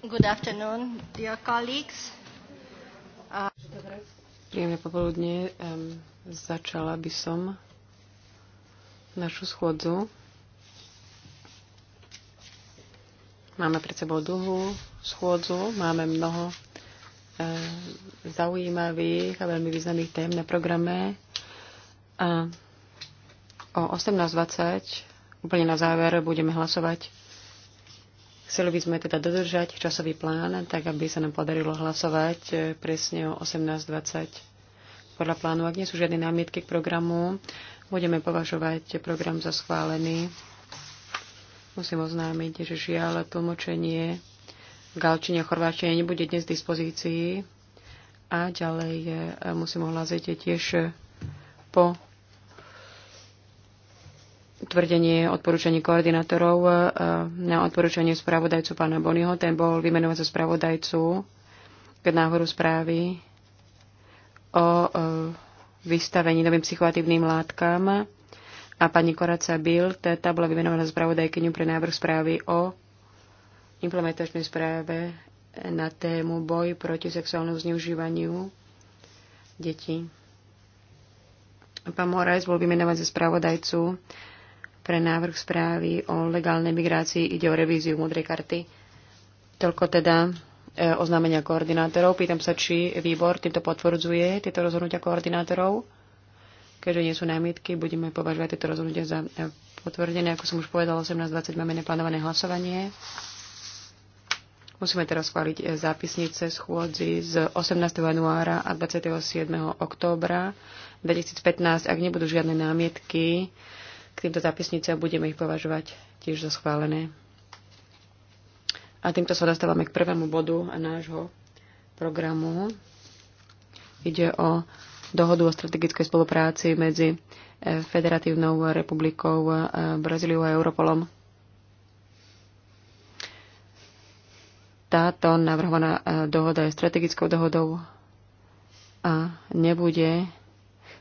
Good afternoon, dear colleagues. Príjemné popoludne. Um, začala by som našu schôdzu. Máme pred sebou dlhú schôdzu, máme mnoho zaujímavých a veľmi významných tém na programe. o 18.20 úplne na záver budeme hlasovať Chceli by sme teda dodržať časový plán, tak aby sa nám podarilo hlasovať e, presne o 18.20 podľa plánu. Ak nie sú žiadne námietky k programu, budeme považovať program za schválený. Musím oznámiť, že žiaľ tlmočenie galčine a chorváčine nebude dnes v dispozícii. A ďalej e, musím ohlásiť tiež po potvrdenie odporúčaní koordinátorov e, na odporúčanie spravodajcu pána Bonyho. Ten bol vymenovať za spravodajcu k náhoru správy o e, vystavení novým psychoatívnym látkam a pani Koraca Bill, tá bola vymenovaná spravodajkyňu pre návrh správy o implementačnej správe na tému boj proti sexuálnemu zneužívaniu detí. Pán Moraes bol vymenovaný za spravodajcu pre návrh správy o legálnej migrácii ide o revíziu modrej karty. Toľko teda e, oznámenia koordinátorov. Pýtam sa, či výbor týmto potvrdzuje tieto rozhodnutia koordinátorov. Keďže nie sú námietky, budeme považovať tieto rozhodnutia za e, potvrdené. Ako som už povedala, 18.20 máme neplánované hlasovanie. Musíme teraz schváliť e, zápisnice schôdzi z 18. januára a 27. októbra 2015. Ak nebudú žiadne námietky, týmto zápisnicám budeme ich považovať tiež za schválené. A týmto sa dostávame k prvému bodu nášho programu. Ide o dohodu o strategickej spolupráci medzi e, Federatívnou republikou e, Brazíliou a Europolom. Táto navrhovaná e, dohoda je strategickou dohodou a nebude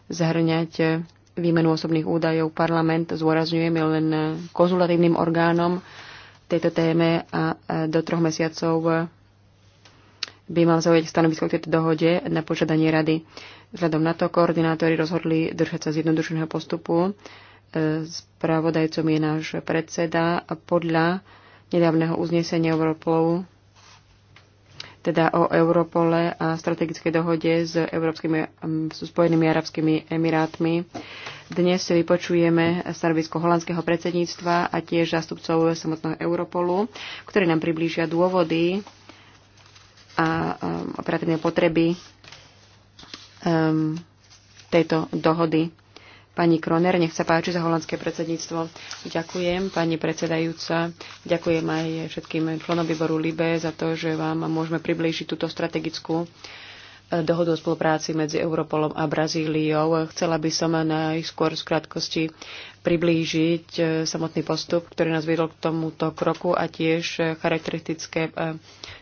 zahrňať výmenu osobných údajov. Parlament zôrazňujeme len konzulatívnym orgánom tejto téme a do troch mesiacov by mal zaujať stanovisko k tejto dohode na požiadanie rady. Vzhľadom na to koordinátori rozhodli držať sa zjednodušeného postupu. E, spravodajcom je náš predseda a podľa nedávneho uznesenia Europolu teda o Europole a strategickej dohode s Európskymi, s Spojenými arabskými emirátmi. Dnes si vypočujeme stanovisko holandského predsedníctva a tiež zástupcov samotného Europolu, ktorí nám priblížia dôvody a operatívne potreby tejto dohody. Pani Kroner, nech sa páči za holandské predsedníctvo. Ďakujem, pani predsedajúca. Ďakujem aj všetkým členom výboru LIBE za to, že vám môžeme priblížiť túto strategickú uh, dohodu o spolupráci medzi Europolom a Brazíliou. Chcela by som najskôr z krátkosti priblížiť e, samotný postup, ktorý nás viedol k tomuto kroku a tiež charakteristické e,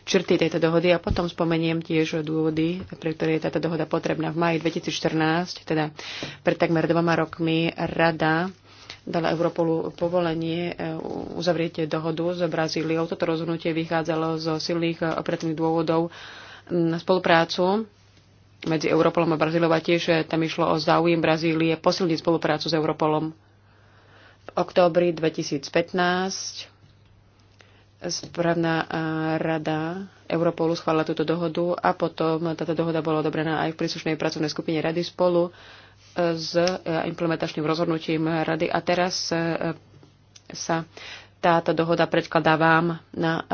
črty tejto dohody a potom spomeniem tiež dôvody, pre ktoré je táto dohoda potrebná. V maji 2014, teda pred takmer dvoma rokmi, Rada dala Europolu povolenie e, uzavrieť dohodu s Brazíliou. Toto rozhodnutie vychádzalo zo silných operatívnych dôvodov na spoluprácu medzi Europolom a Brazíliou a tiež e, tam išlo o záujem Brazílie posilniť spoluprácu s Europolom. V októbri 2015 správna e, rada Europolu schválila túto dohodu a potom táto dohoda bola odobrená aj v príslušnej pracovnej skupine rady spolu e, s implementačným rozhodnutím rady a teraz sa táto dohoda predkladá vám na e,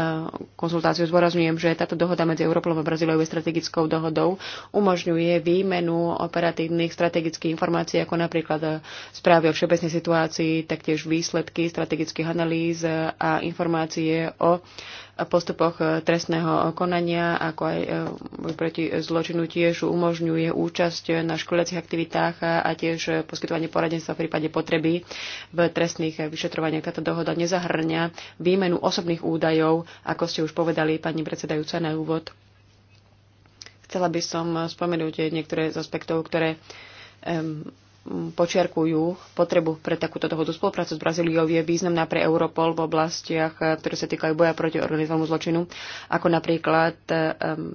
konzultáciu. Zvorazňujem, že táto dohoda medzi Európolom a Brazíliou je strategickou dohodou. Umožňuje výmenu operatívnych strategických informácií, ako napríklad e, správy o všeobecnej situácii, taktiež výsledky strategických analýz a informácie o postupoch eh, trestného konania, ako aj eh, boj proti zločinu tiež umožňuje účasť na školiacich aktivitách a tiež poskytovanie poradenstva v prípade potreby v trestných vyšetrovaniach. Táto dohoda nezahrňa výmenu osobných údajov, ako ste už povedali, pani predsedajúca, na úvod. Chcela by som spomenúť niektoré z aspektov, ktoré počiarkujú potrebu pre takúto dohodu. Spolupráca s Brazíliou je významná pre Europol v oblastiach, eh, ktoré sa týkajú boja proti organizovanému zločinu, ako napríklad um,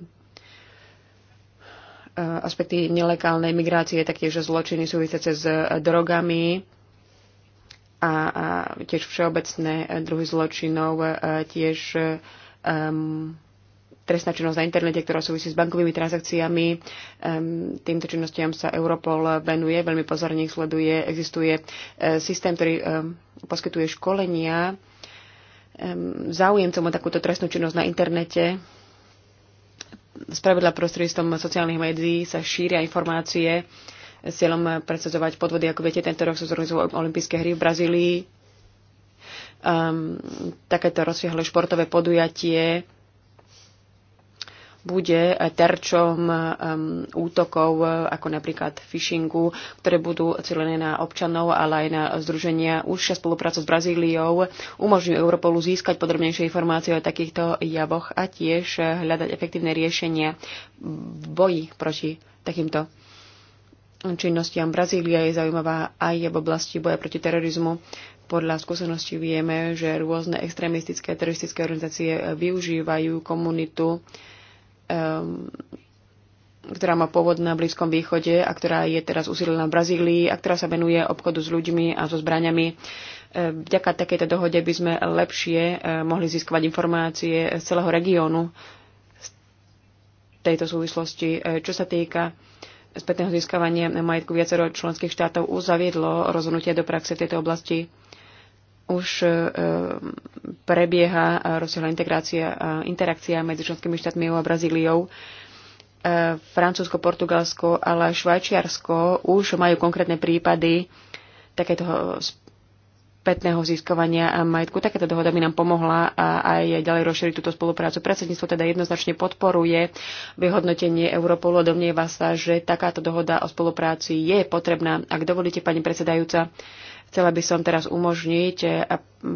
aspekty nelegálnej migrácie, taktiež zločiny súvisiace s eh, drogami a, a tiež všeobecné druhy zločinov, tiež um, trestná činnosť na internete, ktorá súvisí s bankovými transakciami. Týmto činnostiam sa Europol venuje, veľmi pozorne ich sleduje. Existuje e, systém, ktorý e, poskytuje školenia záujemcom o takúto trestnú činnosť na internete. Spravidla prostredstvom sociálnych médií sa šíria informácie s cieľom predsadzovať podvody. Ako viete, tento rok sa zorganizujú olympijské hry v Brazílii. Um, takéto rozsiahle športové podujatie bude terčom útokov, eh, ako napríklad phishingu, ktoré budú celené na občanov, ale aj na združenia. Užšia spolupráca s Brazíliou umožňuje Europolu získať podrobnejšie informácie o takýchto javoch a tiež eh, hľadať efektívne riešenia v boji proti takýmto činnostiam. Brazília je zaujímavá aj v oblasti boja proti terorizmu. Podľa skúseností vieme, že rôzne extrémistické a teroristické organizácie využívajú komunitu um, ktorá má pôvod na Blízkom východe a ktorá je teraz usídlená v Brazílii a ktorá sa venuje obchodu s ľuďmi a so zbraniami. Vďaka takejto dohode by sme lepšie mohli získavať informácie z celého regiónu z tejto súvislosti. Čo sa týka spätného získavania majetku viacero členských štátov, uzaviedlo rozhodnutie do praxe tejto oblasti už e, prebieha rozsiahla integrácia a interakcia medzi členskými štátmi EU a Brazíliou. E, Francúzsko, Portugalsko, ale Švajčiarsko už majú konkrétne prípady takéto spätného získovania a majetku. takéto dohoda by nám pomohla a aj ďalej rozšíriť túto spoluprácu. Predsedníctvo teda jednoznačne podporuje vyhodnotenie Europolu a domnieva sa, že takáto dohoda o spolupráci je potrebná. Ak dovolíte, pani predsedajúca, Chcela by som teraz umožniť eh,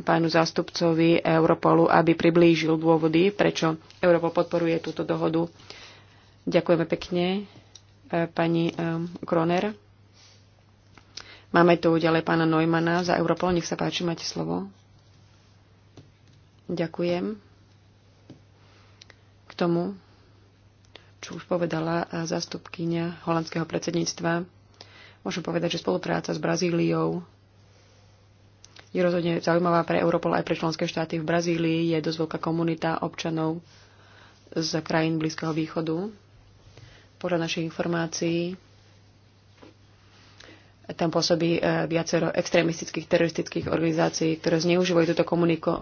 pánu zástupcovi Europolu, aby priblížil dôvody, prečo Europol podporuje túto dohodu. Ďakujeme pekne, eh, pani eh, Kroner. Máme tu ďalej pána Neumana za Europol. Nech sa páči, máte slovo. Ďakujem. K tomu, čo už povedala zástupkynia holandského predsedníctva, môžem povedať, že spolupráca s Brazíliou je rozhodne zaujímavá pre Európol aj pre členské štáty. V Brazílii je dosť veľká komunita občanov z krajín Blízkeho východu. Podľa našich informácií tam pôsobí e, viacero extrémistických teroristických organizácií, ktoré zneužívajú túto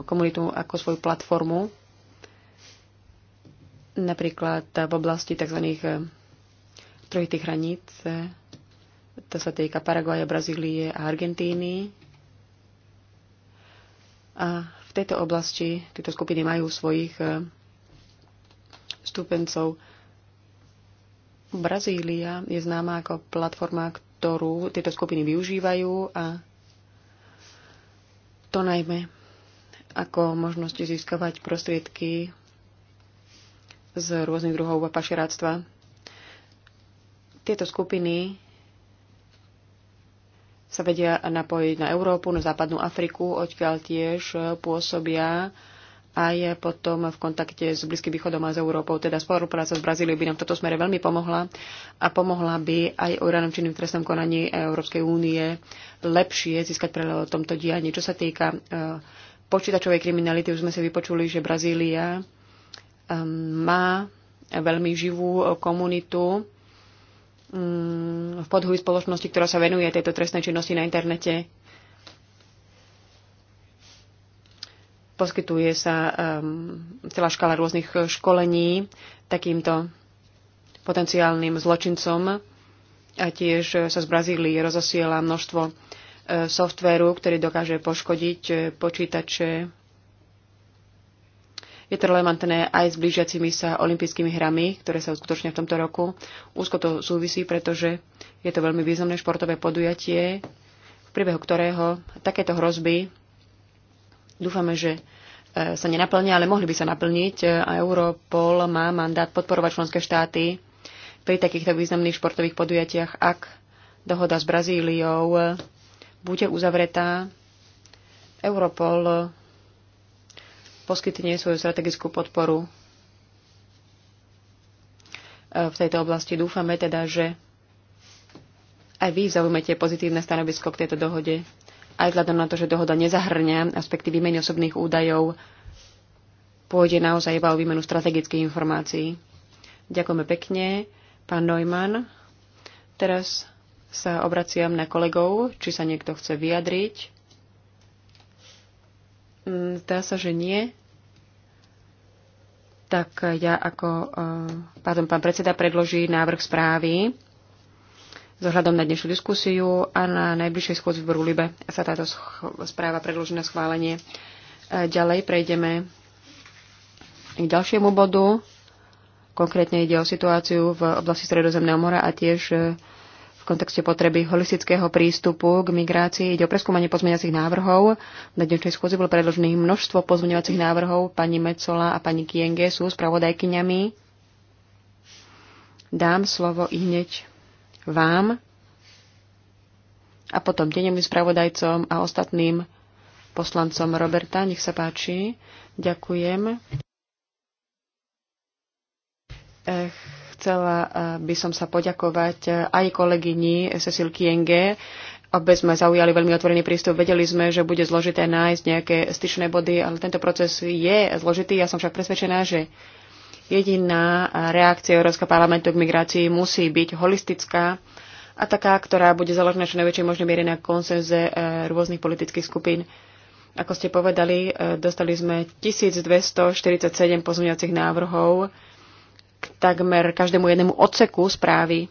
komunitu ako svoju platformu, napríklad v oblasti tzv. trojitých hraníc. E, to sa týka Paraguaja, Brazílie a Argentíny. A v tejto oblasti tieto skupiny majú svojich e, stupencov. Brazília je známa ako platforma, ktorú tieto skupiny využívajú a to najmä ako možnosť získavať prostriedky z rôznych druhov pašeráctva. Tieto skupiny sa vedia napojiť na Európu, na západnú Afriku, odkiaľ tiež pôsobia aj potom v kontakte s Blízkym východom a s Európou. Teda spolupráca s Brazíliou by nám v tomto smere veľmi pomohla a pomohla by aj orgánom činným trestnom konaní Európskej únie lepšie získať pre o tomto dianí. Čo sa týka e, počítačovej kriminality, už sme si vypočuli, že Brazília e, má veľmi živú komunitu Mm, v podhuji spoločnosti, ktorá sa venuje tejto trestnej činnosti na internete. Poskytuje sa um, celá škala rôznych školení takýmto potenciálnym zločincom a tiež sa z Brazílii rozosiela množstvo eh, softvéru, ktorý dokáže poškodiť eh, počítače je to relevantné aj s blížiacimi sa olympijskými hrami, ktoré sa uskutočnia v tomto roku. Úzko to súvisí, pretože je to veľmi významné športové podujatie, v priebehu ktorého takéto hrozby dúfame, že e, sa nenaplnia, ale mohli by sa naplniť. E, a Europol má mandát podporovať členské štáty pri takýchto významných športových podujatiach, ak dohoda s Brazíliou e, bude uzavretá. Europol poskytne svoju strategickú podporu e, v tejto oblasti. Dúfame teda, že aj vy zaujmete pozitívne stanovisko k tejto dohode, aj vzhľadom na to, že dohoda nezahrňa aspekty výmeny osobných údajov, pôjde naozaj iba o výmenu strategických informácií. Ďakujeme pekne, pán Neumann. Teraz sa obraciam na kolegov, či sa niekto chce vyjadriť. Mm, zdá sa, že nie tak ja ako e, pardon, pán predseda predloží návrh správy s ohľadom na dnešnú diskusiu a na najbližšej schôdzi v Libe sa táto správa predloží na schválenie. E, ďalej prejdeme k ďalšiemu bodu. Konkrétne ide o situáciu v oblasti Stredozemného mora a tiež e, kontexte potreby holistického prístupu k migrácii ide o preskúmanie pozmeňacích návrhov. Na dnešnej schôdzi bolo predložené množstvo pozmeňovacích návrhov. Pani Mecola a pani Kienge sú spravodajkyňami. Dám slovo i hneď vám a potom denným spravodajcom a ostatným poslancom Roberta. Nech sa páči. Ďakujem. Ech Chcela eh, by som sa poďakovať eh, aj kolegyni Cecil Kienge. aby sme zaujali veľmi otvorený prístup. Vedeli sme, že bude zložité nájsť nejaké styčné body, ale tento proces je zložitý. Ja som však presvedčená, že jediná reakcia Európskeho parlamentu k migrácii musí byť holistická a taká, ktorá bude založená čo najväčšej možnej miery na konsenze eh, rôznych politických skupín. Ako ste povedali, dostali sme 1247 pozmeňovacích návrhov takmer každému jednému odseku správy.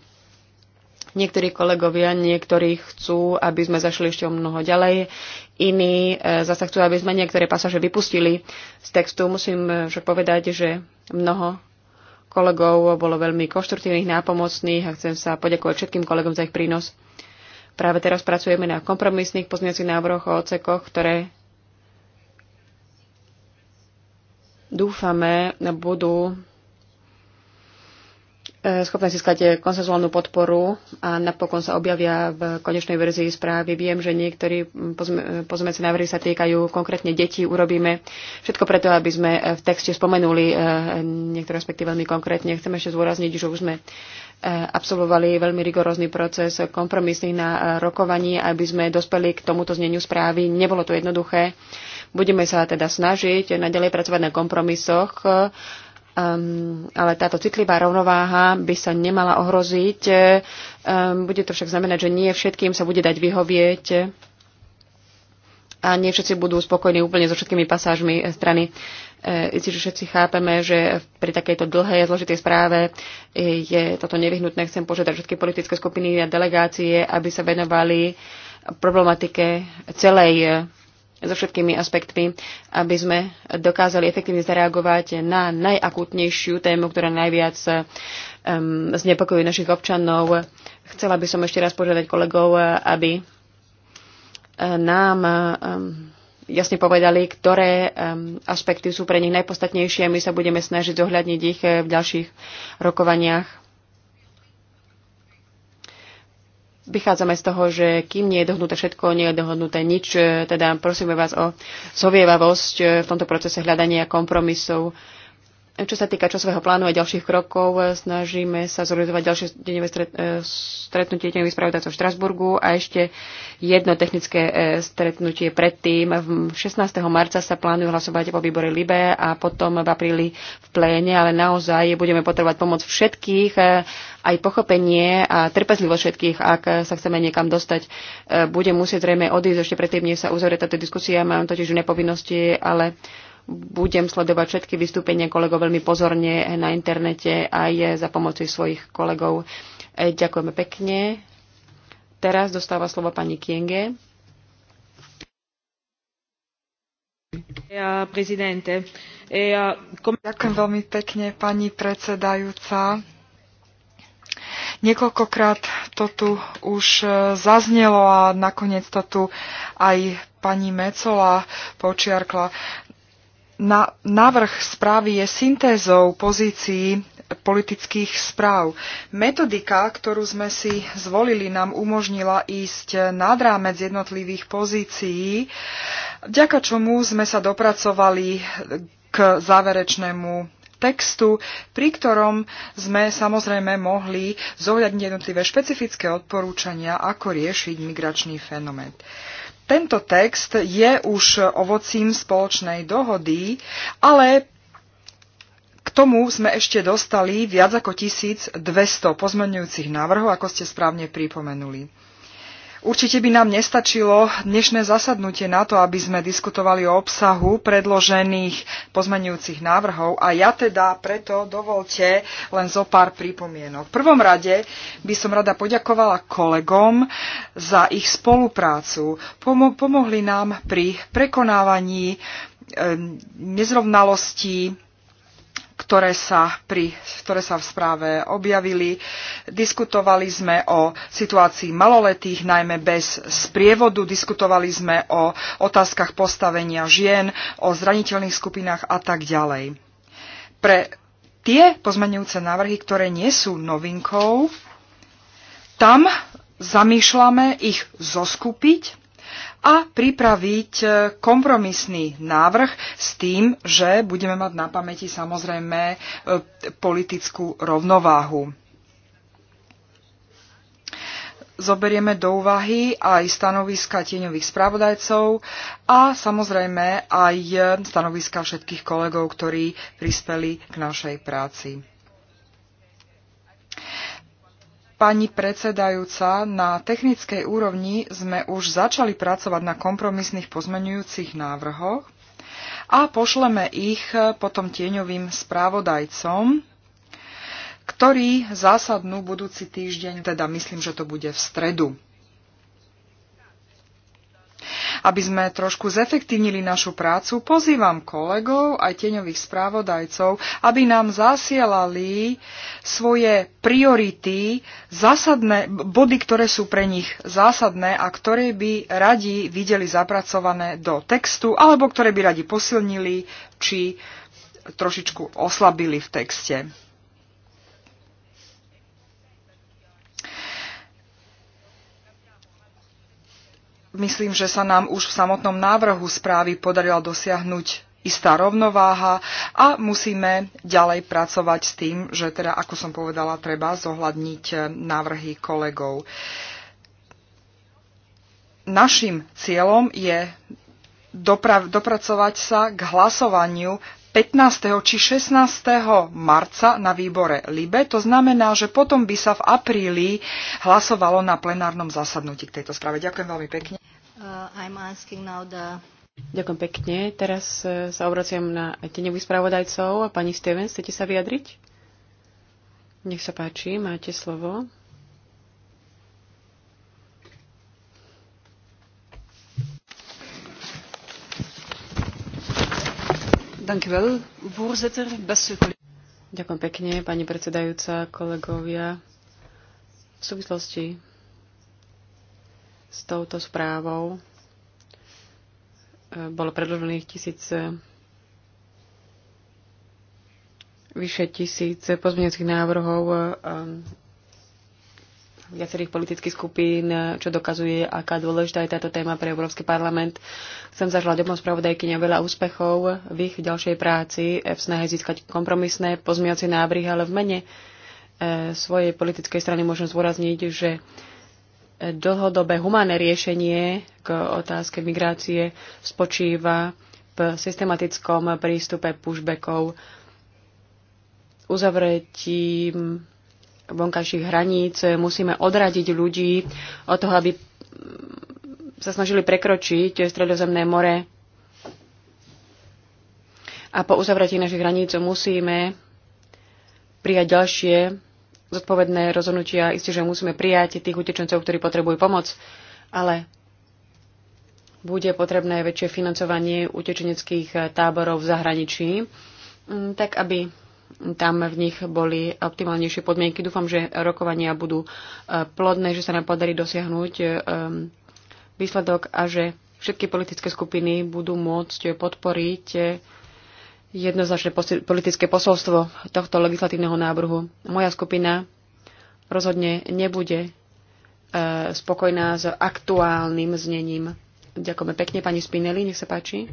Niektorí kolegovia, niektorí chcú, aby sme zašli ešte o mnoho ďalej, iní e, zase chcú, aby sme niektoré pasaže vypustili z textu. Musím však povedať, že mnoho kolegov bolo veľmi konštruktívnych, nápomocných a chcem sa poďakovať všetkým kolegom za ich prínos. Práve teraz pracujeme na kompromisných pozmeňovacích návrhoch o ocekoch, ktoré dúfame budú E, schopné získať e, konsenzuálnu podporu a napokon sa objavia v konečnej verzii správy. Viem, že niektorí pozmeci e, návrhy sa týkajú konkrétne detí. Urobíme všetko preto, aby sme v texte spomenuli niektoré aspekty veľmi konkrétne. Chcem ešte zdôrazniť, že už sme absolvovali veľmi rigorózny proces kompromisných na rokovaní, aby sme dospeli k tomuto zneniu správy. Nebolo to jednoduché. Budeme sa teda snažiť naďalej pracovať na kompromisoch Um, ale táto citlivá rovnováha by sa nemala ohroziť. Um, bude to však znamenať, že nie všetkým sa bude dať vyhovieť a nie všetci budú spokojní úplne so všetkými pasážmi eh, strany. E, že všetci chápeme, že pri takejto dlhej a zložitej správe eh, je toto nevyhnutné. Chcem požiadať všetky politické skupiny a delegácie, aby sa venovali problematike celej so všetkými aspektmi, aby sme dokázali efektívne zareagovať na najakútnejšiu tému, ktorá najviac um, znepokojuje našich občanov. Chcela by som ešte raz požiadať kolegov, aby e, nám um, jasne povedali, ktoré um, aspekty sú pre nich najpostatnejšie a my sa budeme snažiť zohľadniť ich v ďalších rokovaniach. vychádzame z toho, že kým nie je dohnuté všetko, nie je dohodnuté nič, teda prosíme vás o zovievavosť v tomto procese hľadania kompromisov. Čo sa týka časového plánu a ďalších krokov, snažíme sa zorganizovať ďalšie deňové stret, e, stretnutie deňových spravodajcov v Štrasburgu a ešte jedno technické e, stretnutie predtým. 16. marca sa plánujú hlasovať vo výbore LIBE a potom v apríli v pléne, ale naozaj budeme potrebovať pomoc všetkých, e, aj pochopenie a trpezlivosť všetkých, ak sa chceme niekam dostať. Budem musieť zrejme odísť ešte predtým, než sa uzavrie táto diskusia. Mám totiž iné povinnosti, ale budem sledovať všetky vystúpenia kolegov veľmi pozorne na internete aj za pomoci svojich kolegov. E, ďakujeme pekne. Teraz dostáva slovo pani Kienge. E, Ďakujem veľmi pekne, pani predsedajúca. Niekoľkokrát to tu už e, zaznelo a nakoniec to tu aj pani Mecola počiarkla na, návrh správy je syntézou pozícií politických správ. Metodika, ktorú sme si zvolili, nám umožnila ísť nad rámec jednotlivých pozícií, vďaka čomu sme sa dopracovali k záverečnému textu, pri ktorom sme samozrejme mohli zohľadniť jednotlivé špecifické odporúčania, ako riešiť migračný fenomén. Tento text je už ovocím spoločnej dohody, ale k tomu sme ešte dostali viac ako 1200 pozmenujúcich návrhov, ako ste správne pripomenuli. Určite by nám nestačilo dnešné zasadnutie na to, aby sme diskutovali o obsahu predložených pozmenujúcich návrhov a ja teda preto dovolte len zo pár pripomienok. V prvom rade by som rada poďakovala kolegom za ich spoluprácu. Pomo- pomohli nám pri prekonávaní e, nezrovnalostí ktoré sa, pri, ktoré sa v správe objavili. Diskutovali sme o situácii maloletých, najmä bez sprievodu. Diskutovali sme o otázkach postavenia žien, o zraniteľných skupinách a tak ďalej. Pre tie pozmenujúce návrhy, ktoré nie sú novinkou, tam zamýšľame ich zoskupiť a pripraviť e, kompromisný návrh s tým, že budeme mať na pamäti samozrejme e, politickú rovnováhu. Zoberieme do úvahy aj stanoviska tieňových spravodajcov a samozrejme aj e, stanoviska všetkých kolegov, ktorí prispeli k našej práci. Pani predsedajúca, na technickej úrovni sme už začali pracovať na kompromisných pozmenujúcich návrhoch a pošleme ich potom tieňovým správodajcom, ktorí zásadnú budúci týždeň, teda myslím, že to bude v stredu. Aby sme trošku zefektívnili našu prácu, pozývam kolegov aj tieňových správodajcov, aby nám zasielali svoje priority, zásadné body, ktoré sú pre nich zásadné a ktoré by radi videli zapracované do textu alebo ktoré by radi posilnili či trošičku oslabili v texte. myslím, že sa nám už v samotnom návrhu správy podarila dosiahnuť istá rovnováha a musíme ďalej pracovať s tým, že teda, ako som povedala, treba zohľadniť eh, návrhy kolegov. Našim cieľom je doprav, dopracovať sa k hlasovaniu 15. či 16. marca na výbore LIBE. To znamená, že potom by sa v apríli hlasovalo na plenárnom zasadnutí k tejto správe. Ďakujem veľmi pekne. Uh, the... Ďakujem pekne. Teraz uh, sa obraciam na tenevých spravodajcov. Pani Steven, chcete sa vyjadriť? Nech sa páči, máte slovo. Ďakujem pekne, pani predsedajúca, kolegovia. V súvislosti s touto správou e, bolo predložených tisíce vyše tisíc pozmeňujúcich návrhov e, viacerých politických skupín, čo dokazuje, aká dôležitá je táto téma pre Európsky parlament. Chcem zažiť obom spravodajkyňa veľa úspechov v ich ďalšej práci, v snahe získať kompromisné pozmiace návrhy, ale v mene e, svojej politickej strany môžem zdôrazniť, že dlhodobé humánne riešenie k otázke migrácie spočíva v systematickom prístupe pushbackov, uzavretím vonkajších hraníc, musíme odradiť ľudí od toho, aby sa snažili prekročiť Stredozemné more. A po uzavretí našich hraníc musíme prijať ďalšie zodpovedné rozhodnutia. Isté, že musíme prijať tých utečencov, ktorí potrebujú pomoc, ale bude potrebné väčšie financovanie utečeneckých táborov v zahraničí, mm, tak aby tam v nich boli optimálnejšie podmienky. Dúfam, že rokovania budú e, plodné, že sa nám podarí dosiahnuť e, výsledok a že všetky politické skupiny budú môcť podporiť e, jednoznačné politické posolstvo tohto legislatívneho návrhu. Moja skupina rozhodne nebude spokojná s aktuálnym znením. Ďakujeme pekne, pani Spinelli, nech sa páči.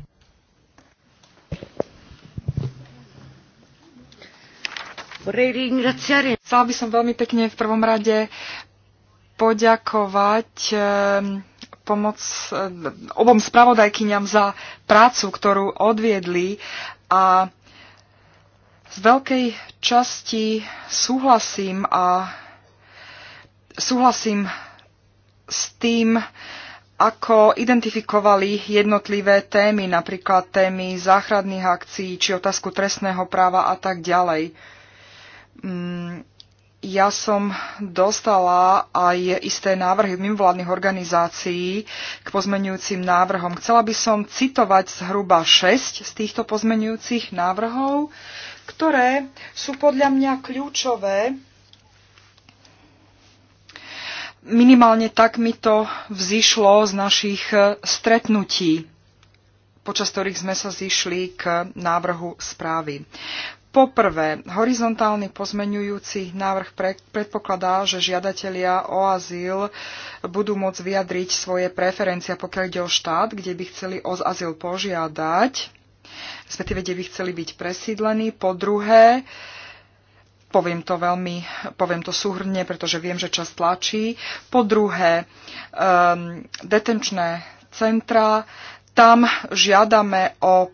Chcela by som veľmi pekne v prvom rade poďakovať eh, pomoc eh, obom spravodajkyňam za prácu, ktorú odviedli a z veľkej časti súhlasím a súhlasím s tým, ako identifikovali jednotlivé témy, napríklad témy záchradných akcií či otázku trestného práva a tak ďalej. Mm, ja som dostala aj isté návrhy mimovládnych organizácií k pozmenujúcim návrhom. Chcela by som citovať zhruba 6 z týchto pozmenujúcich návrhov, ktoré sú podľa mňa kľúčové. Minimálne tak mi to vzýšlo z našich stretnutí počas ktorých sme sa zišli k návrhu správy. Poprvé, horizontálny pozmenujúci návrh predpokladá, že žiadatelia o azyl budú môcť vyjadriť svoje preferencia, pokiaľ ide o štát, kde by chceli o azyl požiadať, respektíve kde by chceli byť presídlení. Po druhé, poviem to veľmi, poviem to súhrne, pretože viem, že čas tlačí. Po druhé, um, detenčné centra, tam žiadame o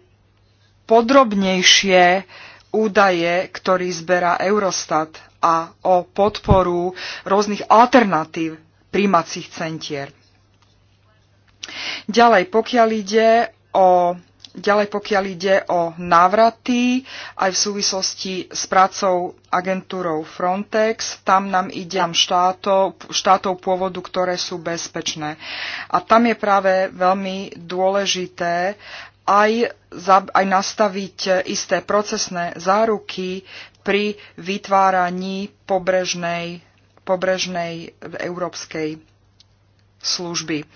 podrobnejšie údaje, ktorý zberá Eurostat a o podporu rôznych alternatív príjmacích centier. Ďalej, pokiaľ ide o Ďalej, pokiaľ ide o návraty, aj v súvislosti s prácou agentúrou Frontex, tam nám ide tam štátov, štátov pôvodu, ktoré sú bezpečné. A tam je práve veľmi dôležité, aj, aj nastaviť isté procesné záruky pri vytváraní pobrežnej, pobrežnej európskej služby.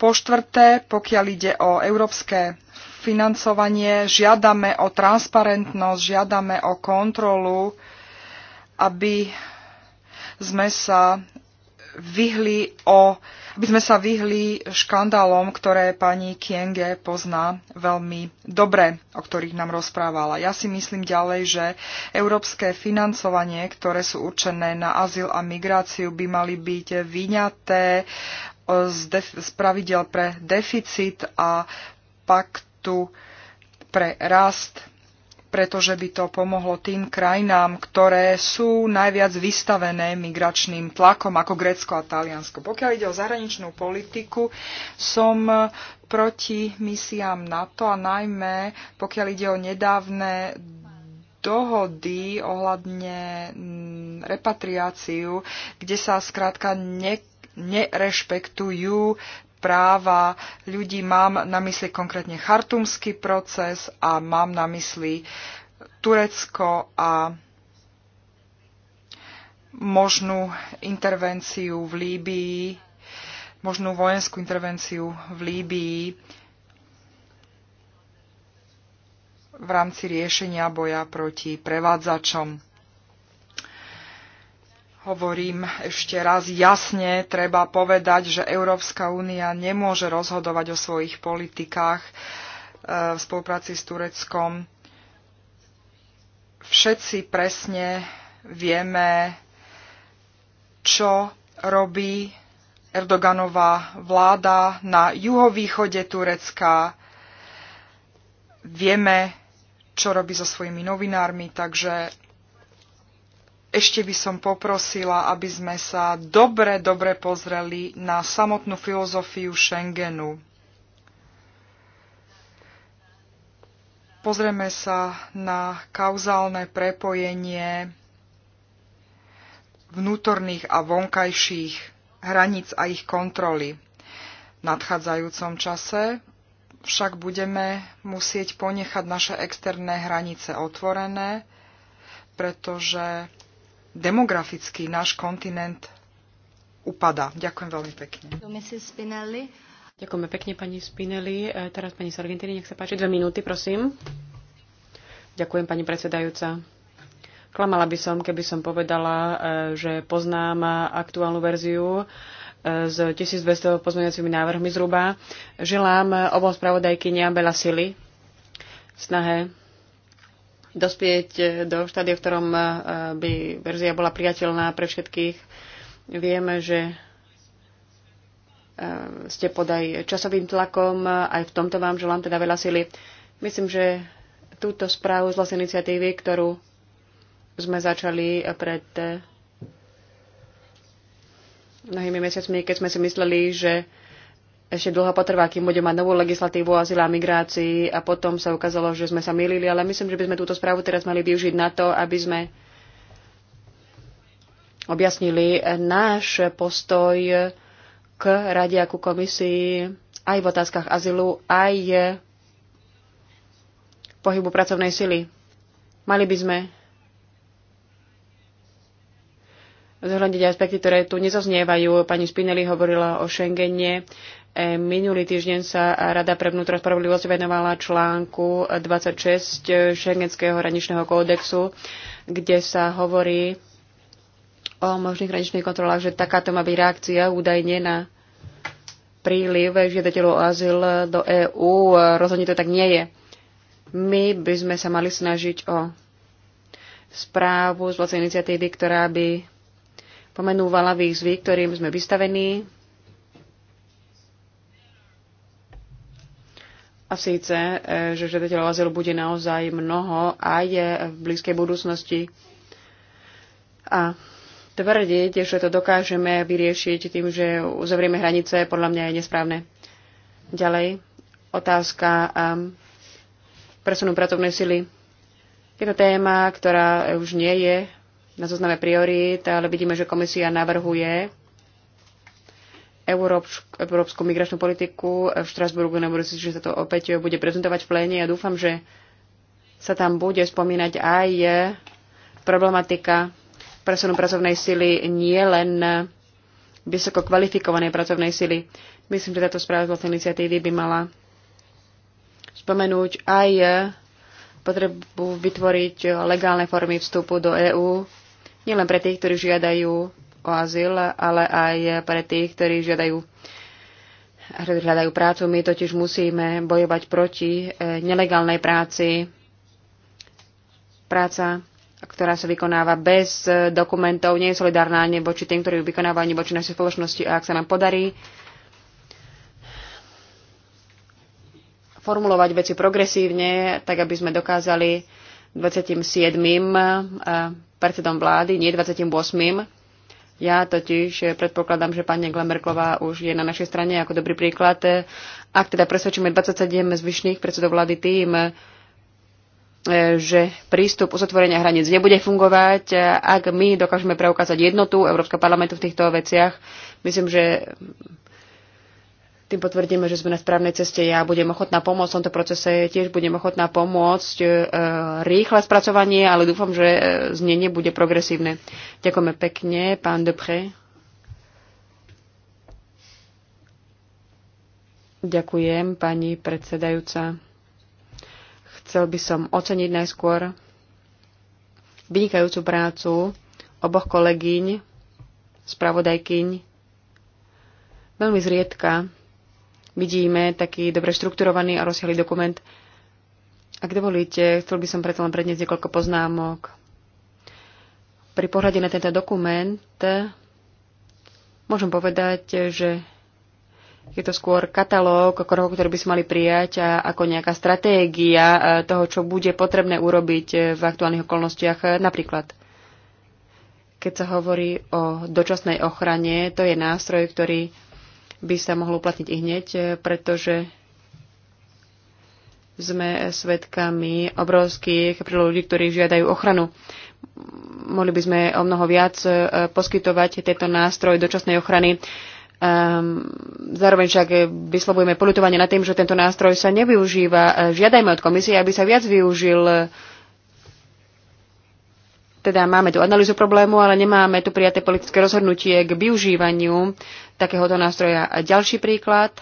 Po štvrté, pokiaľ ide o európske financovanie, žiadame o transparentnosť, žiadame o kontrolu, aby sme sa vyhli o aby sme sa vyhli škandálom, ktoré pani Kienge pozná veľmi dobre, o ktorých nám rozprávala. Ja si myslím ďalej, že európske financovanie, ktoré sú určené na azyl a migráciu, by mali byť vyňaté z, z pravidel pre deficit a paktu pre rast pretože by to pomohlo tým krajinám, ktoré sú najviac vystavené migračným tlakom ako Grécko a Taliansko. Pokiaľ ide o zahraničnú politiku, som proti misiám NATO a najmä pokiaľ ide o nedávne dohody ohľadne mm, repatriáciu, kde sa skrátka ne nerešpektujú práva ľudí. Mám na mysli konkrétne chartumský proces a mám na mysli Turecko a možnú intervenciu v Líbii, možnú vojenskú intervenciu v Líbii v rámci riešenia boja proti prevádzačom. Hovorím ešte raz jasne, treba povedať, že Európska únia nemôže rozhodovať o svojich politikách e, v spolupráci s Tureckom. Všetci presne vieme, čo robí Erdoganová vláda na juhovýchode Turecka. Vieme, čo robí so svojimi novinármi, takže ešte by som poprosila, aby sme sa dobre, dobre pozreli na samotnú filozofiu Schengenu. Pozrieme sa na kauzálne prepojenie vnútorných a vonkajších hraníc a ich kontroly. V nadchádzajúcom čase však budeme musieť ponechať naše externé hranice otvorené, pretože demograficky náš kontinent upada. Ďakujem veľmi pekne. Ďakujeme pekne pani Spinelli. E, teraz pani Sargentini, nech sa páči, dve minúty, prosím. Ďakujem pani predsedajúca. Klamala by som, keby som povedala, e, že poznám aktuálnu verziu e, s 1200 pozmeňovacími návrhmi zhruba. Želám obom spravodajky veľa sily, snahe dospieť eh, do štádia, v ktorom eh, by verzia bola priateľná pre všetkých. Vieme, že eh, ste pod aj časovým tlakom, aj v tomto vám želám teda veľa sily. Myslím, že túto správu z vlastnej iniciatívy, ktorú sme začali pred mnohými mesiacmi, keď sme si mysleli, že ešte dlho potrvá, kým bude mať novú legislatívu o azyle a migrácii a potom sa ukázalo, že sme sa milili, ale myslím, že by sme túto správu teraz mali využiť na to, aby sme objasnili náš postoj k rade a ku komisii aj v otázkach azylu, aj pohybu pracovnej sily. Mali by sme zohľadiť aspekty, ktoré tu nezaznievajú. Pani Spinelli hovorila o Schengene. E, minulý týždeň sa Rada pre vnútro spravodlivosť venovala článku 26 Schengenského hraničného kódexu, kde sa hovorí o možných hraničných kontrolách, že takáto má byť reakcia údajne na príliv žiadateľov o azyl do EÚ. Rozhodne to tak nie je. My by sme sa mali snažiť o správu z vlastnej iniciatívy, ktorá by pomenúvala výzvy, ktorým sme vystavení, A síce, e, že žiadateľov azylu bude naozaj mnoho aj v blízkej budúcnosti. A tvrdiť, že to dokážeme vyriešiť tým, že uzavrieme hranice, podľa mňa je nesprávne. Ďalej, otázka ehm, presunu pracovnej sily. Je to téma, ktorá už nie je na zozname priorít, ale vidíme, že komisia navrhuje európsku migračnú politiku v Štrasburgu na budúci, že sa to opäť bude prezentovať v pléne. Ja dúfam, že sa tam bude spomínať aj problematika presunu pracovnej sily nie len vysoko kvalifikovanej pracovnej sily. Myslím, že táto správa z vlastnej iniciatívy by mala spomenúť aj potrebu vytvoriť legálne formy vstupu do EÚ, nielen pre tých, ktorí žiadajú o azyl, ale aj pre tých, ktorí žiadajú ktorí hľadajú prácu. My totiž musíme bojovať proti eh, nelegálnej práci. Práca, ktorá sa vykonáva bez eh, dokumentov, nie je solidárna ani voči tým, ktorí ju vykonávajú, ani voči našej spoločnosti. A ak sa nám podarí formulovať veci progresívne, tak aby sme dokázali 27. Eh, predsedom vlády, nie 28 ja totiž predpokladám, že pani Glamerková už je na našej strane ako dobrý príklad. Ak teda presvedčíme 27 zvyšných predsedov vlády tým, že prístup uzatvorenia hraníc nebude fungovať, ak my dokážeme preukázať jednotu Európskeho parlamentu v týchto veciach, myslím, že tým potvrdíme, že sme na správnej ceste. Ja budem ochotná pomôcť v tomto procese, tiež budem ochotná pomôcť e, rýchle spracovanie, ale dúfam, že e, znenie bude progresívne. Ďakujeme pekne, pán Depré. Ďakujem, pani predsedajúca. Chcel by som oceniť najskôr vynikajúcu prácu oboch kolegyň, spravodajkyň. Veľmi zriedka vidíme taký dobre štrukturovaný a rozsiahly dokument. Ak dovolíte, chcel by som preto len predniesť niekoľko poznámok. Pri pohľade na tento dokument môžem povedať, že je to skôr katalóg krokov, ktoré by sme mali prijať a ako nejaká stratégia e, toho, čo bude potrebné urobiť e, v aktuálnych okolnostiach. Napríklad, keď sa hovorí o dočasnej ochrane, to je nástroj, ktorý by sa mohlo uplatniť i hneď, e, pretože sme svedkami obrovských prílov ľudí, ktorí žiadajú ochranu. Mohli by sme o mnoho viac e, poskytovať tento nástroj dočasnej ochrany. Ehm, zároveň však vyslovujeme polutovanie nad tým, že tento nástroj sa nevyužíva. E, žiadajme od komisie, aby sa viac využil teda máme tu analýzu problému, ale nemáme tu prijaté politické rozhodnutie k využívaniu takéhoto nástroja. A ďalší príklad.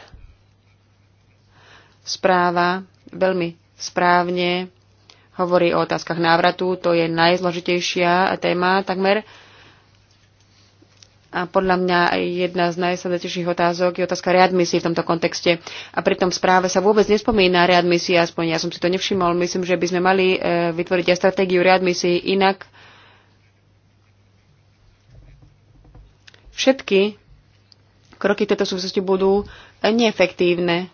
Správa veľmi správne hovorí o otázkach návratu. To je najzložitejšia téma takmer. A podľa mňa jedna z najsledatejších otázok je otázka readmisie v tomto kontexte. A pri tom správe sa vôbec nespomína readmisia, aspoň ja som si to nevšimol. Myslím, že by sme mali eh, vytvoriť aj stratégiu readmisie inak Všetky kroky v tejto súvislosti budú neefektívne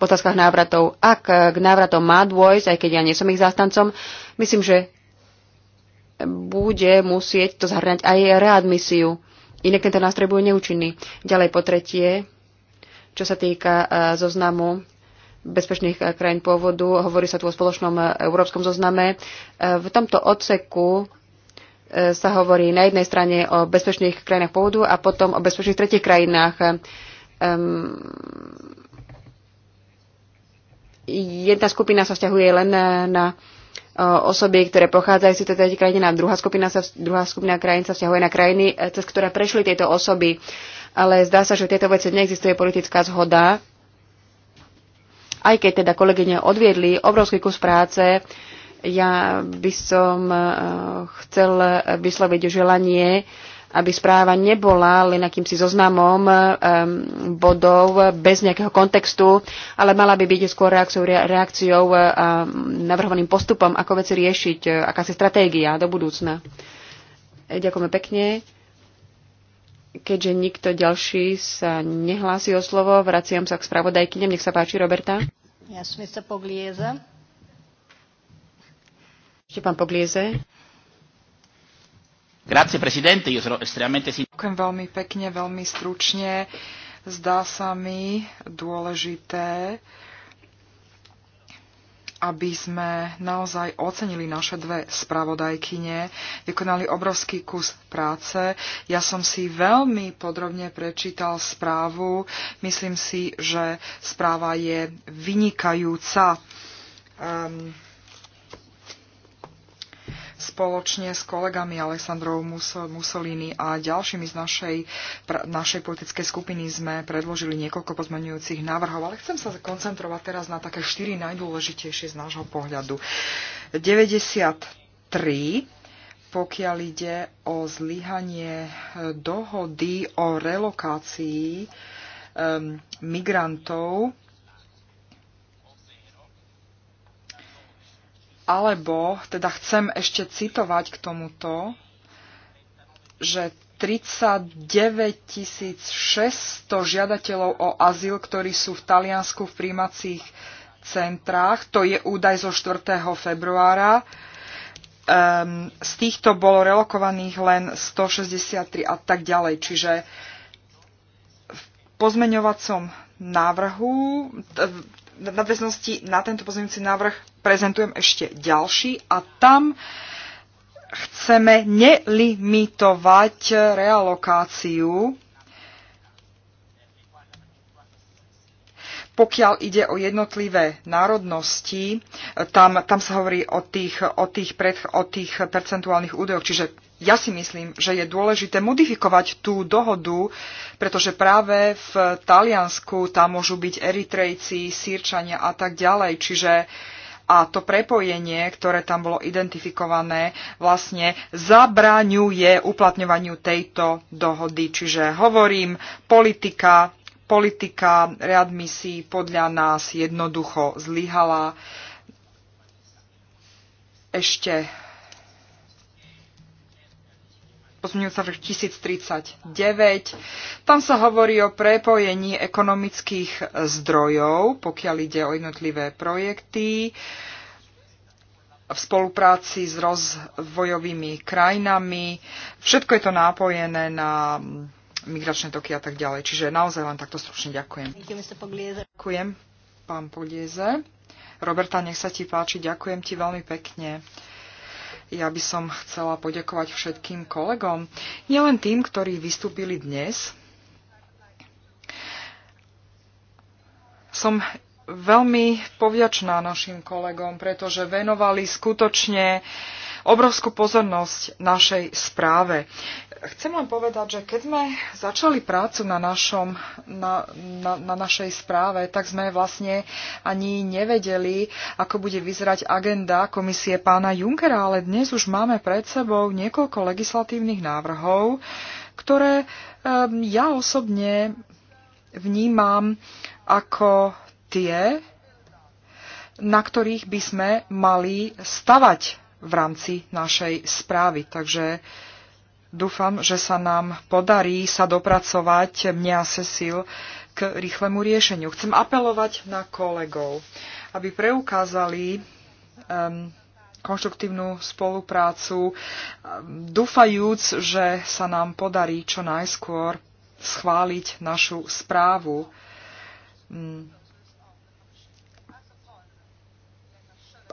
v otázkach návratov. Ak k návratom má dôjsť, aj keď ja nie som ich zástancom, myslím, že bude musieť to zahrňať aj readmisiu. Inak tento nástroj bude neúčinný. Ďalej po tretie, čo sa týka e, zoznamu bezpečných e, krajín pôvodu, hovorí sa tu o spoločnom e, európskom zozname. V tomto odseku E, sa hovorí na jednej strane o bezpečných krajinách pôvodu a potom o bezpečných tretich krajinách. Um, jedna skupina sa vzťahuje len na, na e, osoby, ktoré pochádzajú z tejto krajiny a druhá skupina, sa, druhá skupina krajín sa vzťahuje na krajiny, e, cez ktoré prešli tieto osoby. Ale zdá sa, že v tejto veci neexistuje politická zhoda. Aj keď teda kolegyne odviedli obrovský kus práce, ja by som e, chcel vysloviť želanie, aby správa nebola len akýmsi zoznamom e, bodov bez nejakého kontextu, ale mala by byť skôr reakciou, reakciou e, a navrhovaným postupom, ako veci riešiť, aká si stratégia do budúcna. Ďakujeme pekne. Keďže nikto ďalší sa nehlási o slovo, vraciam sa k spravodajkynem. Nech sa páči, Roberta. som sa Poglieza. Poglieze. Grazie, presidente, io estremamente... Ďakujem veľmi pekne, veľmi stručne. Zdá sa mi dôležité, aby sme naozaj ocenili naše dve spravodajkyne. Vykonali obrovský kus práce. Ja som si veľmi podrobne prečítal správu. Myslím si, že správa je vynikajúca. Um, spoločne s kolegami Alessandrou Mussolini a ďalšími z našej, pra, našej politickej skupiny sme predložili niekoľko pozmenujúcich návrhov, ale chcem sa koncentrovať teraz na také štyri najdôležitejšie z nášho pohľadu. 93 pokiaľ ide o zlyhanie eh, dohody o relokácii um, migrantov Alebo, teda chcem ešte citovať k tomuto, že 39 600 žiadateľov o azyl, ktorí sú v Taliansku v príjmacích centrách, to je údaj zo 4. februára, um, z týchto bolo relokovaných len 163 a tak ďalej. Čiže v pozmeňovacom návrhu, nadväznosti na tento pozmeňujúci návrh prezentujem ešte ďalší a tam chceme nelimitovať realokáciu, pokiaľ ide o jednotlivé národnosti, tam, tam sa hovorí o tých, o, tých pred, o tých percentuálnych údajoch, čiže ja si myslím, že je dôležité modifikovať tú dohodu, pretože práve v Taliansku tam môžu byť Eritrejci, Sýrčania a tak ďalej. Čiže a to prepojenie, ktoré tam bolo identifikované, vlastne zabraňuje uplatňovaniu tejto dohody. Čiže hovorím, politika, politika readmisí podľa nás jednoducho zlyhala. Ešte pozmeňujúci návrh 1039. Tam sa hovorí o prepojení ekonomických zdrojov, pokiaľ ide o jednotlivé projekty v spolupráci s rozvojovými krajinami. Všetko je to nápojené na migračné toky a tak ďalej. Čiže naozaj vám takto stručne ďakujem. Ďakujem, pán Podieze. Roberta, nech sa ti páči, ďakujem ti veľmi pekne. Ja by som chcela poďakovať všetkým kolegom, nielen tým, ktorí vystúpili dnes. Som veľmi povďačná našim kolegom, pretože venovali skutočne uh, obrovskú pozornosť našej správe. Chcem len povedať, že keď sme začali prácu na, našom, na, na, na našej správe, tak sme vlastne ani nevedeli, ako bude vyzerať agenda komisie pána Junkera, ale dnes už máme pred sebou niekoľko legislatívnych návrhov, ktoré um, ja osobne vnímam ako tie, na ktorých by sme mali stavať v rámci našej správy. Takže dúfam, že sa nám podarí sa dopracovať mňa Cecil k rýchlemu riešeniu. Chcem apelovať na kolegov, aby preukázali um, konštruktívnu spoluprácu, dúfajúc, že sa nám podarí čo najskôr schváliť našu správu. Um,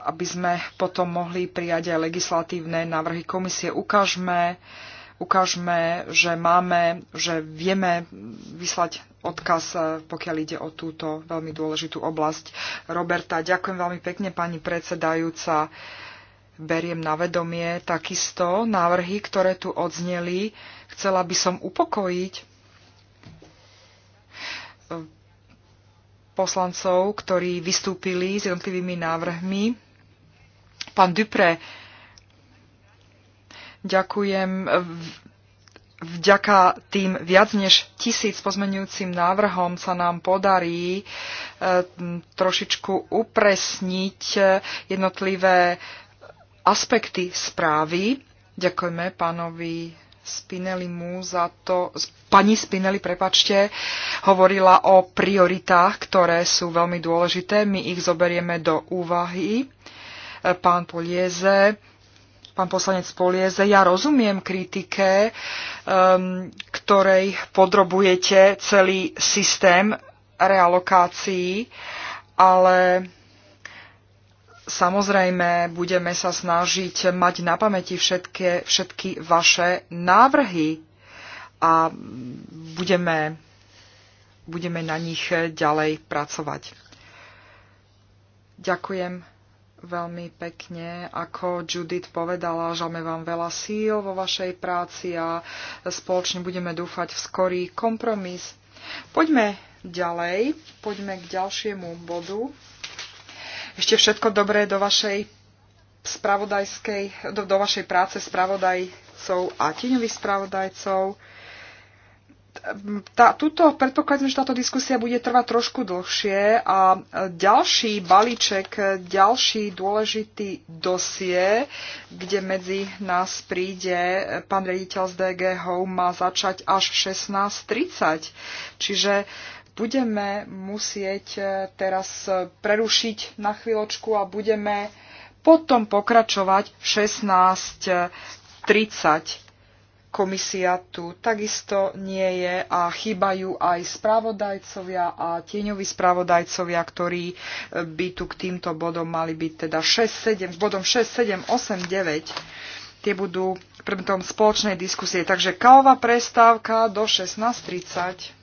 aby sme potom mohli prijať aj legislatívne návrhy komisie. Ukážme, ukážme, že máme, že vieme vyslať odkaz, eh, pokiaľ ide o túto veľmi dôležitú oblasť. Roberta, ďakujem veľmi pekne, pani predsedajúca. Beriem na vedomie takisto návrhy, ktoré tu odzneli. Chcela by som upokojiť eh, poslancov, ktorí vystúpili s jednotlivými návrhmi. Pán Dupré, ďakujem. Vďaka tým viac než tisíc pozmenujúcim návrhom sa nám podarí e, trošičku upresniť e, jednotlivé aspekty správy. Ďakujeme pánovi Spinellimu za to, pani Spinelli, prepačte, hovorila o prioritách, ktoré sú veľmi dôležité. My ich zoberieme do úvahy pán Polieze, pán poslanec Polieze, ja rozumiem kritike, um, ktorej podrobujete celý systém realokácií, ale samozrejme budeme sa snažiť mať na pamäti všetky, všetky vaše návrhy a budeme, budeme na nich ďalej pracovať. Ďakujem veľmi pekne. Ako Judith povedala, žalme vám veľa síl vo vašej práci a spoločne budeme dúfať v skorý kompromis. Poďme ďalej, poďme k ďalšiemu bodu. Ešte všetko dobré do vašej spravodajskej, do, do vašej práce spravodajcov a tieňových spravodajcov tá, tuto, predpokladám, že táto diskusia bude trvať trošku dlhšie a ďalší balíček, ďalší dôležitý dosie, kde medzi nás príde pán rediteľ z DG Home má začať až 16.30. Čiže budeme musieť eh, teraz eh, prerušiť na chvíľočku a budeme potom pokračovať 16.30 komisia tu takisto nie je a chýbajú aj správodajcovia a tieňoví správodajcovia, ktorí e, by tu k týmto bodom mali byť teda 6, 7, bodom 6, 7, 8, 9. Tie budú predmetom spoločnej diskusie. Takže kávová prestávka do 16.30.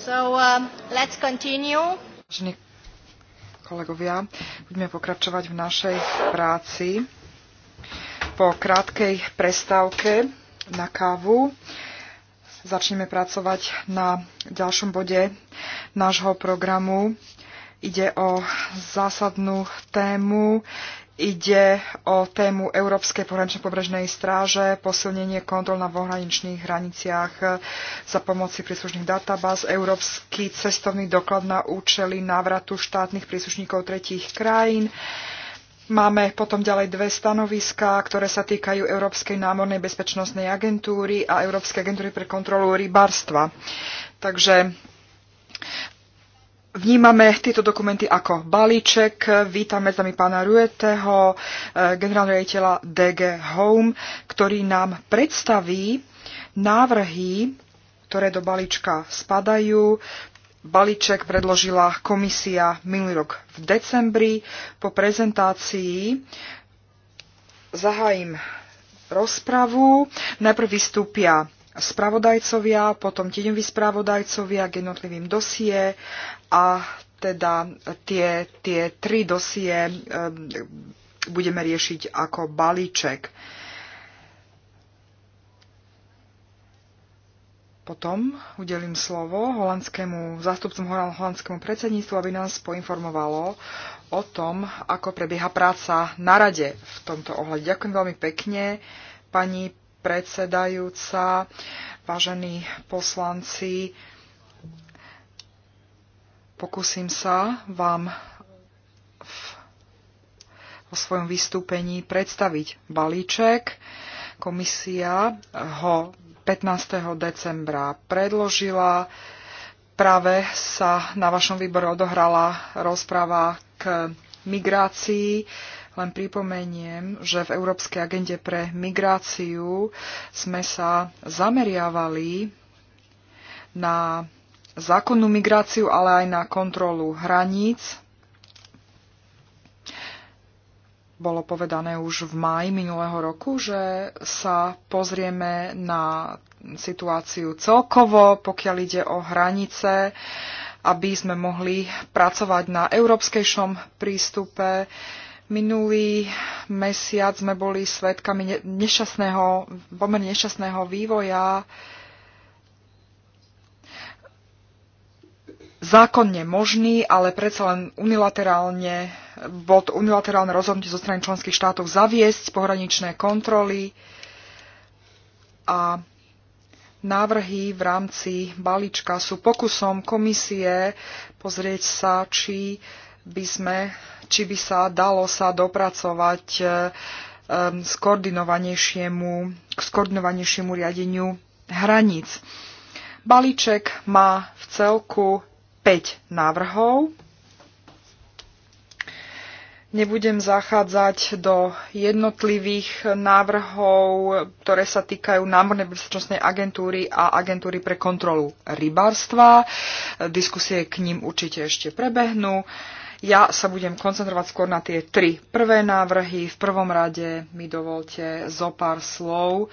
So, um, let's continue. Vážení kolegovia, budeme pokračovať v našej práci. Po krátkej prestávke na kávu začneme pracovať na ďalšom bode nášho programu. Ide o zásadnú tému, ide o tému Európskej pohraničnej pobrežnej stráže, posilnenie kontrol na pohraničných hraniciach e, za pomoci príslušných databáz, Európsky cestovný doklad na účely návratu štátnych príslušníkov tretích krajín. Máme potom ďalej dve stanoviská, ktoré sa týkajú Európskej námornej bezpečnostnej agentúry a Európskej agentúry pre kontrolu rybarstva. Takže Vnímame tieto dokumenty ako balíček. Vítame za mi pána Rueteho, eh, generálneho rejiteľa DG Home, ktorý nám predstaví návrhy, ktoré do balíčka spadajú. Balíček predložila komisia minulý rok v decembri. Po prezentácii zahájim rozpravu. Najprv vystúpia spravodajcovia, potom tieňoví spravodajcovia k jednotlivým dosie a teda tie, tie tri dosie eh, budeme riešiť ako balíček. Potom udelím slovo holandskému, zástupcom holandskému predsedníctvu, aby nás poinformovalo o tom, ako prebieha práca na rade v tomto ohľade. Ďakujem veľmi pekne, pani predsedajúca, vážení poslanci, pokúsim sa vám v, vo svojom vystúpení predstaviť balíček. Komisia ho 15. decembra predložila. Práve sa na vašom výbore odohrala rozpráva k migrácii len pripomeniem, že v Európskej agende pre migráciu sme sa zameriavali na zákonnú migráciu, ale aj na kontrolu hraníc. Bolo povedané už v máji minulého roku, že sa pozrieme na situáciu celkovo, pokiaľ ide o hranice, aby sme mohli pracovať na európskejšom prístupe. Minulý mesiac sme boli svetkami nešťastného, pomerne nešťastného vývoja. Zákonne možný, ale predsa len unilaterálne, bol to unilaterálne rozhodnutie zo strany členských štátov zaviesť pohraničné kontroly a návrhy v rámci balíčka sú pokusom komisie pozrieť sa, či by sme, či by sa dalo sa dopracovať e, skoordinovanejšiemu, k skoordinovanejšiemu riadeniu hraníc. Balíček má v celku 5 návrhov. Nebudem zachádzať do jednotlivých návrhov, ktoré sa týkajú Námornej bezpečnostnej agentúry a agentúry pre kontrolu rybárstva. Diskusie k ním určite ešte prebehnú. Uh, ja sa budem koncentrovať skôr na tie tri prvé návrhy. V prvom rade mi dovolte zo pár slov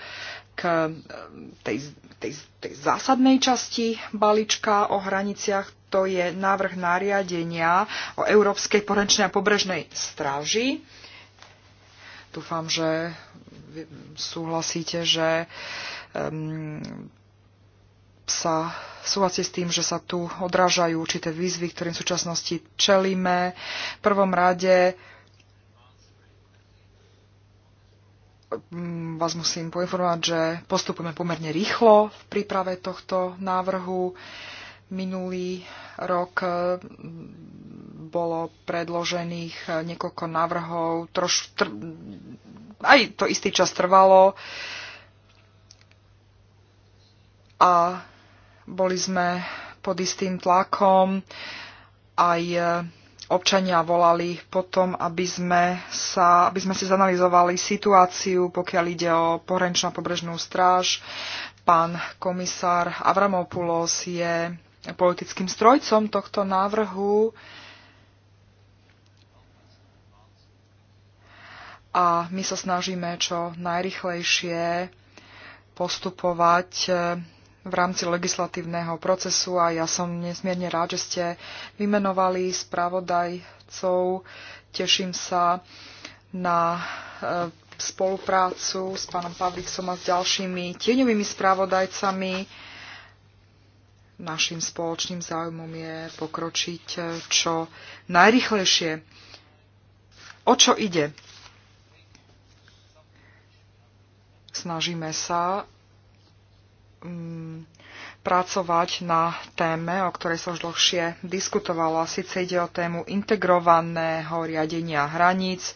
k eh, tej, tej, tej zásadnej časti balíčka o hraniciach. To je návrh nariadenia o Európskej porenčnej a pobrežnej stráži. Dúfam, že súhlasíte, že sa súhlasí s tým, že sa tu odrážajú určité výzvy, ktorým v súčasnosti čelíme. V prvom rade mm, vás musím poinformovať, že postupujeme pomerne rýchlo v príprave tohto návrhu. Minulý rok mm, bolo predložených niekoľko návrhov, troš, tr, aj to istý čas trvalo. A boli sme pod istým tlakom. Aj e, občania volali potom, aby sme, sa, aby sme si zanalizovali situáciu, pokiaľ ide o pohraničnú pobrežnú stráž. Pán komisár Avramopoulos je politickým strojcom tohto návrhu. A my sa snažíme čo najrychlejšie postupovať e, v rámci legislatívneho procesu a ja som nesmierne rád, že ste vymenovali spravodajcov. Teším sa na e, spoluprácu s pánom Pavliksom a s ďalšími tieňovými spravodajcami. Našim spoločným záujmom je pokročiť e, čo najrychlejšie. O čo ide? Snažíme sa Mm, pracovať na téme, o ktorej sa už dlhšie diskutovalo. A síce ide o tému integrovaného riadenia hraníc.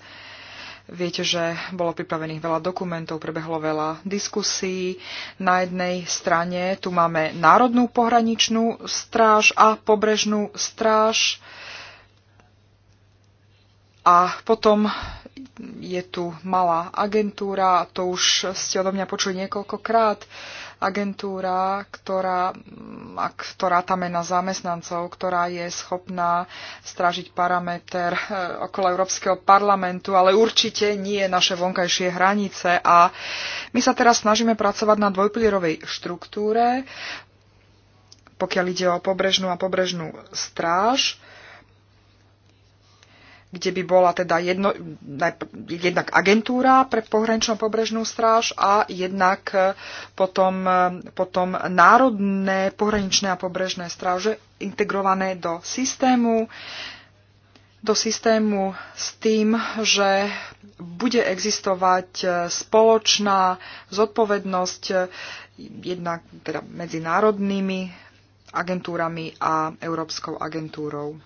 Viete, že bolo pripravených veľa dokumentov, prebehlo veľa diskusí. Na jednej strane tu máme Národnú pohraničnú stráž a pobrežnú stráž. A potom je tu malá agentúra, to už ste odo mňa počuli niekoľkokrát agentúra, ktorá, mm, ktorá tam je na zamestnancov, ktorá je schopná stražiť parameter eh, okolo Európskeho parlamentu, ale určite nie naše vonkajšie hranice. A my sa teraz snažíme pracovať na dvojpilierovej štruktúre, pokiaľ ide o pobrežnú a pobrežnú stráž kde by bola teda jedno, jednak agentúra pre pohraničnú pobrežnú stráž a jednak e, potom, e, potom národné pohraničné a pobrežné stráže integrované do systému do systému s tým, že bude existovať e, spoločná zodpovednosť jednak teda medzi národnými agentúrami a Európskou agentúrou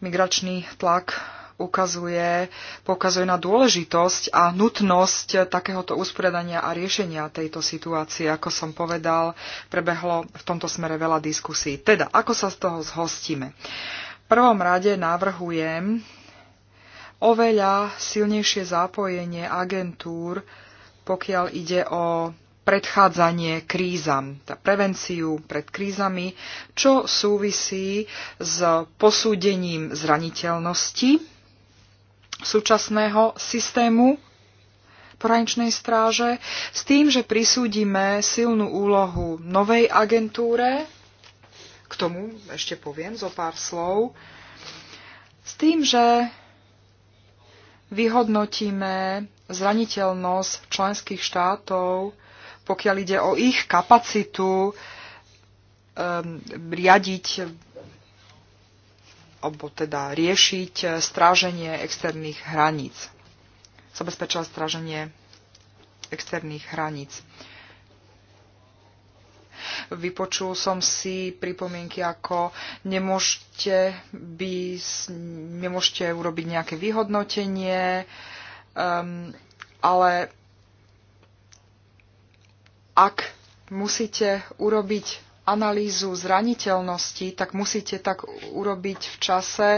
migračný tlak ukazuje, pokazuje na dôležitosť a nutnosť takéhoto usporiadania a riešenia tejto situácie. Ako som povedal, prebehlo v tomto smere veľa diskusí. Teda, ako sa z toho zhostíme? V prvom rade navrhujem oveľa silnejšie zapojenie agentúr, pokiaľ ide o predchádzanie krízam, tá teda prevenciu pred krízami, čo súvisí s posúdením zraniteľnosti súčasného systému poraničnej stráže s tým, že prisúdime silnú úlohu novej agentúre, k tomu ešte poviem zo pár slov, s tým, že vyhodnotíme zraniteľnosť členských štátov pokiaľ ide o ich kapacitu um, riadiť alebo teda riešiť stráženie externých hraníc. Zabezpečovať stráženie externých hraníc. Vypočul som si pripomienky ako nemôžete, by, nemôžete urobiť nejaké vyhodnotenie, um, ale ak musíte urobiť analýzu zraniteľnosti, tak musíte tak urobiť v čase,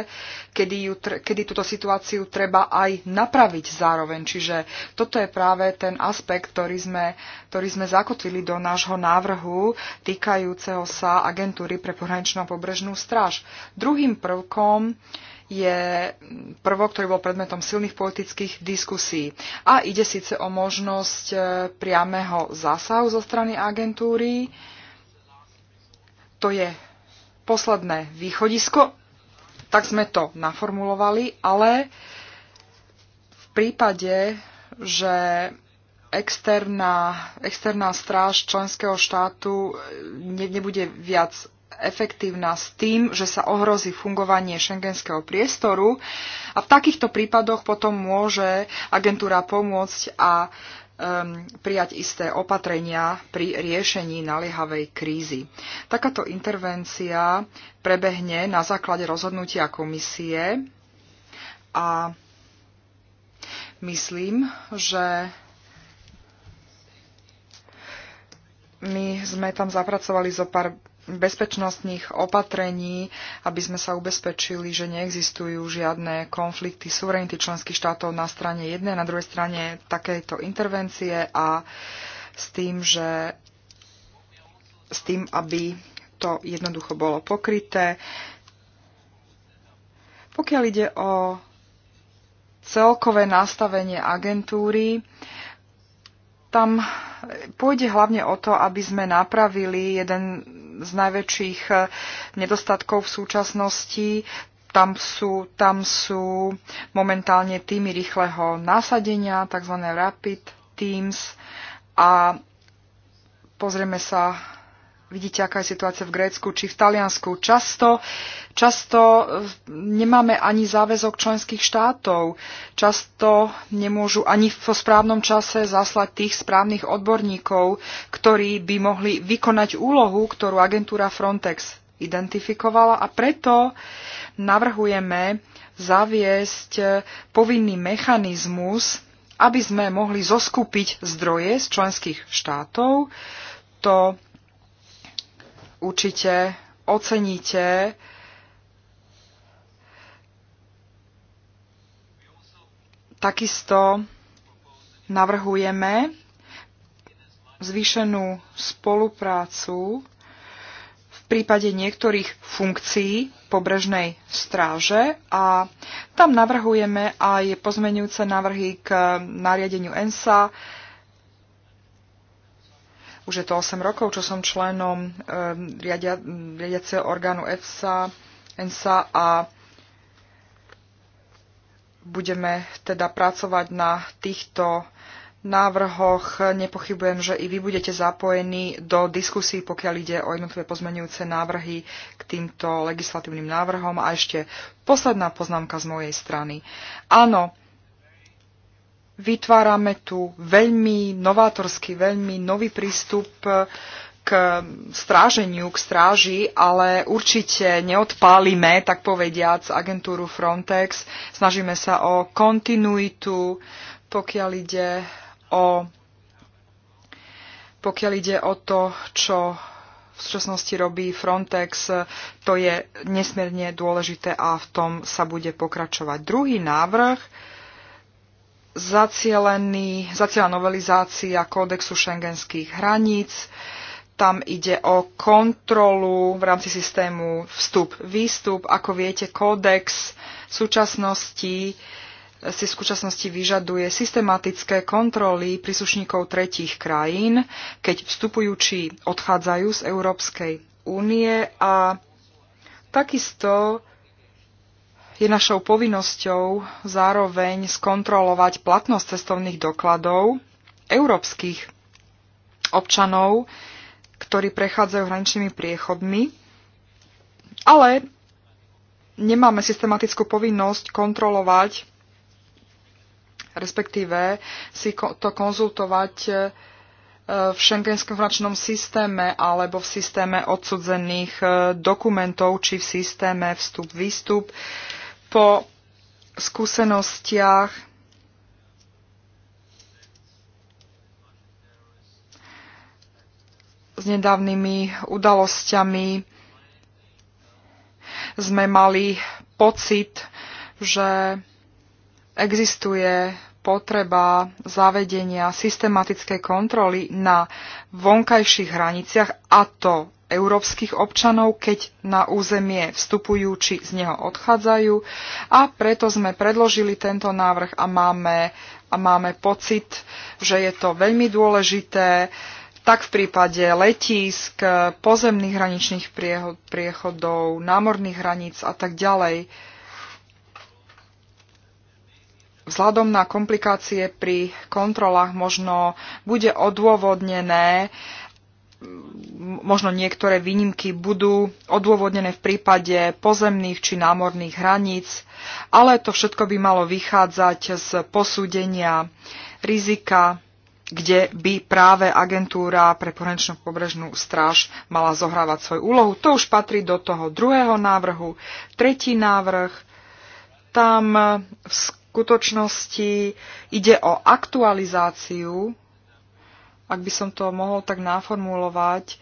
kedy, ju, kedy túto situáciu treba aj napraviť zároveň. Čiže toto je práve ten aspekt, ktorý sme, ktorý sme zakotvili do nášho návrhu týkajúceho sa agentúry pre pohraničnú pobrežnú stráž. Druhým prvkom je prvok, ktorý bol predmetom silných politických diskusí. A ide síce o možnosť e, priameho zásahu zo strany agentúry. To je posledné východisko, tak sme to naformulovali, ale v prípade, že externá, externá stráž členského štátu e, ne, nebude viac efektívna s tým, že sa ohrozí fungovanie šengenského priestoru a v takýchto prípadoch potom môže agentúra pomôcť a um, prijať isté opatrenia pri riešení naliehavej krízy. Takáto intervencia prebehne na základe rozhodnutia komisie a myslím, že my sme tam zapracovali zo pár bezpečnostných opatrení, aby sme sa ubezpečili, že neexistujú žiadne konflikty suverenity členských štátov na strane jednej, na druhej strane takéto intervencie a s tým, že s tým, aby to jednoducho bolo pokryté. Pokiaľ ide o celkové nastavenie agentúry, tam pôjde hlavne o to, aby sme napravili jeden z najväčších eh, nedostatkov v súčasnosti. Tam sú, tam sú momentálne týmy rýchleho násadenia, tzv. rapid teams. A pozrieme sa vidíte, aká je situácia v Grécku či v Taliansku. Často, často nemáme ani záväzok členských štátov. Často nemôžu ani v správnom čase zaslať tých správnych odborníkov, ktorí by mohli vykonať úlohu, ktorú agentúra Frontex identifikovala a preto navrhujeme zaviesť povinný mechanizmus, aby sme mohli zoskupiť zdroje z členských štátov. To určite oceníte Takisto navrhujeme zvýšenú spoluprácu v prípade niektorých funkcií pobrežnej stráže a tam navrhujeme aj pozmenujúce návrhy k nariadeniu ENSA, už je to 8 rokov, čo som členom e, riadia, riadiaceho orgánu EFSA, ENSA a budeme teda pracovať na týchto návrhoch. Nepochybujem, že i vy budete zapojení do diskusí, pokiaľ ide o jednotlivé pozmenujúce návrhy k týmto legislatívnym návrhom. A ešte posledná poznámka z mojej strany. Áno, vytvárame tu veľmi novátorský, veľmi nový prístup e, k stráženiu, k stráži, ale určite neodpálime, tak povediac, agentúru Frontex. Snažíme sa o kontinuitu, pokiaľ ide o, pokiaľ ide o to, čo v súčasnosti robí Frontex, to je nesmierne dôležité a v tom sa bude pokračovať. Druhý návrh zacielený, zacielená novelizácia kódexu šengenských hraníc. Tam ide o kontrolu v rámci systému vstup-výstup. Ako viete, kódex v súčasnosti si v súčasnosti vyžaduje systematické kontroly príslušníkov tretích krajín, keď vstupujú či odchádzajú z Európskej únie a takisto je našou povinnosťou zároveň skontrolovať platnosť cestovných dokladov európskych občanov, ktorí prechádzajú hraničnými priechodmi, ale nemáme systematickú povinnosť kontrolovať, respektíve si to konzultovať e, v šengenskom informačnom systéme alebo v systéme odsudzených e, dokumentov či v systéme vstup-výstup po skúsenostiach s nedávnymi udalosťami sme mali pocit, že existuje potreba zavedenia systematickej kontroly na vonkajších hraniciach a to európskych občanov, keď na územie vstupujú či z neho odchádzajú. A preto sme predložili tento návrh a máme, a máme pocit, že je to veľmi dôležité tak v prípade letísk, pozemných hraničných priechodov, námorných hraníc a tak ďalej. Vzhľadom na komplikácie pri kontrolách možno bude odôvodnené možno niektoré výnimky budú odôvodnené v prípade pozemných či námorných hraníc, ale to všetko by malo vychádzať z posúdenia rizika, kde by práve agentúra pre pohraničnú pobrežnú stráž mala zohrávať svoju úlohu. To už patrí do toho druhého návrhu. Tretí návrh, tam v skutočnosti ide o aktualizáciu ak by som to mohol tak naformulovať,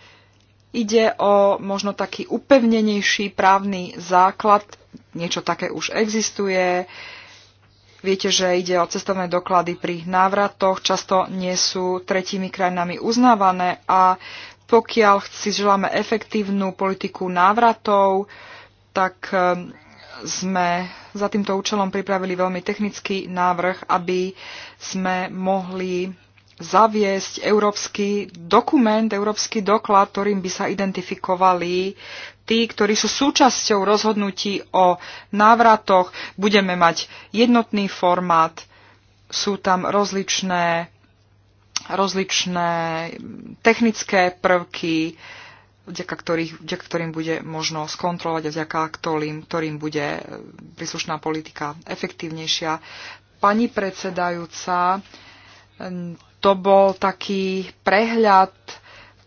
ide o možno taký upevnenejší právny základ, niečo také už existuje. Viete, že ide o cestovné doklady pri návratoch, často nie sú tretími krajinami uznávané a pokiaľ si želáme efektívnu politiku návratov, tak ehm, sme za týmto účelom pripravili veľmi technický návrh, aby sme mohli zaviesť európsky dokument, európsky doklad, ktorým by sa identifikovali tí, ktorí sú súčasťou rozhodnutí o návratoch. Budeme mať jednotný formát, sú tam rozličné, rozličné technické prvky, vďaka, ktorých, vďaka ktorým bude možno skontrolovať a vďaka ktorým, ktorým bude príslušná politika efektívnejšia. Pani predsedajúca, to bol taký prehľad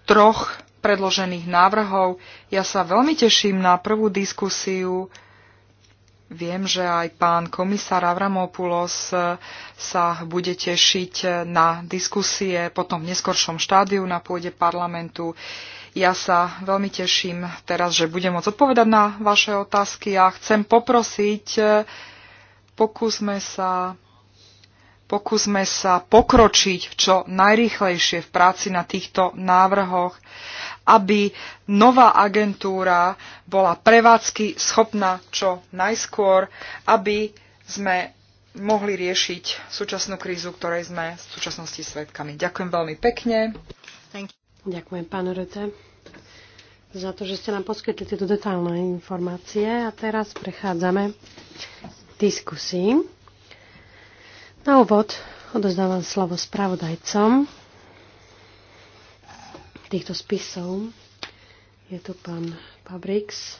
troch predložených návrhov. Ja sa veľmi teším na prvú diskusiu. Viem, že aj pán komisár Avramopoulos eh, sa bude tešiť eh, na diskusie potom v neskoršom štádiu na pôde parlamentu. Ja sa veľmi teším teraz, že budem môcť odpovedať na vaše otázky a chcem poprosiť, eh, pokúsme sa Pokúsme sa pokročiť čo najrychlejšie v práci na týchto návrhoch, aby nová agentúra bola prevádzky schopná čo najskôr, aby sme mohli riešiť súčasnú krízu, ktorej sme v súčasnosti svetkami. Ďakujem veľmi pekne. Ďakujem, pán Rete, za to, že ste nám poskytli tieto detálne informácie. A teraz prechádzame k diskusii. Na úvod odozdávam slovo spravodajcom týchto spisov. Je tu pán Pabrix,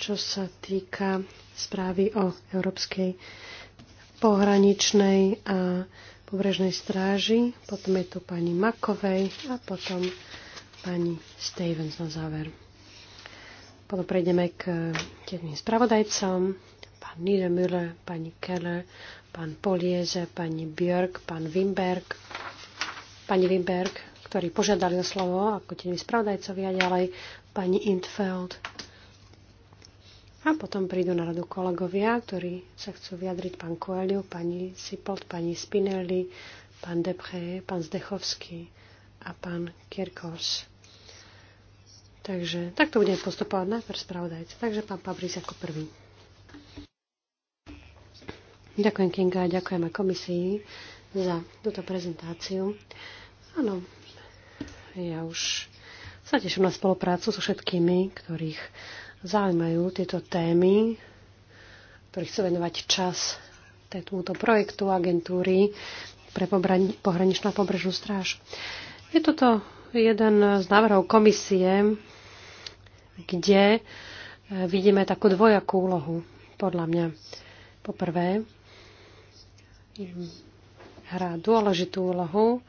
čo sa týka správy o Európskej pohraničnej a pobrežnej stráži, potom je tu pani Makovej a potom pani Stevens na záver. Potom prejdeme k tým spravodajcom pán Niedermüller, pani Keller, pán Polieze, pani Björk, pán Wimberg, pani Wimberg, ktorí požiadali o slovo ako mi spravodajcovia ďalej, pani Intfeld. A potom prídu na radu kolegovia, ktorí sa chcú vyjadriť pán Koeliu, pani Sipold, pani Spinelli, pán Depre, pán Zdechovský a pán Kierkors. Takže takto budeme postupovať najprv spravodajca. Takže pán Pabris ako prvý. Ďakujem Kinga a ďakujem aj komisii za túto prezentáciu. Áno, ja už sa teším na spoluprácu so všetkými, ktorých zaujímajú tieto témy, ktorí chcú venovať čas tomuto projektu agentúry pre pohraničná pobrežnú stráž. Je toto jeden z návrhov komisie, kde eh, vidíme takú dvojakú úlohu, podľa mňa. Poprvé, hrá dôležitú úlohu,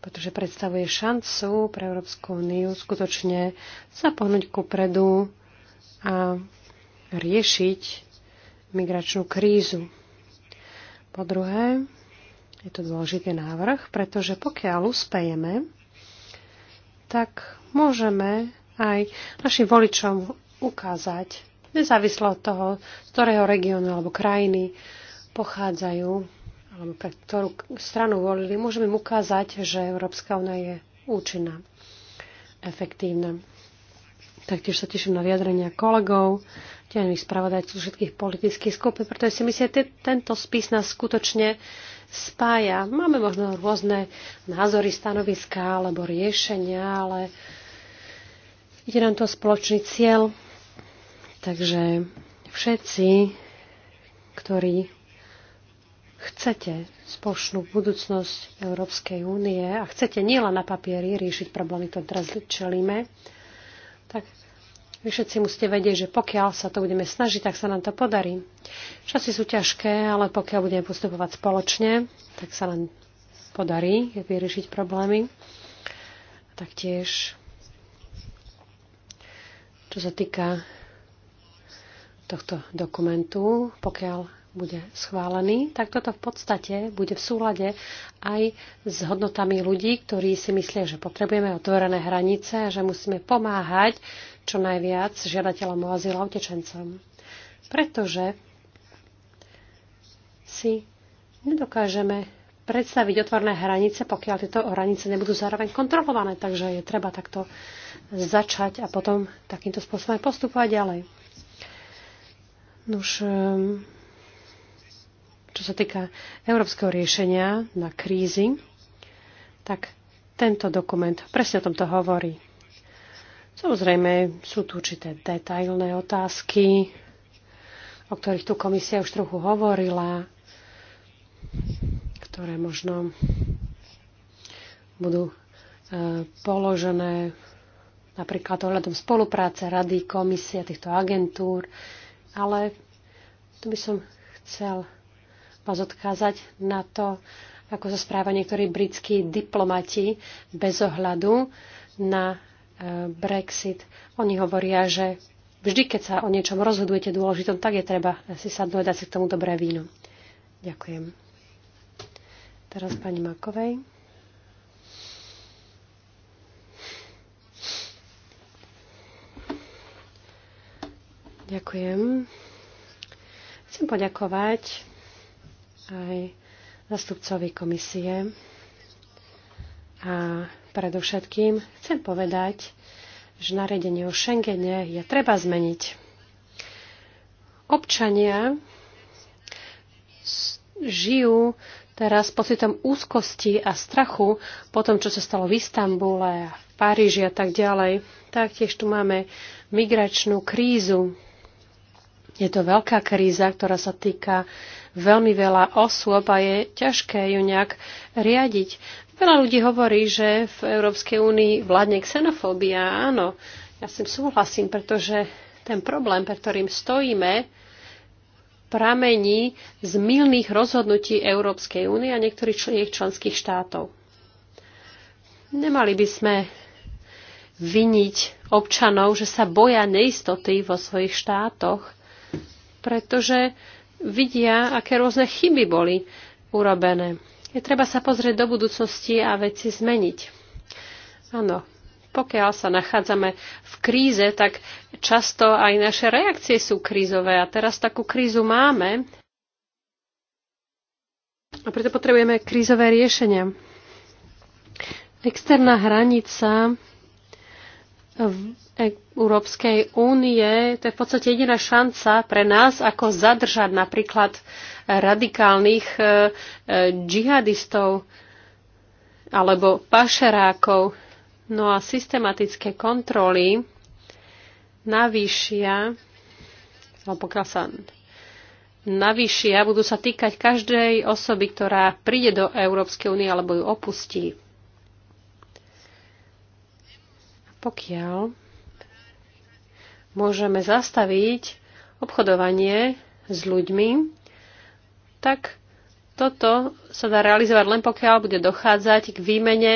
pretože predstavuje šancu pre Európsku úniu skutočne sa pohnúť ku predu a riešiť migračnú krízu. Po druhé, je to dôležitý návrh, pretože pokiaľ uspejeme, tak môžeme aj našim voličom ukázať, nezávislo od toho, z ktorého regiónu alebo krajiny pochádzajú, alebo pre ktorú stranu volili, môžeme im ukázať, že Európska únia je účinná, efektívna. Taktiež sa teším na vyjadrenia kolegov, tiež spravodajcov všetkých politických skupín, pretože si myslím, že tento spis nás skutočne spája. Máme možno rôzne názory, stanoviská alebo riešenia, ale ide nám to spoločný cieľ. Takže všetci, ktorí chcete spoločnú budúcnosť Európskej únie a chcete nielen na papieri riešiť problémy, ktoré teraz čelíme, tak vy všetci musíte vedieť, že pokiaľ sa to budeme snažiť, tak sa nám to podarí. Časy sú ťažké, ale pokiaľ budeme postupovať spoločne, tak sa nám podarí vyriešiť problémy. Taktiež, čo sa týka tohto dokumentu, pokiaľ bude schválený, tak toto v podstate bude v súlade aj s hodnotami ľudí, ktorí si myslia, že potrebujeme otvorené hranice a že musíme pomáhať čo najviac žiadateľom o azyl a utečencom. Pretože si nedokážeme predstaviť otvorné hranice, pokiaľ tieto hranice nebudú zároveň kontrolované. Takže je treba takto začať a potom takýmto spôsobom aj postupovať ďalej. Nuž, ehm, čo sa týka európskeho riešenia na krízy, tak tento dokument presne o tomto hovorí. Samozrejme, sú tu určité detailné otázky, o ktorých tu komisia už trochu hovorila, ktoré možno budú e, položené napríklad ohľadom spolupráce rady, komisie, týchto agentúr, ale tu by som chcel vás odkázať na to, ako sa správa niektorí britskí diplomati bez ohľadu na e, Brexit. Oni hovoria, že vždy, keď sa o niečom rozhodujete dôležitom, tak je treba si sadnúť a dať si k tomu dobré víno. Ďakujem. Teraz pani Makovej. Ďakujem. Chcem poďakovať aj zastupcovi komisie. A predovšetkým chcem povedať, že naredenie o Schengene je treba zmeniť. Občania žijú teraz pocitom úzkosti a strachu po tom, čo sa stalo v Istambule, v Paríži a tak ďalej. Taktiež tu máme migračnú krízu. Je to veľká kríza, ktorá sa týka veľmi veľa osôb a je ťažké ju nejak riadiť. Veľa ľudí hovorí, že v Európskej únii vládne xenofóbia. Áno, ja s tým súhlasím, pretože ten problém, pre ktorým stojíme, pramení z milných rozhodnutí Európskej únie a niektorých čl- jej členských štátov. Nemali by sme viniť občanov, že sa boja neistoty vo svojich štátoch, pretože vidia, aké rôzne chyby boli urobené. Je treba sa pozrieť do budúcnosti a veci zmeniť. Áno, pokiaľ sa nachádzame v kríze, tak často aj naše reakcie sú krízové a teraz takú krízu máme a preto potrebujeme krízové riešenia. Externá hranica E- Európskej únie, to je v podstate jediná šanca pre nás, ako zadržať napríklad radikálnych e- e- džihadistov alebo pašerákov. No a systematické kontroly navýšia, alebo pokiaľ sa navýšia, budú sa týkať každej osoby, ktorá príde do Európskej únie alebo ju opustí. Pokiaľ môžeme zastaviť obchodovanie s ľuďmi, tak toto sa dá realizovať len pokiaľ bude dochádzať k výmene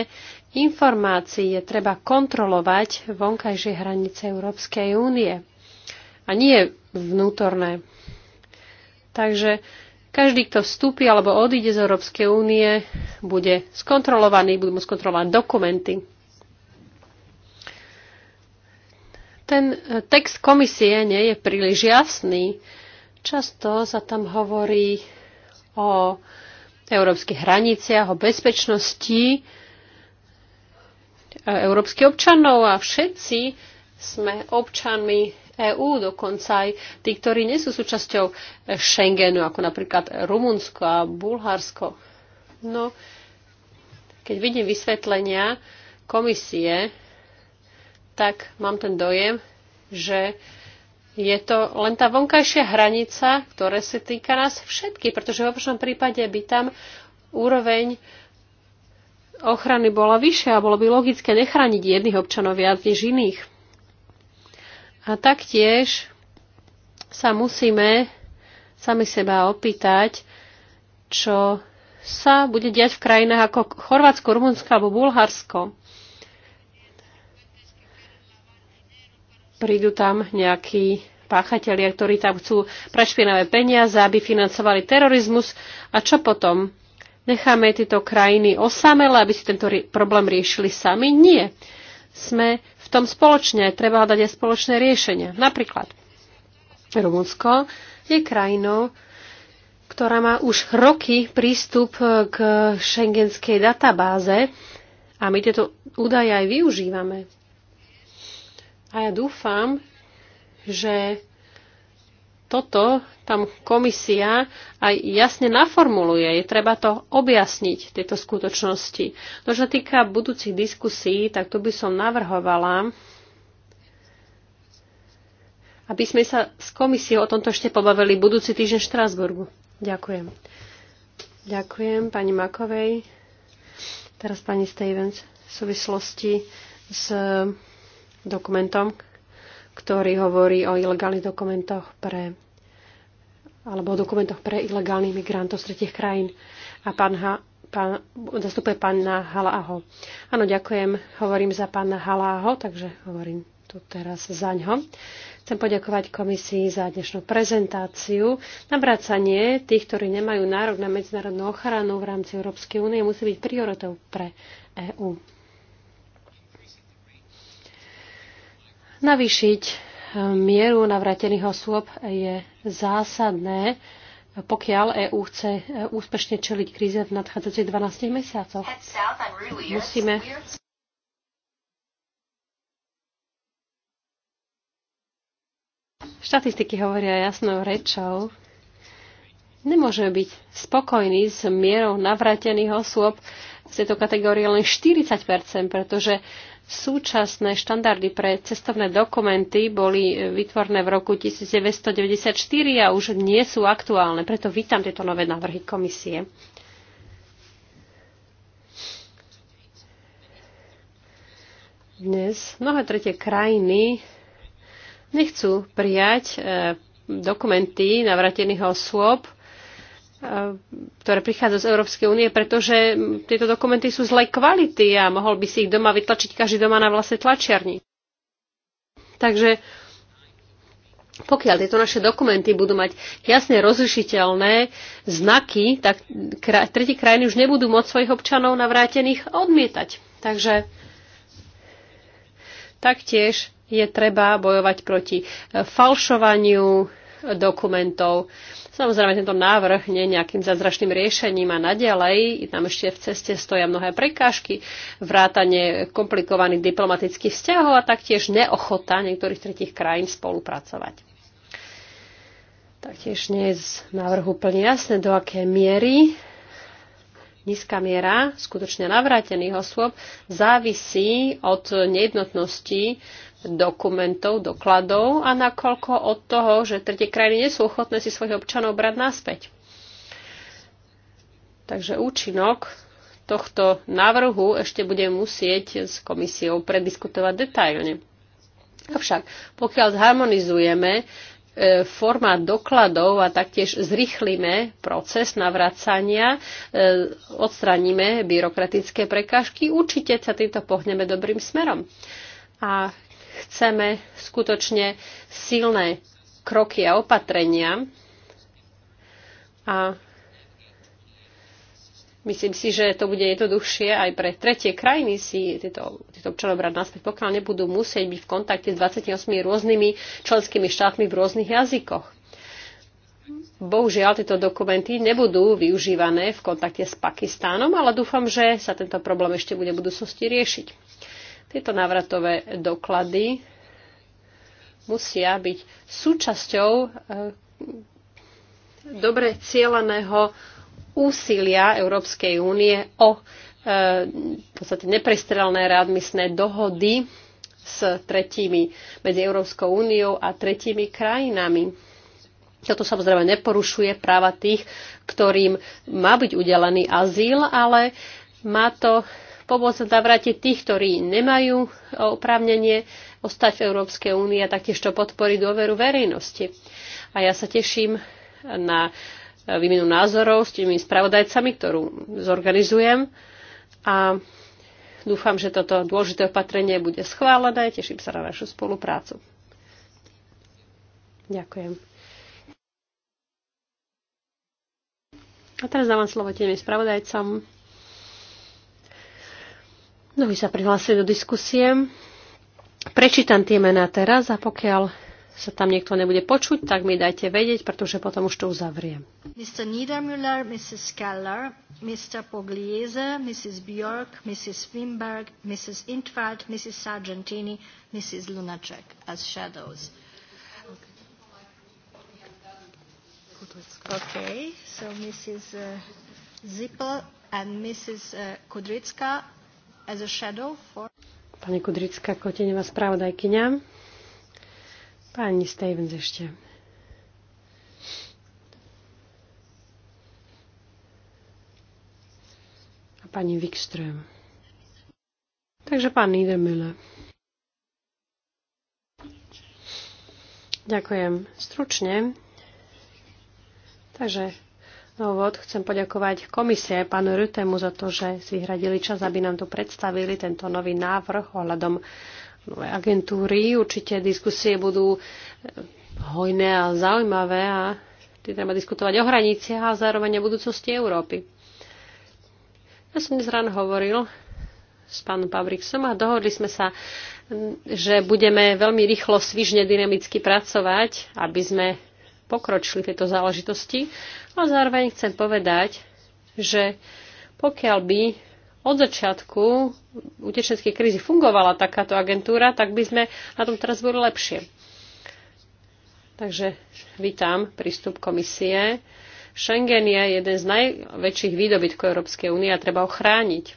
informácií. Je treba kontrolovať vonkajšie hranice Európskej únie a nie vnútorné. Takže každý, kto vstúpi alebo odíde z Európskej únie, bude skontrolovaný, budú mu skontrolovať dokumenty. ten e, text komisie nie je príliš jasný. Často sa tam hovorí o európskych hraniciach, o bezpečnosti e, európskych občanov a všetci sme občanmi EÚ, dokonca aj tí, ktorí nie sú súčasťou Schengenu, ako napríklad Rumunsko a Bulharsko. No, keď vidím vysvetlenia komisie, tak mám ten dojem, že je to len tá vonkajšia hranica, ktorá sa týka nás všetkých, pretože v opačnom prípade by tam úroveň ochrany bola vyššia a bolo by logické nechrániť jedných občanov viac než iných. A taktiež sa musíme sami seba opýtať, čo sa bude diať v krajinách ako Chorvátsko, Rumunsko alebo Bulharsko. prídu tam nejakí páchatelia, ktorí tam chcú prešpinavé peniaze, aby financovali terorizmus. A čo potom? Necháme tieto krajiny osamele, aby si tento problém riešili sami? Nie. Sme v tom spoločne, treba hľadať aj spoločné riešenia. Napríklad Rumunsko je krajinou, ktorá má už roky prístup k šengenskej databáze a my tieto údaje aj využívame. A ja dúfam, že toto tam komisia aj jasne naformuluje. Je treba to objasniť, tieto skutočnosti. No, čo týka budúcich diskusí, tak tu by som navrhovala, aby sme sa s komisiou o tomto ešte pobavili budúci týždeň v Štrásburgu. Ďakujem. Ďakujem pani Makovej. Teraz pani Stevens v súvislosti s dokumentom, ktorý hovorí o ilegálnych dokumentoch pre alebo o dokumentoch pre ilegálnych migrantov z tretich krajín. A pán, ha, pán zastupuje pána Haláho. Áno, ďakujem. Hovorím za pána Haláho, takže hovorím tu teraz za ňo. Chcem poďakovať komisii za dnešnú prezentáciu. Nabracanie tých, ktorí nemajú nárok na medzinárodnú ochranu v rámci Európskej únie, musí byť prioritou pre EÚ. Navýšiť eh, mieru navratených osôb je zásadné, pokiaľ EÚ chce eh, úspešne čeliť kríze v nadchádzajúcich 12 mesiacoch. Musíme Štatistiky hovoria jasnou rečou. Nemôžeme byť spokojní s mierou navratených osôb z tejto kategórie len 40%, pretože súčasné štandardy pre cestovné dokumenty boli e, vytvorné v roku 1994 a už nie sú aktuálne. Preto vítam tieto nové návrhy komisie. Dnes mnohé tretie krajiny nechcú prijať e, dokumenty navratených osôb, E, ktoré prichádza z Európskej únie, pretože tieto dokumenty sú zlej kvality a mohol by si ich doma vytlačiť každý doma na vlastnej tlačiarni. Takže pokiaľ tieto naše dokumenty budú mať jasne rozlišiteľné znaky, tak tretí krajiny už nebudú môcť svojich občanov navrátených odmietať. Takže taktiež je treba bojovať proti e, falšovaniu dokumentov. Samozrejme, tento návrh nie je nejakým zázračným riešením a naďalej. Tam ešte v ceste stoja mnohé prekážky, vrátanie komplikovaných diplomatických vzťahov a taktiež neochota niektorých tretich krajín spolupracovať. Taktiež nie je z návrhu úplne jasné, do aké miery nízka miera skutočne navrátených osôb závisí od nejednotnosti dokumentov, dokladov a nakoľko od toho, že tretie krajiny nie sú ochotné si svojich občanov brať naspäť. Takže účinok tohto návrhu ešte bude musieť s komisiou prediskutovať detailne. Avšak, pokiaľ zharmonizujeme e, formát dokladov a taktiež zrychlíme proces navracania, e, odstraníme byrokratické prekážky, určite sa týmto pohneme dobrým smerom. A chceme skutočne silné kroky a opatrenia. A myslím si, že to bude jednoduchšie aj pre tretie krajiny si tieto, tieto občanov brať naspäť, pokiaľ nebudú musieť byť v kontakte s 28 rôznymi členskými štátmi v rôznych jazykoch. Bohužiaľ, tieto dokumenty nebudú využívané v kontakte s Pakistánom, ale dúfam, že sa tento problém ešte bude v budúcnosti riešiť. Tieto návratové doklady musia byť súčasťou e, dobre cieľaného úsilia Európskej únie o e, v podstate neprestrelné readmisné dohody s tretími, medzi Európskou úniou a tretími krajinami. Toto samozrejme neporušuje práva tých, ktorým má byť udelený azyl, ale má to pomôcť navrátiť tých, ktorí nemajú oprávnenie ostať v Európskej únii a taktiež to podporí dôveru verejnosti. A ja sa teším na výmenu názorov s tými spravodajcami, ktorú zorganizujem. A dúfam, že toto dôležité opatrenie bude schválené. Teším sa na našu spoluprácu. Ďakujem. A teraz dávam slovo tým spravodajcom. Mnohí sa prihlásili do diskusie. Prečítam tie mená teraz a pokiaľ sa tam niekto nebude počuť, tak mi dajte vedieť, pretože potom už to uzavriem. Mr. Niedermüller, Mrs. Keller, Mr. Pogliese, Mrs. Björk, Mrs. Wimberg, Mrs. Intwald, Mrs. Sargentini, Mrs. Lunacek as shadows. Okay, so Mrs. Uh, Zippel and Mrs. Uh, Kudrycka as a shadow for... Pani Kudrická, Koteneva spravodajkyňa. Pani Stevens ešte. A pani Wikström. Takže pán Niedermüller. Ďakujem stručne. Takže na úvod chcem poďakovať komisie pánu Rutemu za to, že si hradili čas, aby nám tu predstavili tento nový návrh ohľadom novej agentúry. Určite diskusie budú eh, hojné a zaujímavé a treba diskutovať o hraniciach a zároveň o budúcnosti Európy. Ja som dnes ráno hovoril s pánom Pavriksom a dohodli sme sa, mm, že budeme veľmi rýchlo, svižne, dynamicky pracovať, aby sme pokročili tieto záležitosti. A zároveň chcem povedať, že pokiaľ by od začiatku utečenskej krízy fungovala takáto agentúra, tak by sme na tom teraz boli lepšie. Takže vítam prístup komisie. Schengen je jeden z najväčších výdobytkov Európskej únie a treba ho chrániť.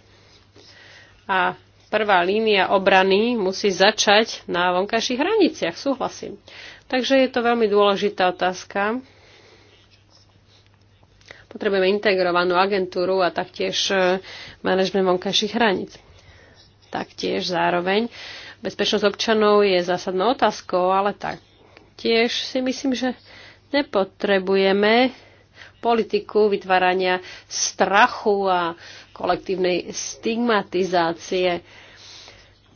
A prvá línia obrany musí začať na vonkajších hraniciach, súhlasím. Takže je to veľmi dôležitá otázka. Potrebujeme integrovanú agentúru a taktiež e, manažment vonkajších hraníc. Taktiež zároveň bezpečnosť občanov je zásadnou otázkou, ale tak tiež si myslím, že nepotrebujeme politiku vytvárania strachu a kolektívnej stigmatizácie.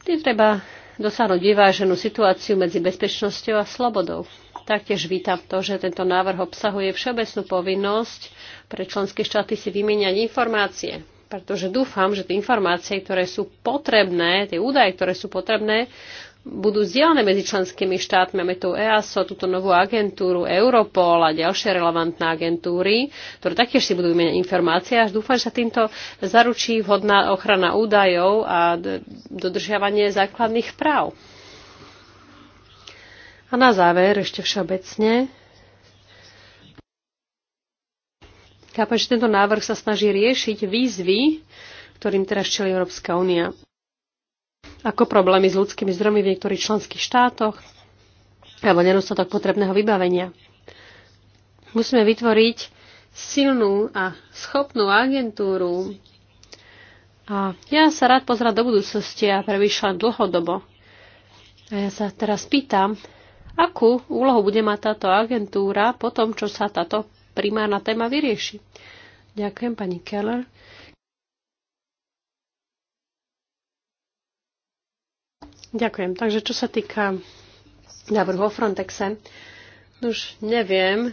Je treba dosiahnuť vyváženú situáciu medzi bezpečnosťou a slobodou. Taktiež vítam to, že tento návrh obsahuje všeobecnú povinnosť pre členské štáty si vymieňať informácie, pretože dúfam, že tie informácie, ktoré sú potrebné, tie údaje, ktoré sú potrebné, budú zdieľané medzi členskými štátmi. Máme tu EASO, túto novú agentúru, Europol a ďalšie relevantné agentúry, ktoré taktiež si budú vymeniať informácie. Až dúfam, že sa týmto zaručí vhodná ochrana údajov a dodržiavanie základných práv. A na záver ešte všeobecne. Chápem, že tento návrh sa snaží riešiť výzvy, ktorým teraz čeli Európska únia ako problémy s ľudskými zdromi v niektorých členských štátoch alebo nedostatok potrebného vybavenia. Musíme vytvoriť silnú a schopnú agentúru. A ja sa rád pozerám do budúcnosti a prevýšľam dlhodobo. A ja sa teraz pýtam, akú úlohu bude mať táto agentúra po tom, čo sa táto primárna téma vyrieši. Ďakujem, pani Keller. Ďakujem. Takže čo sa týka návrhu o Frontexe, no už neviem,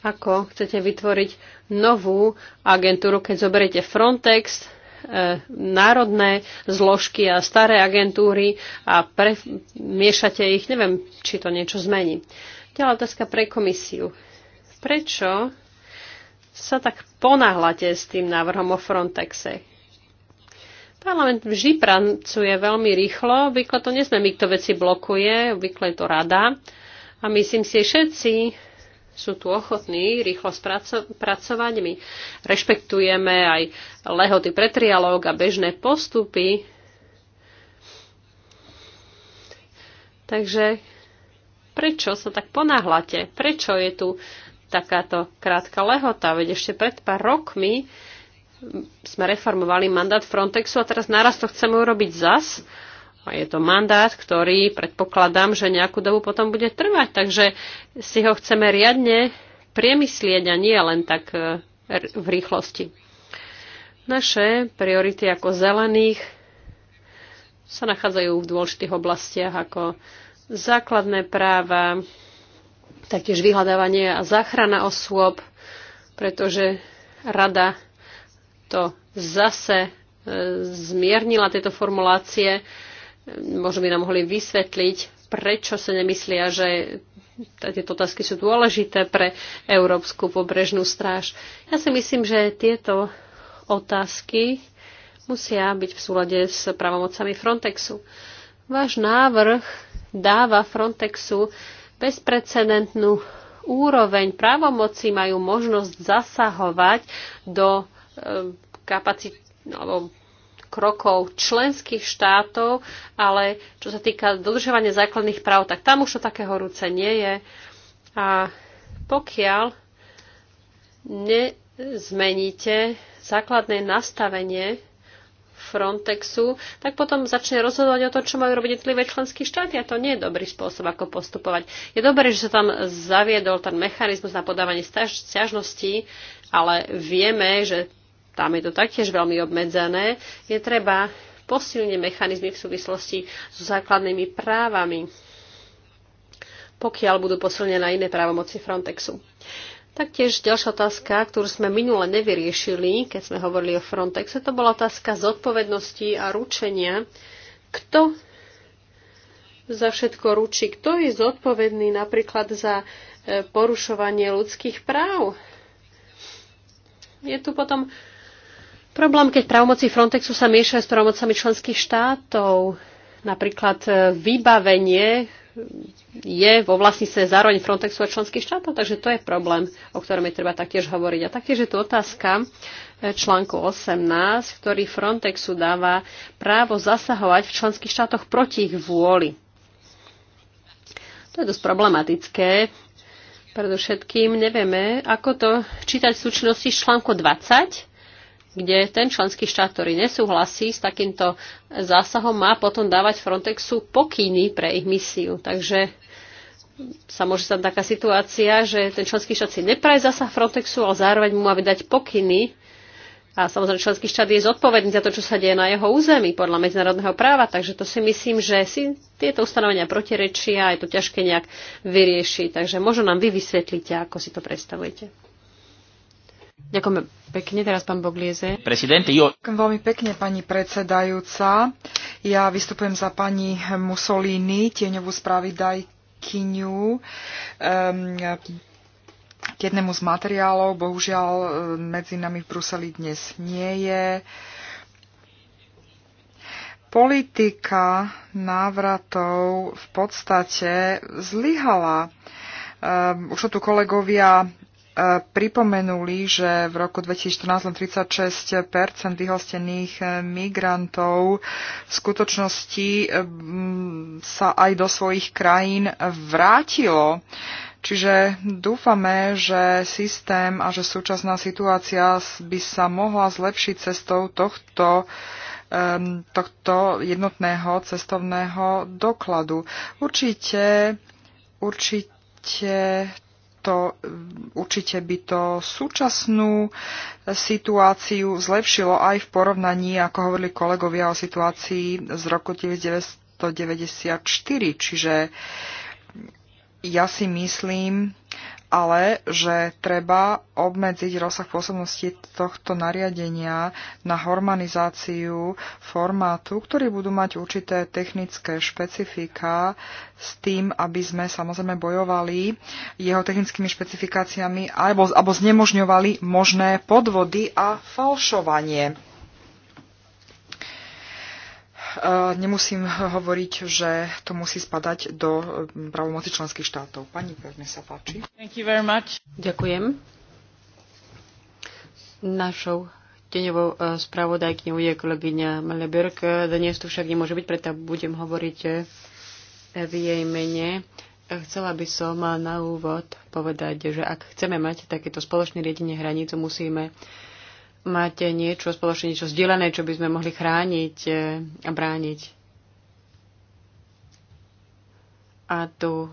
ako chcete vytvoriť novú agentúru, keď zoberiete Frontex, e, národné zložky a staré agentúry a pre, miešate ich. Neviem, či to niečo zmení. Ďalej otázka pre komisiu. Prečo sa tak ponáhľate s tým návrhom o Frontexe? Parlament vždy pracuje veľmi rýchlo, obvykle to nesme my, kto veci blokuje, obvykle je to rada. A myslím si, že všetci sú tu ochotní rýchlo spracovať. My rešpektujeme aj lehoty pre trialóg a bežné postupy. Takže prečo sa tak ponáhľate? Prečo je tu takáto krátka lehota? Veď ešte pred pár rokmi sme reformovali mandát Frontexu a teraz naraz to chceme urobiť zas. A je to mandát, ktorý predpokladám, že nejakú dobu potom bude trvať. Takže si ho chceme riadne priemyslieť a nie len tak e, v rýchlosti. Naše priority ako zelených sa nachádzajú v dôležitých oblastiach ako základné práva, taktiež vyhľadávanie a záchrana osôb, pretože rada to zase e, zmiernila tieto formulácie. Možno by nám mohli vysvetliť, prečo sa nemyslia, že tieto otázky sú dôležité pre Európsku pobrežnú stráž. Ja si myslím, že tieto otázky musia byť v súlade s pravomocami Frontexu. Váš návrh dáva Frontexu bezprecedentnú úroveň právomoci majú možnosť zasahovať do kapacit, alebo krokov členských štátov, ale čo sa týka dodržovania základných práv, tak tam už to také horúce nie je. A pokiaľ nezmeníte základné nastavenie Frontexu, tak potom začne rozhodovať o tom, čo majú robiť jednotlivé členské štáty a to nie je dobrý spôsob, ako postupovať. Je dobré, že sa tam zaviedol ten mechanizmus na podávanie stiažností, ale vieme, že tam je to taktiež veľmi obmedzené, je treba posilniť mechanizmy v súvislosti so základnými právami, pokiaľ budú posilnené iné právomoci Frontexu. Taktiež ďalšia otázka, ktorú sme minule nevyriešili, keď sme hovorili o Frontexe, to bola otázka zodpovednosti a ručenia. Kto za všetko ručí? Kto je zodpovedný napríklad za e, porušovanie ľudských práv? Je tu potom problém, keď právomoci Frontexu sa miešajú s právomocami členských štátov. Napríklad e, vybavenie je vo vlastníctve zároveň Frontexu a členských štátov, takže to je problém, o ktorom je treba taktiež hovoriť. A taktiež je tu otázka e, článku 18, ktorý Frontexu dáva právo zasahovať v členských štátoch proti ich vôli. To je dosť problematické. Predovšetkým nevieme, ako to čítať v súčinnosti s článku 20, kde ten členský štát, ktorý nesúhlasí s takýmto zásahom, má potom dávať Frontexu pokyny pre ich misiu. Takže sa môže stať taká situácia, že ten členský štát si nepraje zásah Frontexu, ale zároveň mu má vydať pokyny. A samozrejme, členský štát je zodpovedný za to, čo sa deje na jeho území podľa medzinárodného práva. Takže to si myslím, že si tieto ustanovenia protirečia a je to ťažké nejak vyriešiť. Takže možno nám vy vysvetlíte, ako si to predstavujete. Ďakujem pekne. Teraz pán Boglieze. Prezident, jo. Ďakujem veľmi pekne, pani predsedajúca. Ja vystupujem za pani Mussolini, tieňovú spravidajkyňu. Um, k jednému z materiálov, bohužiaľ medzi nami v Bruseli dnes nie je. Politika návratov v podstate zlyhala. Um, už to tu kolegovia pripomenuli, že v roku 2014 len 36 vyhostených eh, migrantov v skutočnosti eh, sa aj do svojich krajín vrátilo. Čiže dúfame, že systém a že súčasná situácia by sa mohla zlepšiť cestou tohto eh, tohto jednotného cestovného dokladu. Určite, určite to určite by to súčasnú situáciu zlepšilo aj v porovnaní, ako hovorili kolegovia o situácii z roku 1994. Čiže ja si myslím, ale že treba obmedziť rozsah pôsobnosti tohto nariadenia na harmonizáciu formátu, ktorý budú mať určité technické špecifika s tým, aby sme samozrejme bojovali jeho technickými špecifikáciami alebo, alebo znemožňovali možné podvody a falšovanie nemusím hovoriť, že to musí spadať do um, pravomoci členských štátov. Pani Pek, sa páči. Thank you very much. Ďakujem. Našou tenevou e, spravodajkňou je kolegyňa Maleberg. Dnes tu však nemôže byť, preto budem hovoriť e, v jej mene. Chcela by som na úvod povedať, že ak chceme mať takéto spoločné riadenie hraníc, musíme uh, máte niečo spoločne, niečo zdieľané, čo by sme mohli chrániť e, a brániť. A tu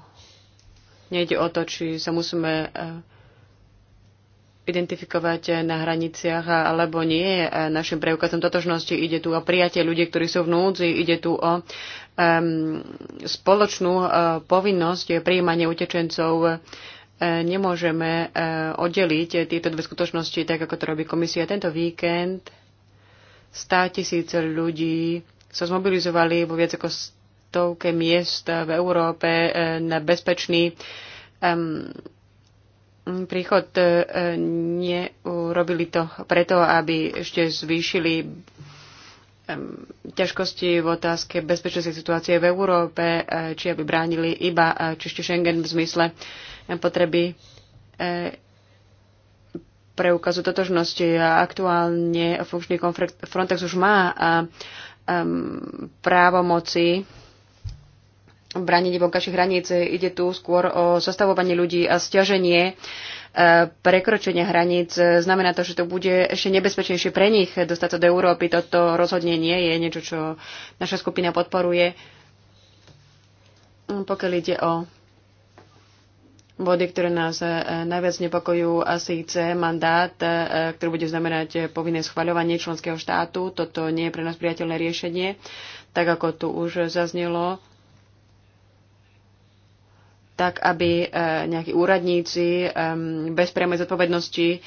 nejde o to, či sa musíme e, identifikovať e, na hraniciach alebo nie. Našim preukazom totožnosti ide tu o prijatie ľudí, ktorí sú v núdzi, ide tu o um, spoločnú uh, povinnosť prijímanie utečencov uh, E, nemôžeme e, oddeliť tieto dve skutočnosti, tak ako to robí komisia. Tento víkend 100 tisíce ľudí sa zmobilizovali vo viac ako stovke miest v Európe e, na bezpečný príchod. Neurobili to preto, aby ešte zvýšili ťažkosti v otázke bezpečnosti situácie v Európe, či aby bránili iba čište Schengen v zmysle potreby e, preukazu totožnosti. a Aktuálne funkčný Frontex už má právomoci bránenie vonkajších hraníc. Ide tu skôr o zastavovanie ľudí a stiaženie e, prekročenia hraníc. Znamená to, že to bude ešte nebezpečnejšie pre nich dostať sa do Európy. Toto rozhodne nie je niečo, čo naša skupina podporuje. Pokiaľ ide o body, ktoré nás e, najviac nepokojú, a síce mandát, e, ktorý bude znamenať e, povinné schvaľovanie členského štátu. Toto nie je pre nás priateľné riešenie, tak ako tu už zaznelo tak, aby nejakí úradníci bez priamej zodpovednosti,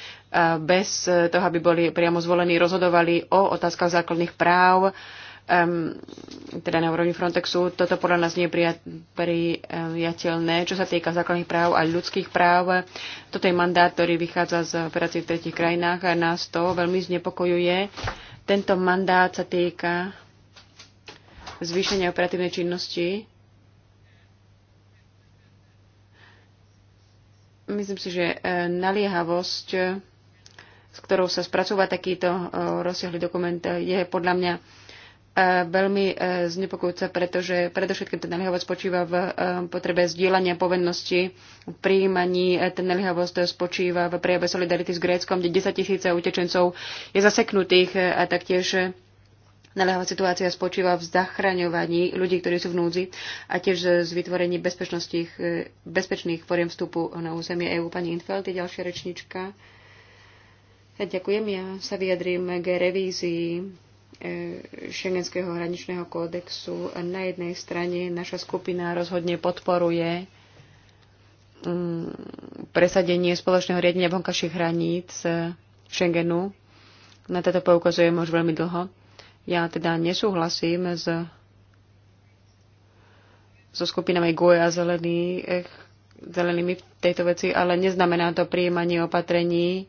bez toho, aby boli priamo zvolení, rozhodovali o otázkach základných práv, um, teda na úrovni Frontexu. Toto podľa nás nie je prijateľné, čo sa týka základných práv a ľudských práv. Toto je mandát, ktorý vychádza z operácií v tretich krajinách a nás to veľmi znepokojuje. Tento mandát sa týka zvýšenia operatívnej činnosti. Myslím si, že e, naliehavosť, s ktorou sa spracúva takýto e, rozsiahly dokument, je podľa mňa E, veľmi e, znepokojúca, pretože predovšetkým ten naliehavosť spočíva v e, potrebe zdieľania povinnosti, v príjmaní ten naliehavosť spočíva v prejave solidarity s Gréckom, kde 10 tisíce utečencov je zaseknutých a taktiež naliehavá situácia spočíva v zachraňovaní ľudí, ktorí sú v núdzi a tiež z vytvorení bezpečných foriem vstupu na územie EÚ. Pani Infeld je ďalšia rečnička. Ďakujem, ja sa vyjadrím k revízii šengenského e, hraničného kódexu. Na jednej strane naša skupina rozhodne podporuje mm, presadenie spoločného riadenia vonkajších hraníc e, Schengenu. Na toto poukazujem už veľmi dlho. Ja teda nesúhlasím s, so skupinami GUE a zelených, e, zelenými v tejto veci, ale neznamená to prijímanie opatrení,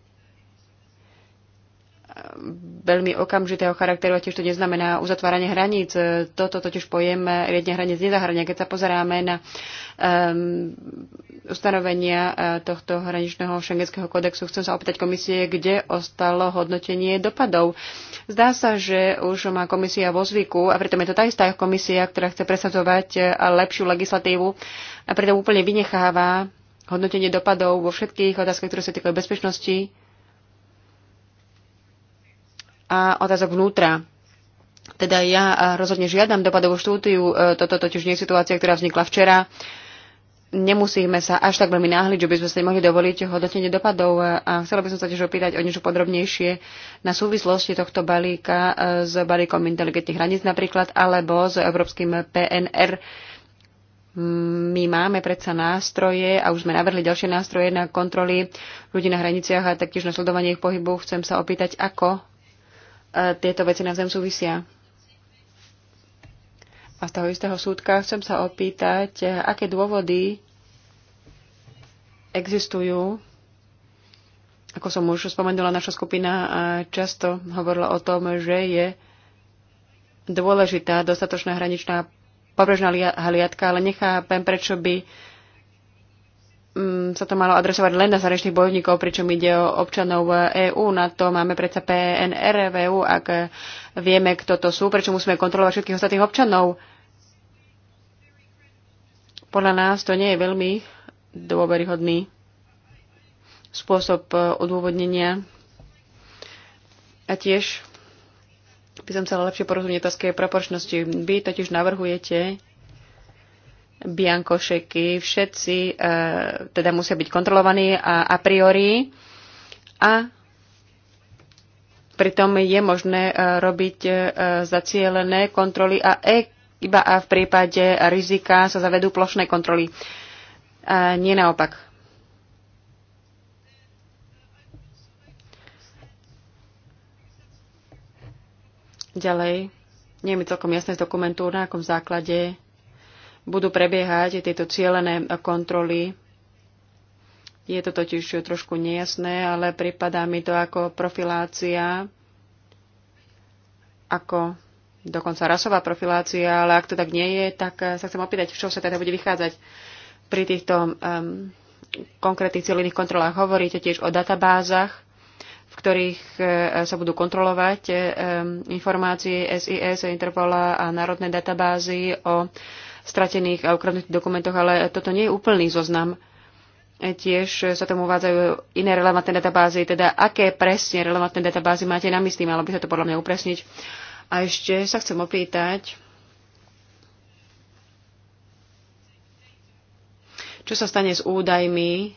veľmi okamžitého charakteru a tiež to neznamená uzatváranie hraníc. Toto totiž pojem riadne hraníc nezahrania. Keď sa pozeráme na um, ustanovenia e, tohto hraničného šengenského kodexu, chcem sa opýtať komisie, kde ostalo hodnotenie dopadov. Zdá sa, že už má komisia vo zvyku, a pritom je to tá istá komisia, ktorá chce presadzovať e, lepšiu legislatívu a preto úplne vynecháva hodnotenie dopadov vo všetkých otázkach, ktoré sa týkajú bezpečnosti, a otázok vnútra. Teda ja rozhodne žiadam dopadovú štúdiu, e, toto totiž nie je situácia, ktorá vznikla včera. Nemusíme sa až tak veľmi náhliť, že by sme si mohli dovoliť hodnotenie dopadov. E, a chcela by som sa tiež opýtať o niečo podrobnejšie na súvislosti tohto balíka e, s balíkom inteligentných hraníc napríklad, alebo s európskym PNR. My máme predsa nástroje a už sme navrhli ďalšie nástroje na kontroly ľudí na hraniciach a taktiež na sledovanie ich pohybu. Chcem sa opýtať, ako E, tieto veci navzájom súvisia. A z toho istého súdka chcem sa opýtať, e, aké dôvody existujú. Ako som už spomenula, naša skupina e, často hovorila o tom, že je dôležitá dostatočná hraničná pobrežná hliadka, ale nechápem, prečo by Mm, sa to malo adresovať len na zahraničných bojovníkov, pričom ide o občanov EÚ. Na to máme predsa PNR v EÚ, ak vieme, kto to sú, prečo musíme kontrolovať všetkých ostatných občanov. Podľa nás to nie je veľmi dôveryhodný spôsob eh, odôvodnenia. A tiež by som chcela lepšie porozumieť otázke proporčnosti. Vy totiž navrhujete biankošeky, všetci e, teda musia byť kontrolovaní a, a priori a pritom je možné e, robiť e, zacielené kontroly a e, iba a v prípade rizika sa zavedú plošné kontroly. A nie naopak. Ďalej, nie je mi celkom jasné z dokumentu, na akom základe budú prebiehať tieto cieľené kontroly. Je to totiž trošku nejasné, ale pripadá mi to ako profilácia, ako dokonca rasová profilácia, ale ak to tak nie je, tak eh, sa chcem opýtať, v sa teda bude vychádzať pri týchto um, konkrétnych cieľených kontrolách. Hovoríte tiež o databázach, v ktorých eh, sa budú kontrolovať eh, ehm, informácie SIS, Interpola a národné databázy o stratených a ukradnutých dokumentoch, ale toto nie je úplný zoznam. E, tiež sa tam uvádzajú iné relevantné databázy, teda aké presne relevantné databázy máte na mysli, malo by sa to podľa mňa upresniť. A ešte sa chcem opýtať, čo sa stane s údajmi,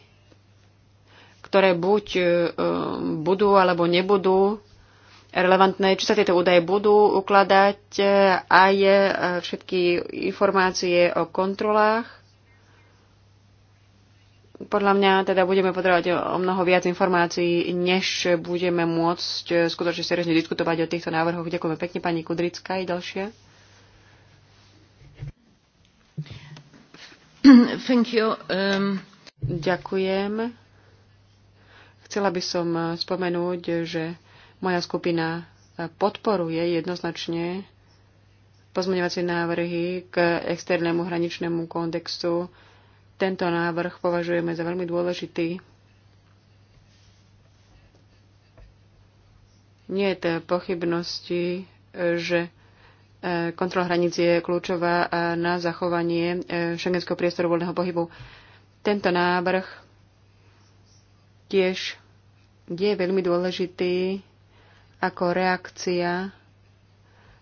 ktoré buď e, budú alebo nebudú relevantné, či sa tieto údaje budú ukladať e, aj e, všetky informácie o kontrolách. Podľa mňa teda budeme potrebovať o mnoho viac informácií, než budeme môcť e, skutočne seriózne diskutovať o týchto návrhoch. Ďakujem pekne pani Kudrická aj ďalšie. Thank you. Um... Ďakujem. Chcela by som spomenúť, že moja skupina e, podporuje jednoznačne pozmeňovacie návrhy k externému hraničnému kontextu. Tento návrh považujeme za veľmi dôležitý. Nie je pochybnosti, e, že e, kontrola hraníc je kľúčová na zachovanie šengenského priestoru voľného pohybu. Tento návrh tiež je veľmi dôležitý ako reakcia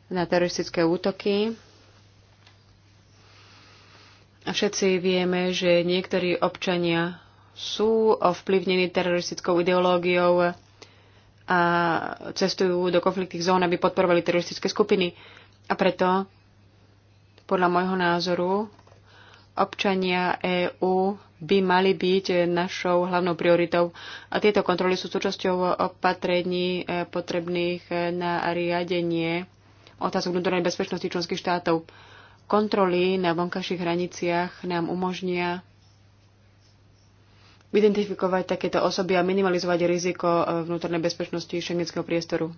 na teroristické útoky. A všetci vieme, že niektorí občania sú ovplyvnení teroristickou ideológiou a cestujú do konfliktných zón, aby podporovali teroristické skupiny. A preto, podľa môjho názoru, občania EÚ by mali byť eh, našou hlavnou prioritou. A tieto kontroly sú súčasťou opatrení eh, potrebných eh, na riadenie otázok vnútornej bezpečnosti členských štátov. Kontroly na vonkajších hraniciach nám umožnia identifikovať takéto osoby a minimalizovať riziko vnútornej bezpečnosti šengenského priestoru.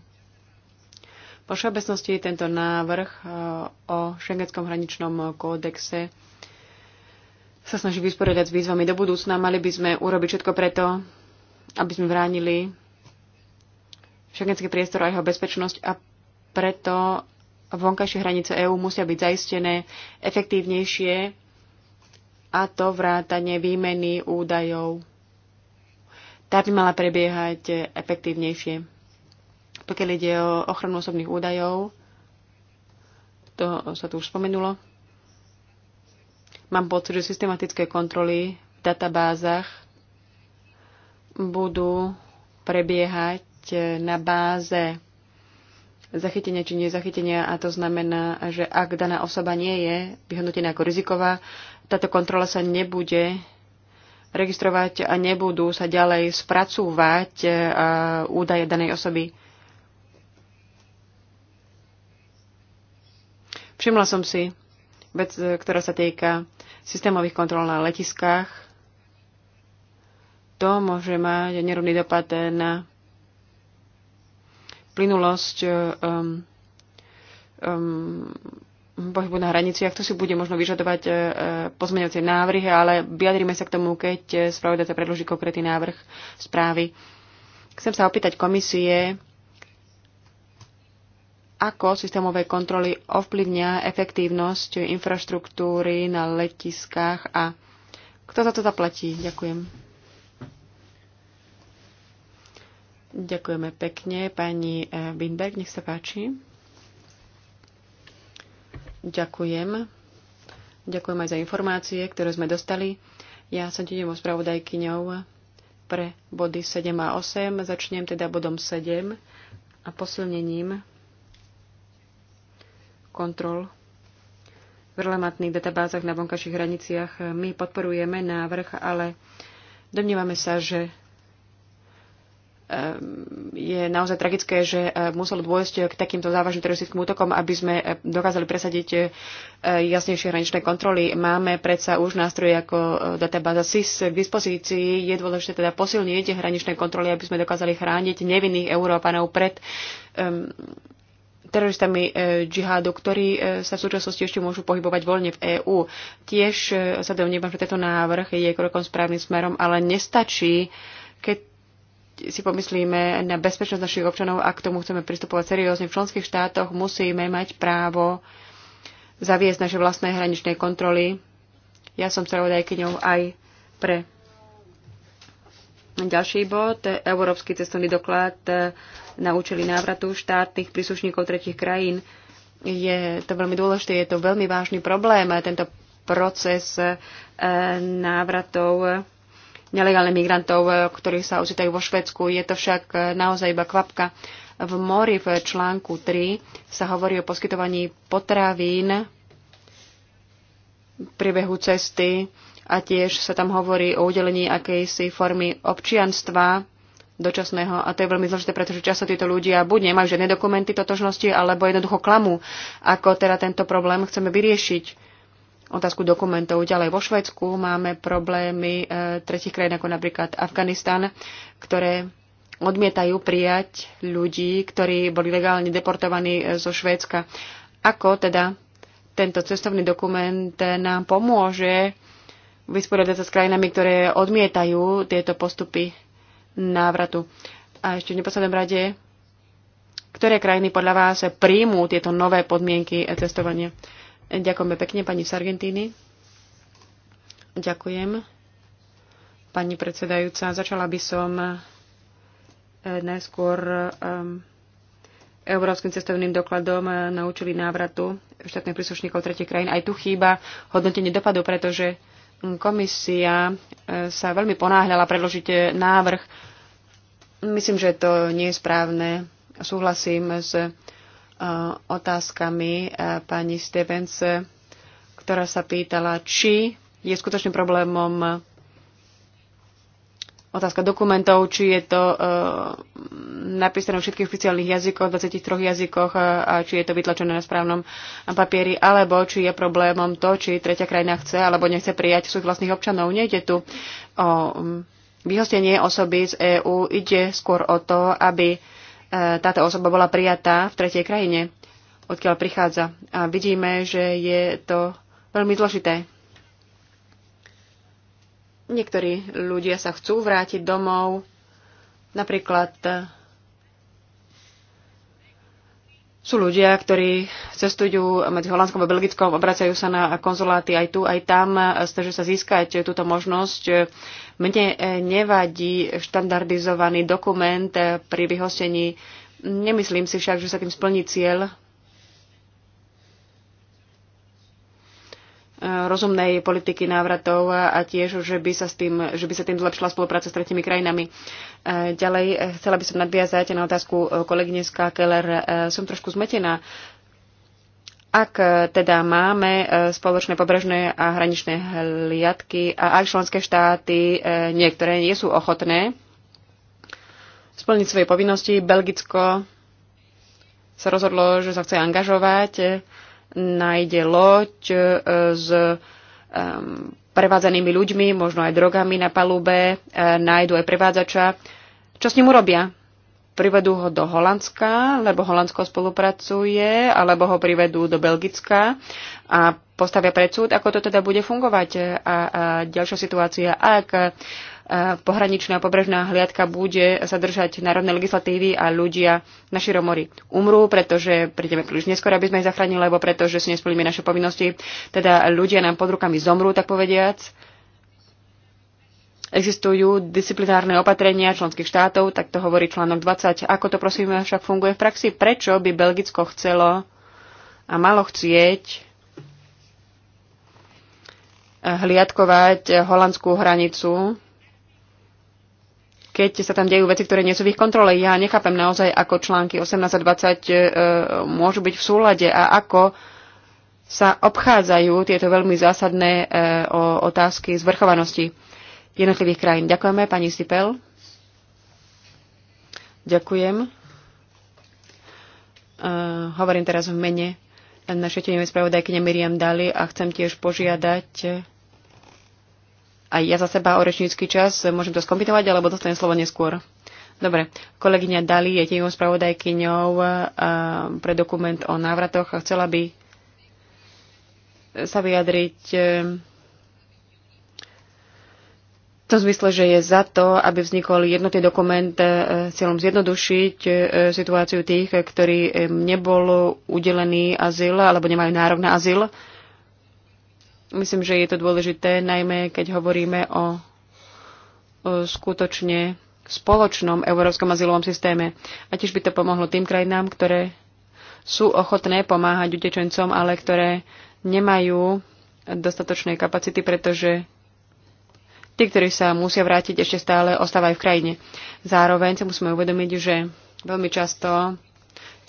Po všeobecnosti tento návrh o šengenskom hraničnom kódexe sa snaží vysporiadať s výzvami do budúcna, mali by sme urobiť všetko preto, aby sme vránili šengenský priestor a jeho bezpečnosť a preto vonkajšie hranice EÚ musia byť zaistené efektívnejšie a to vrátanie výmeny údajov. Tá by mala prebiehať efektívnejšie. Pokiaľ ide o ochranu osobných údajov, to sa tu už spomenulo, Mám pocit, že systematické kontroly v databázach budú prebiehať na báze zachytenia či nezachytenia a to znamená, že ak daná osoba nie je vyhodnotená ako riziková, táto kontrola sa nebude registrovať a nebudú sa ďalej spracúvať e, údaje danej osoby. Všimla som si vec, e, ktorá sa týka systémových kontrol na letiskách, to môže mať nerovný dopad na plynulosť um, eh, um, pohybu na hraniciach. To si bude možno vyžadovať uh, eh, pozmeňovacie návrhy, ale vyjadrime sa k tomu, keď spravodajca predloží konkrétny návrh správy. Chcem sa opýtať komisie, ako systémové kontroly ovplyvnia efektívnosť infraštruktúry na letiskách a kto za to zaplatí? Ďakujem. Ďakujeme pekne. Pani Binberg, eh, nech sa páči. Ďakujem. Ďakujem aj za informácie, ktoré sme dostali. Ja som tieňovou spravodajkyňou pre body 7 a 8. Začnem teda bodom 7 a posilnením kontrol v relevantných databázach na vonkajších hraniciach. My podporujeme návrh, ale domnievame sa, že ehm, je naozaj tragické, že ehm, muselo dôjsť k takýmto závažným teroristickým útokom, aby sme ehm, dokázali presadiť jasnejšie hraničné kontroly. Máme predsa už nástroje ako databáza SIS k dispozícii. Je dôležité teda posilniť hraničné kontroly, aby sme dokázali chrániť nevinných Európanov pred um, teroristami e, džihádu, ktorí e, sa v súčasnosti ešte môžu pohybovať voľne v EÚ. Tiež e, sa domnievam, že tento návrh je krokom správnym smerom, ale nestačí, keď si pomyslíme na bezpečnosť našich občanov a k tomu chceme pristupovať seriózne. V členských štátoch musíme mať právo zaviesť naše vlastné hraničné kontroly. Ja som spravodajkyňou aj pre ďalší bod, Európsky cestovný doklad e, na účely návratu štátnych príslušníkov tretich krajín. Je to veľmi dôležité, je to veľmi vážny problém e, tento proces e, návratov nelegálnych migrantov, ktorí sa ocitajú vo Švedsku. Je to však naozaj iba kvapka. V mori v článku 3 sa hovorí o poskytovaní potravín v priebehu cesty a tiež sa tam hovorí o udelení akejsi formy občianstva dočasného a to je veľmi zložité, pretože často títo ľudia buď nemajú žiadne dokumenty totožnosti, alebo jednoducho klamu, ako teda tento problém chceme vyriešiť. Otázku dokumentov ďalej. Vo Švedsku máme problémy e, tretich krajín, ako napríklad Afganistan, ktoré odmietajú prijať ľudí, ktorí boli legálne deportovaní e, zo Švédska. Ako teda tento cestovný dokument e, nám pomôže vysporiadať sa s krajinami, ktoré odmietajú tieto postupy návratu. A ešte v neposlednom rade, ktoré krajiny podľa vás príjmú tieto nové podmienky testovania. E, Ďakujeme pekne, pani z Argentíny. Ďakujem. Pani predsedajúca, začala by som e, najskôr európskym cestovným dokladom e, naučili návratu štátnych príslušníkov tretich krajín. Aj tu chýba hodnotenie dopadu, pretože Komisia e, sa veľmi ponáhľala predložiť e, návrh. Myslím, že to nie je správne. Súhlasím s e, otázkami pani Stevens, ktorá sa pýtala, či je skutočným problémom otázka dokumentov, či je to e, napísané v všetkých oficiálnych jazykoch, v 23 jazykoch a, e, a či je to vytlačené na správnom papieri, alebo či je problémom to, či tretia krajina chce alebo nechce prijať svojich vlastných občanov. Nejde tu o vyhostenie osoby z EÚ, ide skôr o to, aby e, táto osoba bola prijatá v tretej krajine, odkiaľ prichádza. A vidíme, že je to veľmi zložité Niektorí ľudia sa chcú vrátiť domov, napríklad e, sú ľudia, ktorí cestujú medzi Holandskom a Belgickom, obracajú sa na konzuláty aj tu, aj tam, e, snažia sa získať túto možnosť. Mne e, nevadí štandardizovaný dokument pri vyhostení. Nemyslím si však, že sa tým splní cieľ rozumnej politiky návratov a tiež, že by sa, s tým, že by sa tým zlepšila spolupráca s tretimi krajinami. E, ďalej, e, chcela by som nadviazať na otázku kolegyne Keller. E, som trošku zmetená. Ak teda máme spoločné pobrežné a hraničné hliadky a aj členské štáty, niektoré nie sú ochotné splniť svoje povinnosti, Belgicko sa rozhodlo, že sa chce angažovať nájde loď e, s prevádzanými ľuďmi, možno aj drogami na palube, e, nájdu aj prevádzača. Čo s ním urobia? Privedú ho do Holandska, lebo Holandsko spolupracuje, alebo ho privedú do Belgicka a postavia pred súd, ako to teda bude fungovať. A, a ďalšia situácia, ak pohraničná pobrežná hliadka bude sa držať národnej legislatívy a ľudia na Širomori umrú, pretože prídeme príliš neskôr, aby sme ich zachránili, lebo pretože si nesplníme naše povinnosti. Teda ľudia nám pod rukami zomrú, tak povediac. Existujú disciplinárne opatrenia členských štátov, tak to hovorí článok 20. Ako to prosím však funguje v praxi? Prečo by Belgicko chcelo a malo chcieť hliadkovať holandskú hranicu keď sa tam dejú veci, ktoré nie sú v ich kontrole. Ja nechápem naozaj, ako články 18 a 20 e, môžu byť v súlade a ako sa obchádzajú tieto veľmi zásadné e, otázky zvrchovanosti jednotlivých krajín. Ďakujeme, pani Sipel. Ďakujem. E, hovorím teraz v mene našej tenovej spravodajky Miriam Dali a chcem tiež požiadať aj ja za seba o rečnícky čas. Môžem to skombinovať, alebo dostanem slovo neskôr. Dobre, kolegyňa Dali je tým spravodajkyňou pre dokument o návratoch a chcela by sa vyjadriť e, v tom zmysle, že je za to, aby vznikol jednotný dokument e, s cieľom zjednodušiť e, situáciu tých, ktorí nebol udelený azyl alebo nemajú nárok na azyl Myslím, že je to dôležité, najmä keď hovoríme o, o skutočne spoločnom európskom azylovom systéme. A tiež by to pomohlo tým krajinám, ktoré sú ochotné pomáhať utečencom, ale ktoré nemajú dostatočnej kapacity, pretože tí, ktorí sa musia vrátiť, ešte stále ostávajú v krajine. Zároveň sa musíme uvedomiť, že veľmi často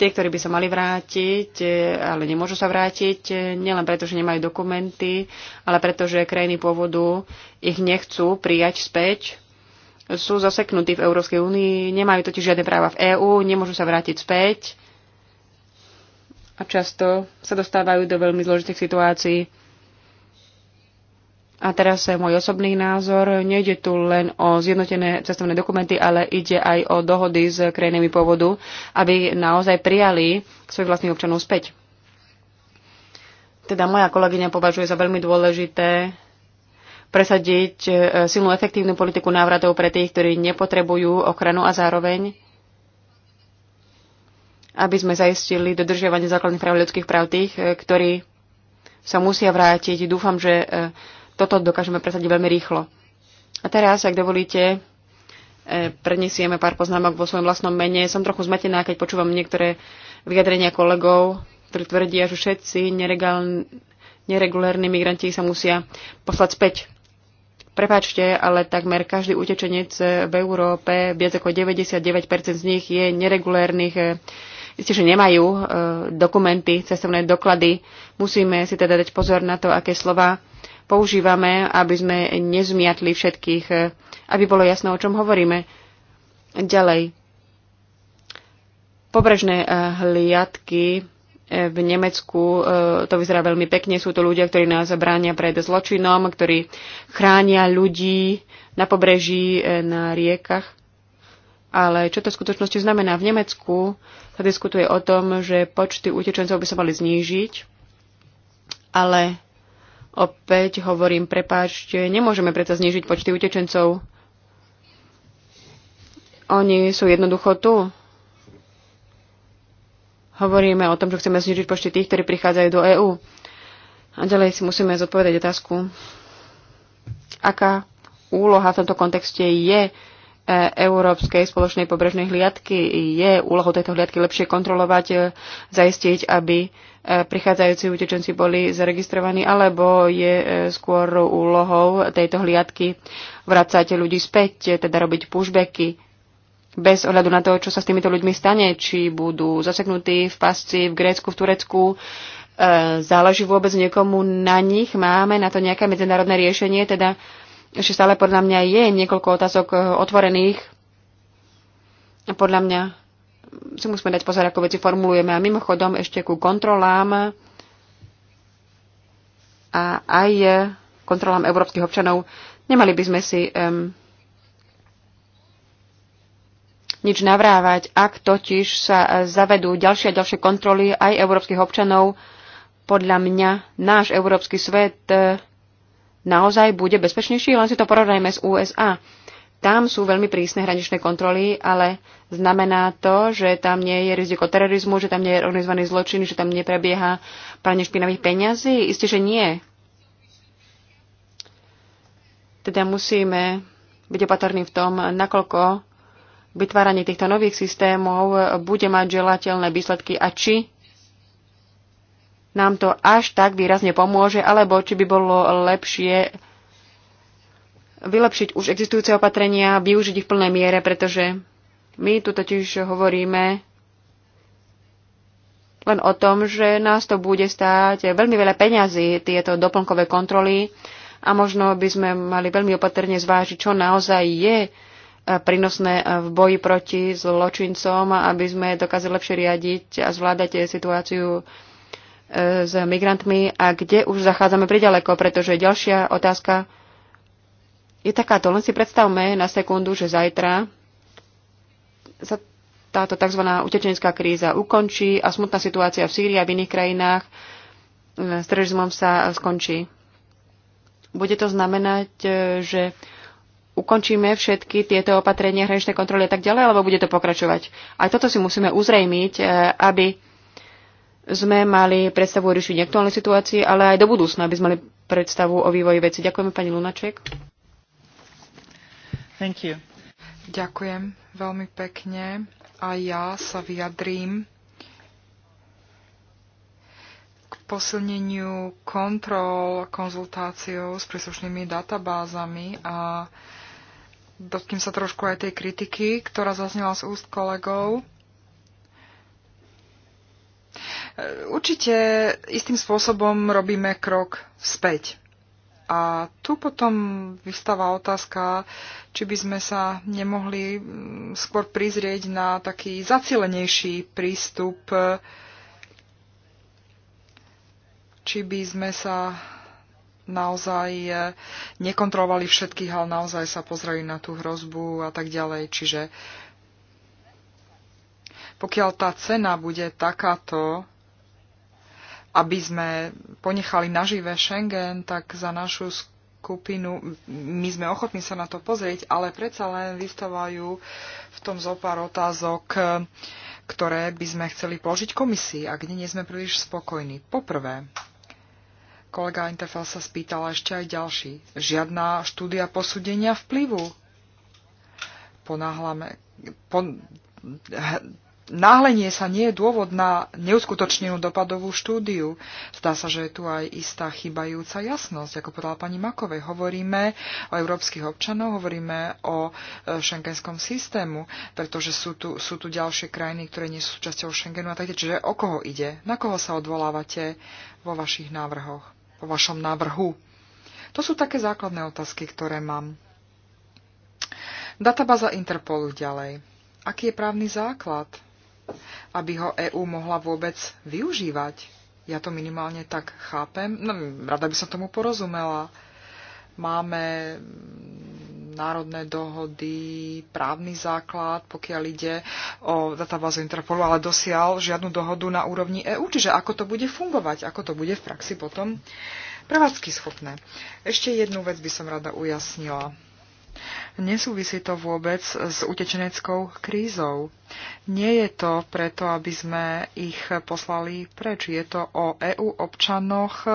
tie, ktorí by sa mali vrátiť, e, ale nemôžu sa vrátiť, e, nielen preto, že nemajú dokumenty, ale preto, že krajiny pôvodu ich nechcú prijať späť, sú zaseknutí v Európskej únii, nemajú totiž žiadne práva v EÚ, nemôžu sa vrátiť späť a často sa dostávajú do veľmi zložitých situácií. A teraz môj osobný názor. Nejde tu len o zjednotené cestovné dokumenty, ale ide aj o dohody s krajinami pôvodu, aby naozaj prijali svojich vlastných občanov späť. Teda moja kolegyňa považuje za veľmi dôležité presadiť e, silnú efektívnu politiku návratov pre tých, ktorí nepotrebujú ochranu a zároveň aby sme zaistili dodržiavanie základných práv ľudských práv tých, e, ktorí sa musia vrátiť. Dúfam, že e, toto dokážeme presadiť veľmi rýchlo. A teraz, ak dovolíte, e, prenesieme pár poznámok vo svojom vlastnom mene. Som trochu zmetená, keď počúvam niektoré vyjadrenia kolegov, ktorí tvrdia, že všetci neregulárni migranti sa musia poslať späť. Prepáčte, ale takmer každý utečenec v Európe, viac ako 99% z nich je neregulérnych. E, Isté, že nemajú e, dokumenty, cestovné doklady. Musíme si teda dať pozor na to, aké slova používame, aby sme nezmiatli všetkých, eh, aby bolo jasné, o čom hovoríme. Ďalej. Pobrežné eh, hliadky eh, v Nemecku to vyzerá veľmi pekne. Sú to ľudia, ktorí nás bránia pred zločinom, ktorí chránia ľudí na pobreží, na riekach. Ale čo to v skutočnosti znamená? V Nemecku sa diskutuje o tom, že počty utečencov by sa mali znížiť, ale Opäť hovorím, prepáčte, nemôžeme predsa znižiť počty utečencov. Oni sú jednoducho tu. Hovoríme o tom, že chceme znižiť počty tých, ktorí prichádzajú do EÚ. A ďalej si musíme zodpovedať otázku, aká úloha v tomto kontexte je E, Európskej spoločnej pobrežnej hliadky je úlohou tejto hliadky lepšie kontrolovať, e, zaistiť, aby e, prichádzajúci utečenci boli zaregistrovaní, alebo je skôr úlohou tejto hliadky vrácať ľudí späť, teda robiť pushbacky bez ohľadu na to, čo sa s týmito ľuďmi stane, či budú zaseknutí v pasci v Grécku, v Turecku, záleží vôbec niekomu na nich, máme na to nejaké medzinárodné riešenie, teda ešte stále podľa mňa je niekoľko otázok eh, otvorených. A podľa mňa si musíme dať pozor, ako veci formulujeme. A mimochodom ešte ku kontrolám a aj kontrolám európskych občanov. Nemali by sme si um, nič navrávať, ak totiž sa eh, zavedú ďalšie a ďalšie kontroly aj európskych občanov. Podľa mňa náš európsky svet eh, naozaj bude bezpečnejší, len si to porovnajme s USA. Tam sú veľmi prísne hraničné kontroly, ale znamená to, že tam nie je riziko terorizmu, že tam nie je organizovaný zločin, že tam neprebieha pranie špinavých peňazí? Isté, že nie. Teda musíme byť opatrní v tom, nakoľko vytváranie týchto nových systémov bude mať želateľné výsledky a či nám to až tak výrazne pomôže, alebo či by bolo lepšie vylepšiť už existujúce opatrenia, využiť ich v plnej miere, pretože my tu totiž hovoríme len o tom, že nás to bude stáť veľmi veľa peňazí, tieto doplnkové kontroly a možno by sme mali veľmi opatrne zvážiť, čo naozaj je e, prínosné v boji proti zločincom, aby sme dokázali lepšie riadiť a zvládať e, situáciu s migrantmi a kde už zachádzame priďaleko, pretože ďalšia otázka je takáto. Len si predstavme na sekundu, že zajtra sa táto tzv. utečenská kríza ukončí a smutná situácia v Sýrii a v iných krajinách s terorizmom sa skončí. Bude to znamenať, e, že ukončíme všetky tieto opatrenia, hraničné kontroly a tak ďalej, alebo bude to pokračovať? Aj toto si musíme uzrejmiť, e, aby sme mali predstavu o riešení aktuálnej situácie, ale aj do budúcna, aby sme mali predstavu o vývoji veci. Ďakujeme pani Lunaček. Thank you. Ďakujem veľmi pekne a ja sa vyjadrím k posilneniu kontrol konzultáciou s príslušnými databázami a dotknem sa trošku aj tej kritiky, ktorá zaznela z úst kolegov Určite istým spôsobom robíme krok späť. A tu potom vystáva otázka, či by sme sa nemohli mm, skôr prizrieť na taký zacilenejší prístup, či by sme sa naozaj e, nekontrolovali všetkých, ale naozaj sa pozreli na tú hrozbu a tak ďalej. Čiže pokiaľ tá cena bude takáto, aby sme ponechali nažive Schengen, tak za našu skupinu, my sme ochotní sa na to pozrieť, ale predsa len vystávajú v tom zo pár otázok, ktoré by sme chceli položiť komisii, a kde nie sme príliš spokojní. Poprvé, kolega Interfel sa spýtala ešte aj ďalší. Žiadna štúdia posúdenia vplyvu. Ponáhlame, pon, náhlenie sa nie je dôvod na neuskutočnenú dopadovú štúdiu. Zdá sa, že je tu aj istá chybajúca jasnosť. Ako povedala pani Makovej, hovoríme o európskych občanov, hovoríme o e, šengenskom systému, pretože sú tu, sú tu ďalšie krajiny, ktoré nie sú súčasťou Schengenu a takde. Čiže o koho ide? Na koho sa odvolávate vo vašich návrhoch? Vo vašom návrhu? To sú také základné otázky, ktoré mám. Databáza Interpolu ďalej. Aký je právny základ? aby ho EÚ mohla vôbec využívať. Ja to minimálne tak chápem. No, rada by som tomu porozumela. Máme národné dohody, právny základ, pokiaľ ide o databázu Interpolu, ale dosial žiadnu dohodu na úrovni EÚ. Čiže ako to bude fungovať, ako to bude v praxi potom prevádzky schopné. Ešte jednu vec by som rada ujasnila Nesúvisí to vôbec s utečeneckou krízou. Nie je to preto, aby sme ich poslali preč. Je to o EU občanoch,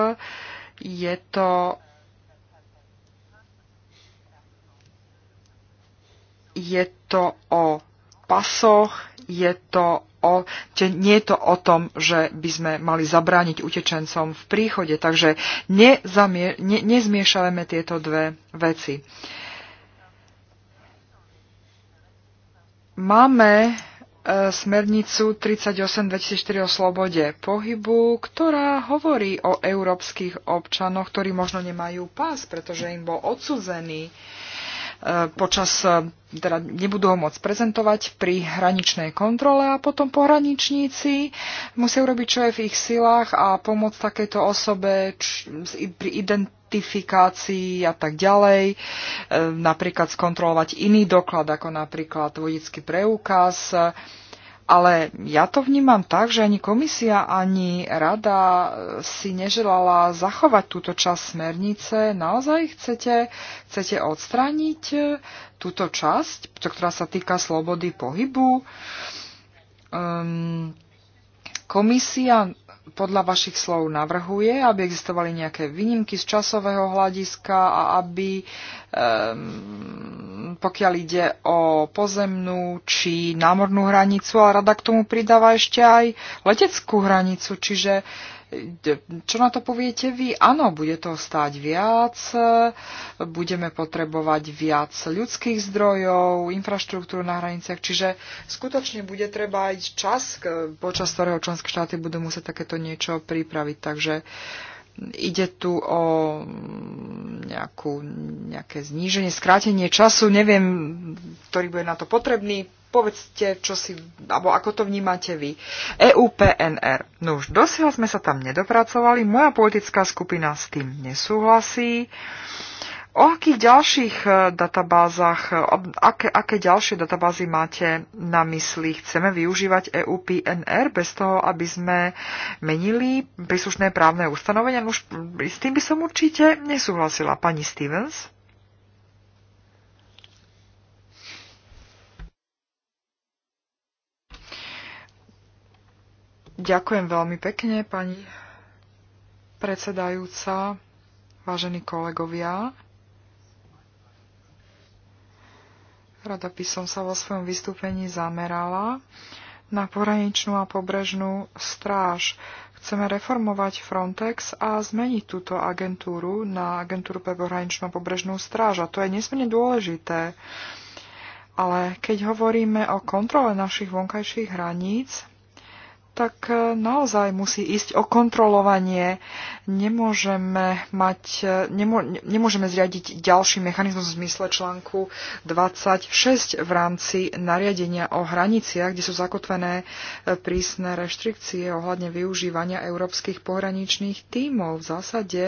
je to je to o pasoch, je to o, nie je to o tom, že by sme mali zabrániť utečencom v príchode. Takže nezamie, ne, nezmiešavame tieto dve veci. Máme e, smernicu 38-2004 o slobode pohybu, ktorá hovorí o európskych občanoch, ktorí možno nemajú pás, pretože im bol odsudzený E, počas e, teda nebudú ho môcť prezentovať pri hraničnej kontrole a potom pohraničníci musia urobiť, čo je v ich silách a pomôcť takejto osobe pri identifikácii a tak ďalej. E, napríklad skontrolovať iný doklad, ako napríklad vodický preukaz, ale ja to vnímam tak, že ani komisia, ani rada si neželala zachovať túto časť smernice. Naozaj chcete, chcete odstrániť e, túto časť, ktorá sa týka slobody pohybu. Um, komisia podľa vašich slov navrhuje, aby existovali nejaké výnimky z časového hľadiska a aby, um, pokiaľ ide o pozemnú či námornú hranicu, ale rada k tomu pridáva ešte aj leteckú hranicu, čiže uh, čo na to poviete vy? Áno, bude to stáť viac, budeme potrebovať viac ľudských zdrojov, infraštruktúru na hraniciach, čiže skutočne bude treba aj čas, počas ktorého členské štáty budú musieť takéto niečo pripraviť. Takže ide tu o nejakú, nejaké zníženie, skrátenie času, neviem, ktorý bude na to potrebný, povedzte, čo si, alebo ako to vnímate vy. EUPNR. No už dosiaľ sme sa tam nedopracovali, moja politická skupina s tým nesúhlasí. O akých ďalších e, databázach, e, aké, aké ďalšie databázy máte na mysli? Chceme využívať EUPNR bez toho, aby sme menili príslušné právne ustanovenia? No už s tým by som určite nesúhlasila. Pani Stevens? Ďakujem veľmi pekne, pani predsedajúca, vážení kolegovia. Rada by som sa vo svojom vystúpení zamerala na pohraničnú a pobrežnú stráž. Chceme reformovať Frontex a zmeniť túto agentúru na agentúru pre pohraničnú a pobrežnú stráž. A to je nesmierne dôležité. Ale keď hovoríme o kontrole našich vonkajších hraníc, tak e, naozaj musí ísť o kontrolovanie. Nemôžeme, mať, e, nemô, nemôžeme zriadiť ďalší mechanizmus v zmysle článku 26 v rámci nariadenia o hraniciach, kde sú zakotvené e, prísne reštrikcie ohľadne využívania európskych pohraničných tímov. V zásade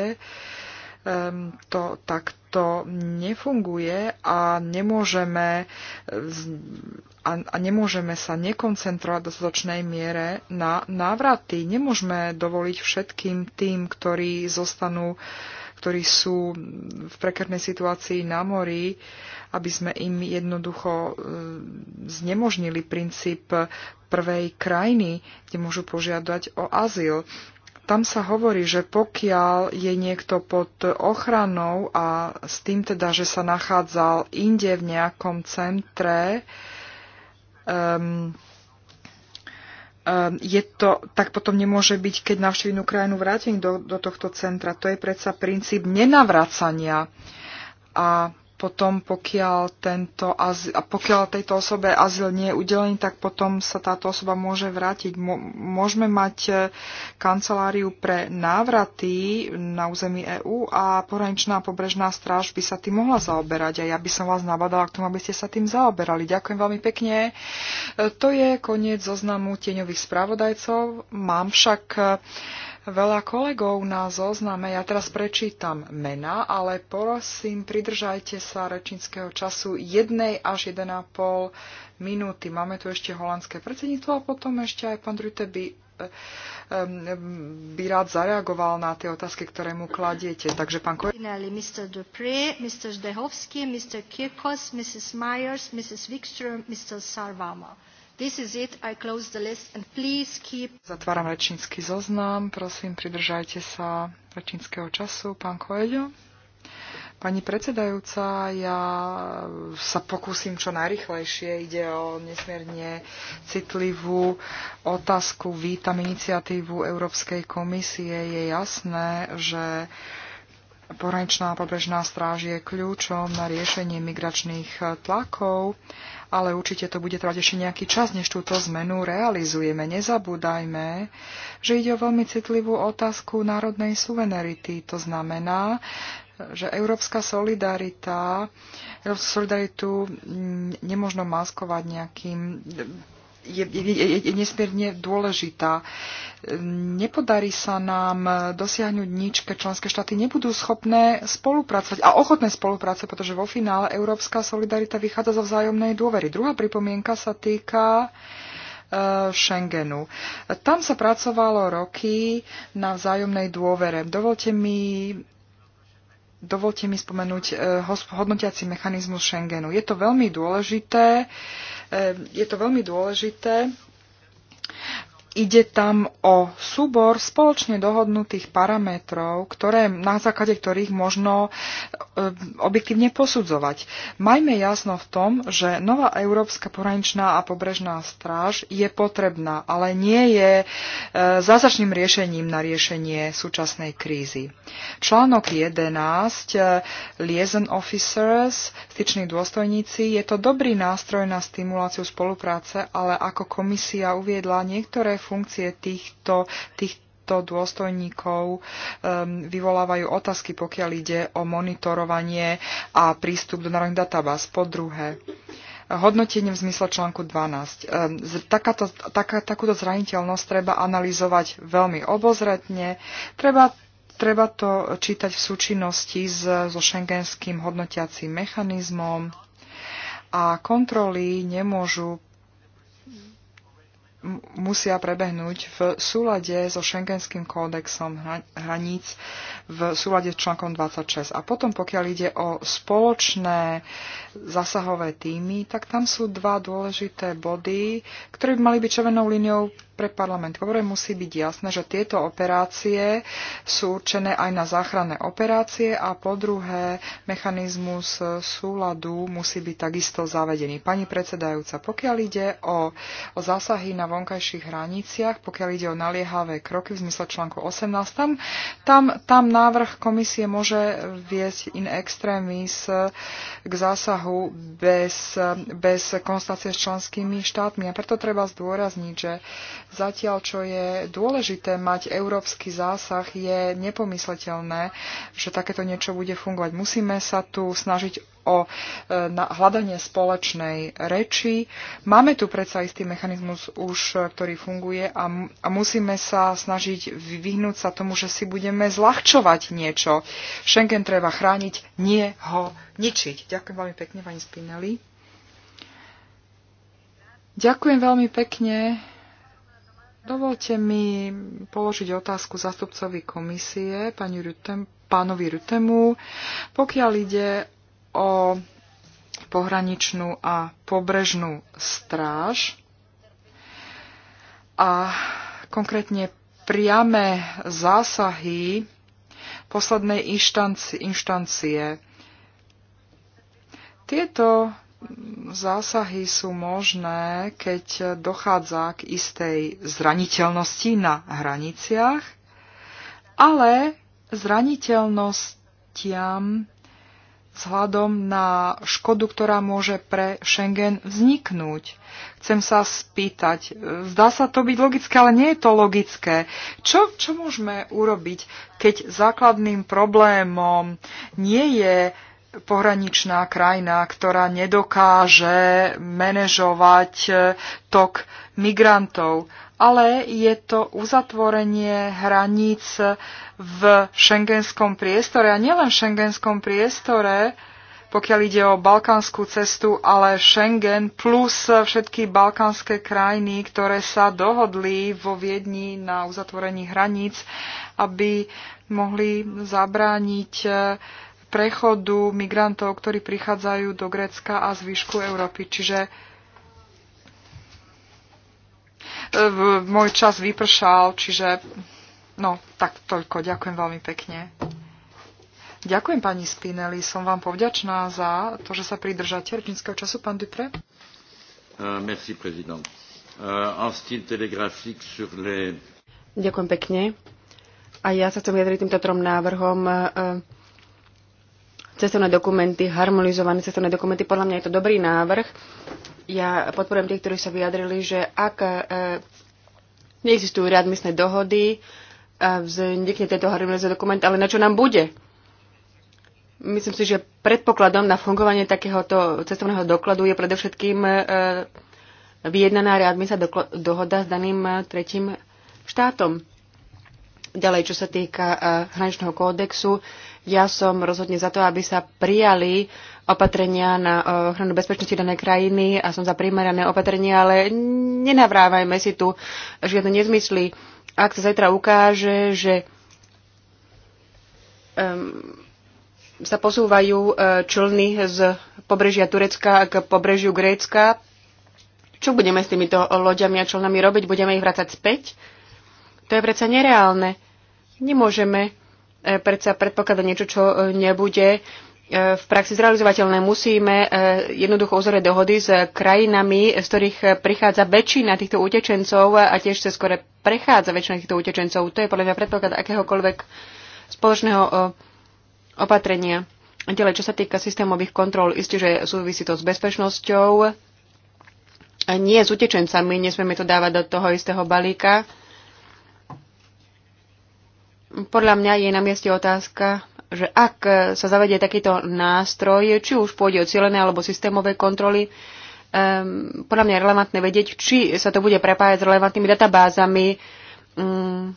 to tak to nefunguje a nemôžeme, a, a nemôžeme sa nekoncentrovať v dostatočnej miere na návraty. Nemôžeme dovoliť všetkým tým, ktorí zostanú ktorí sú v prekernej situácii na mori, aby sme im jednoducho e, znemožnili princíp prvej krajiny, kde môžu požiadať o azyl tam sa hovorí, že pokiaľ je niekto pod ochranou a s tým teda, že sa nachádzal inde v nejakom centre, um, um, je to, tak potom nemôže byť, keď navštívim Ukrajinu, vrátim do, do tohto centra. To je predsa princíp nenavracania. A potom pokiaľ, tento azyl, pokiaľ tejto osobe azyl nie je udelený, tak potom sa táto osoba môže vrátiť. Môžeme mať e, kanceláriu pre návraty na území EÚ a pohraničná pobrežná stráž by sa tým mohla zaoberať a ja by som vás nabadala k tomu, aby ste sa tým zaoberali. Ďakujem veľmi pekne. E, to je koniec zoznamu tieňových spravodajcov. Mám však e, veľa kolegov na zozname. Ja teraz prečítam mena, ale prosím, pridržajte sa rečníckého času 1 až 1,5 minúty. Máme tu ešte holandské predsedníctvo a potom ešte aj pán Rute by, eh, eh, by rád zareagoval na tie otázky, ktoré mu kladiete. Takže pán Ko... Mr. Dupré, Mr. Zdehovský, Mr. Kirkos, Mrs. Myers, Mrs. Wikström, Mr. Sarvama. This is it. I close the list and please keep... Zatváram rečnícky zoznam. Prosím, pridržajte sa rečníckého času. Pán Koeľo. Pani predsedajúca, ja sa pokúsim čo najrychlejšie. Ide o nesmierne citlivú otázku. Vítam iniciatívu Európskej komisie. Je jasné, že pohraničná pobrežná stráž je kľúčom na riešenie migračných tlakov ale určite to bude trvať ešte nejaký čas, než túto zmenu realizujeme. Nezabúdajme, že ide o veľmi citlivú otázku národnej suverenity. To znamená, že európska solidarita, európsku solidaritu nemožno maskovať nejakým je, je, je nesmierne dôležitá. Nepodarí sa nám dosiahnuť nič, keď členské štáty nebudú schopné spolupracovať a ochotné spolupracovať, pretože vo finále európska solidarita vychádza zo vzájomnej dôvery. Druhá pripomienka sa týka e, Schengenu. Tam sa pracovalo roky na vzájomnej dôvere. Dovolte mi dovolte mi spomenúť e, hodnotiaci mechanizmus Schengenu. Je to veľmi dôležité, e, je to veľmi dôležité Ide tam o súbor spoločne dohodnutých parametrov, ktoré, na základe ktorých možno e, objektívne posudzovať. Majme jasno v tom, že nová Európska pohraničná a pobrežná stráž je potrebná, ale nie je e, zázačným riešením na riešenie súčasnej krízy. Článok 11 e, Liaison Officers, styční dôstojníci, je to dobrý nástroj na stimuláciu spolupráce, ale ako komisia uviedla, niektoré funkcie týchto, týchto dôstojníkov um, vyvolávajú otázky, pokiaľ ide o monitorovanie a prístup do národných databáz. Po druhé, hodnotenie v zmysle článku 12. Um, takáto, taká, takúto zraniteľnosť treba analyzovať veľmi obozretne. Treba, treba to čítať v súčinnosti s, so šengenským hodnotiacím mechanizmom a kontroly nemôžu musia prebehnúť v súlade so šengenským kódexom hraníc v súlade s článkom 26. A potom, pokiaľ ide o spoločné zasahové týmy, tak tam sú dva dôležité body, ktoré by mali byť červenou líniou pre parlament. Ktoré musí byť jasné, že tieto operácie sú určené aj na záchranné operácie a po druhé, mechanizmus súladu musí byť takisto zavedený. Pani predsedajúca, pokiaľ ide o, o zásahy na vonkajších hraniciach, pokiaľ ide o naliehavé kroky v zmysle článku 18. Tam, tam, tam návrh komisie môže viesť in extremis eh, k zásahu bez, eh, bez konstácie s členskými štátmi. A preto treba zdôrazniť, že zatiaľ, čo je dôležité mať európsky zásah, je nepomysliteľné, že takéto niečo bude fungovať. Musíme sa tu snažiť o e, hľadanie spoločnej reči. Máme tu predsa istý mechanizmus už, e, ktorý funguje a, a musíme sa snažiť vyhnúť sa tomu, že si budeme zľahčovať niečo. Schengen treba chrániť, nie ho ničiť. Ďakujem veľmi pekne, pani Spinelli. Ďakujem veľmi pekne. Dovolte mi položiť otázku zastupcovi komisie, pani Rutem, pánovi Rutemu. Pokiaľ ide o pohraničnú a pobrežnú stráž a konkrétne priame zásahy poslednej inštancie. Tieto zásahy sú možné, keď dochádza k istej zraniteľnosti na hraniciach, ale zraniteľnostiam vzhľadom na škodu, ktorá môže pre Schengen vzniknúť. Chcem sa spýtať, zdá sa to byť logické, ale nie je to logické. Čo, čo môžeme urobiť, keď základným problémom nie je pohraničná krajina, ktorá nedokáže manažovať tok migrantov, ale je to uzatvorenie hraníc v šengenskom priestore a nielen v šengenskom priestore, pokiaľ ide o balkánsku cestu, ale Schengen plus všetky balkánske krajiny, ktoré sa dohodli vo Viedni na uzatvorení hraníc, aby mohli zabrániť eh, prechodu migrantov, ktorí prichádzajú do Grécka a zvyšku Európy. Čiže E, môj čas vypršal, čiže no, tak toľko. Ďakujem veľmi pekne. Ďakujem pani Spinelli, som vám povďačná za to, že sa pridržate rečníckého času, pán Dupre. Uh, merci, prezident. Uh, en sur les... Ďakujem pekne. A ja sa chcem vyjadriť týmto trom návrhom. Uh, cestovné dokumenty, harmonizované cestovné dokumenty. Podľa mňa je to dobrý návrh. Ja podporujem tých, ktorí sa vyjadrili, že ak e, neexistujú readmisné dohody, e, vznikne tento harmonizačný dokument, ale na čo nám bude? Myslím si, že predpokladom na fungovanie takéhoto cestovného dokladu je predovšetkým e, vyjednaná readmisná dohoda s daným tretím štátom. Ďalej, čo sa týka hraničného kódexu, ja som rozhodne za to, aby sa prijali opatrenia na eh, ochranu bezpečnosti danej krajiny a som za primerané opatrenia, ale nenavrávajme si tu žiadne nezmysly. Ak sa zajtra ukáže, že um, sa posúvajú eh, člny z pobrežia Turecka k pobrežiu Grécka, čo budeme s týmito loďami a člnami robiť? Budeme ich vrácať späť? To je predsa nereálne. Nemôžeme eh, predsa predpokladať niečo, čo nebude v praxi zrealizovateľné. Musíme e, jednoducho uzrieť dohody s krajinami, z ktorých prichádza väčšina týchto utečencov a tiež sa skore prechádza väčšina týchto utečencov. To je podľa mňa predpoklad akéhokoľvek spoločného e, opatrenia. Ďalej, čo sa týka systémových kontrol, isté, že súvisí to s bezpečnosťou, nie s utečencami, nesmieme to dávať do toho istého balíka. Podľa mňa je na mieste otázka, že ak e, sa zavedie takýto nástroj, či už pôjde o cielené alebo systémové kontroly, um, podľa mňa je relevantné vedieť, či sa to bude prepájať s relevantnými databázami. Um,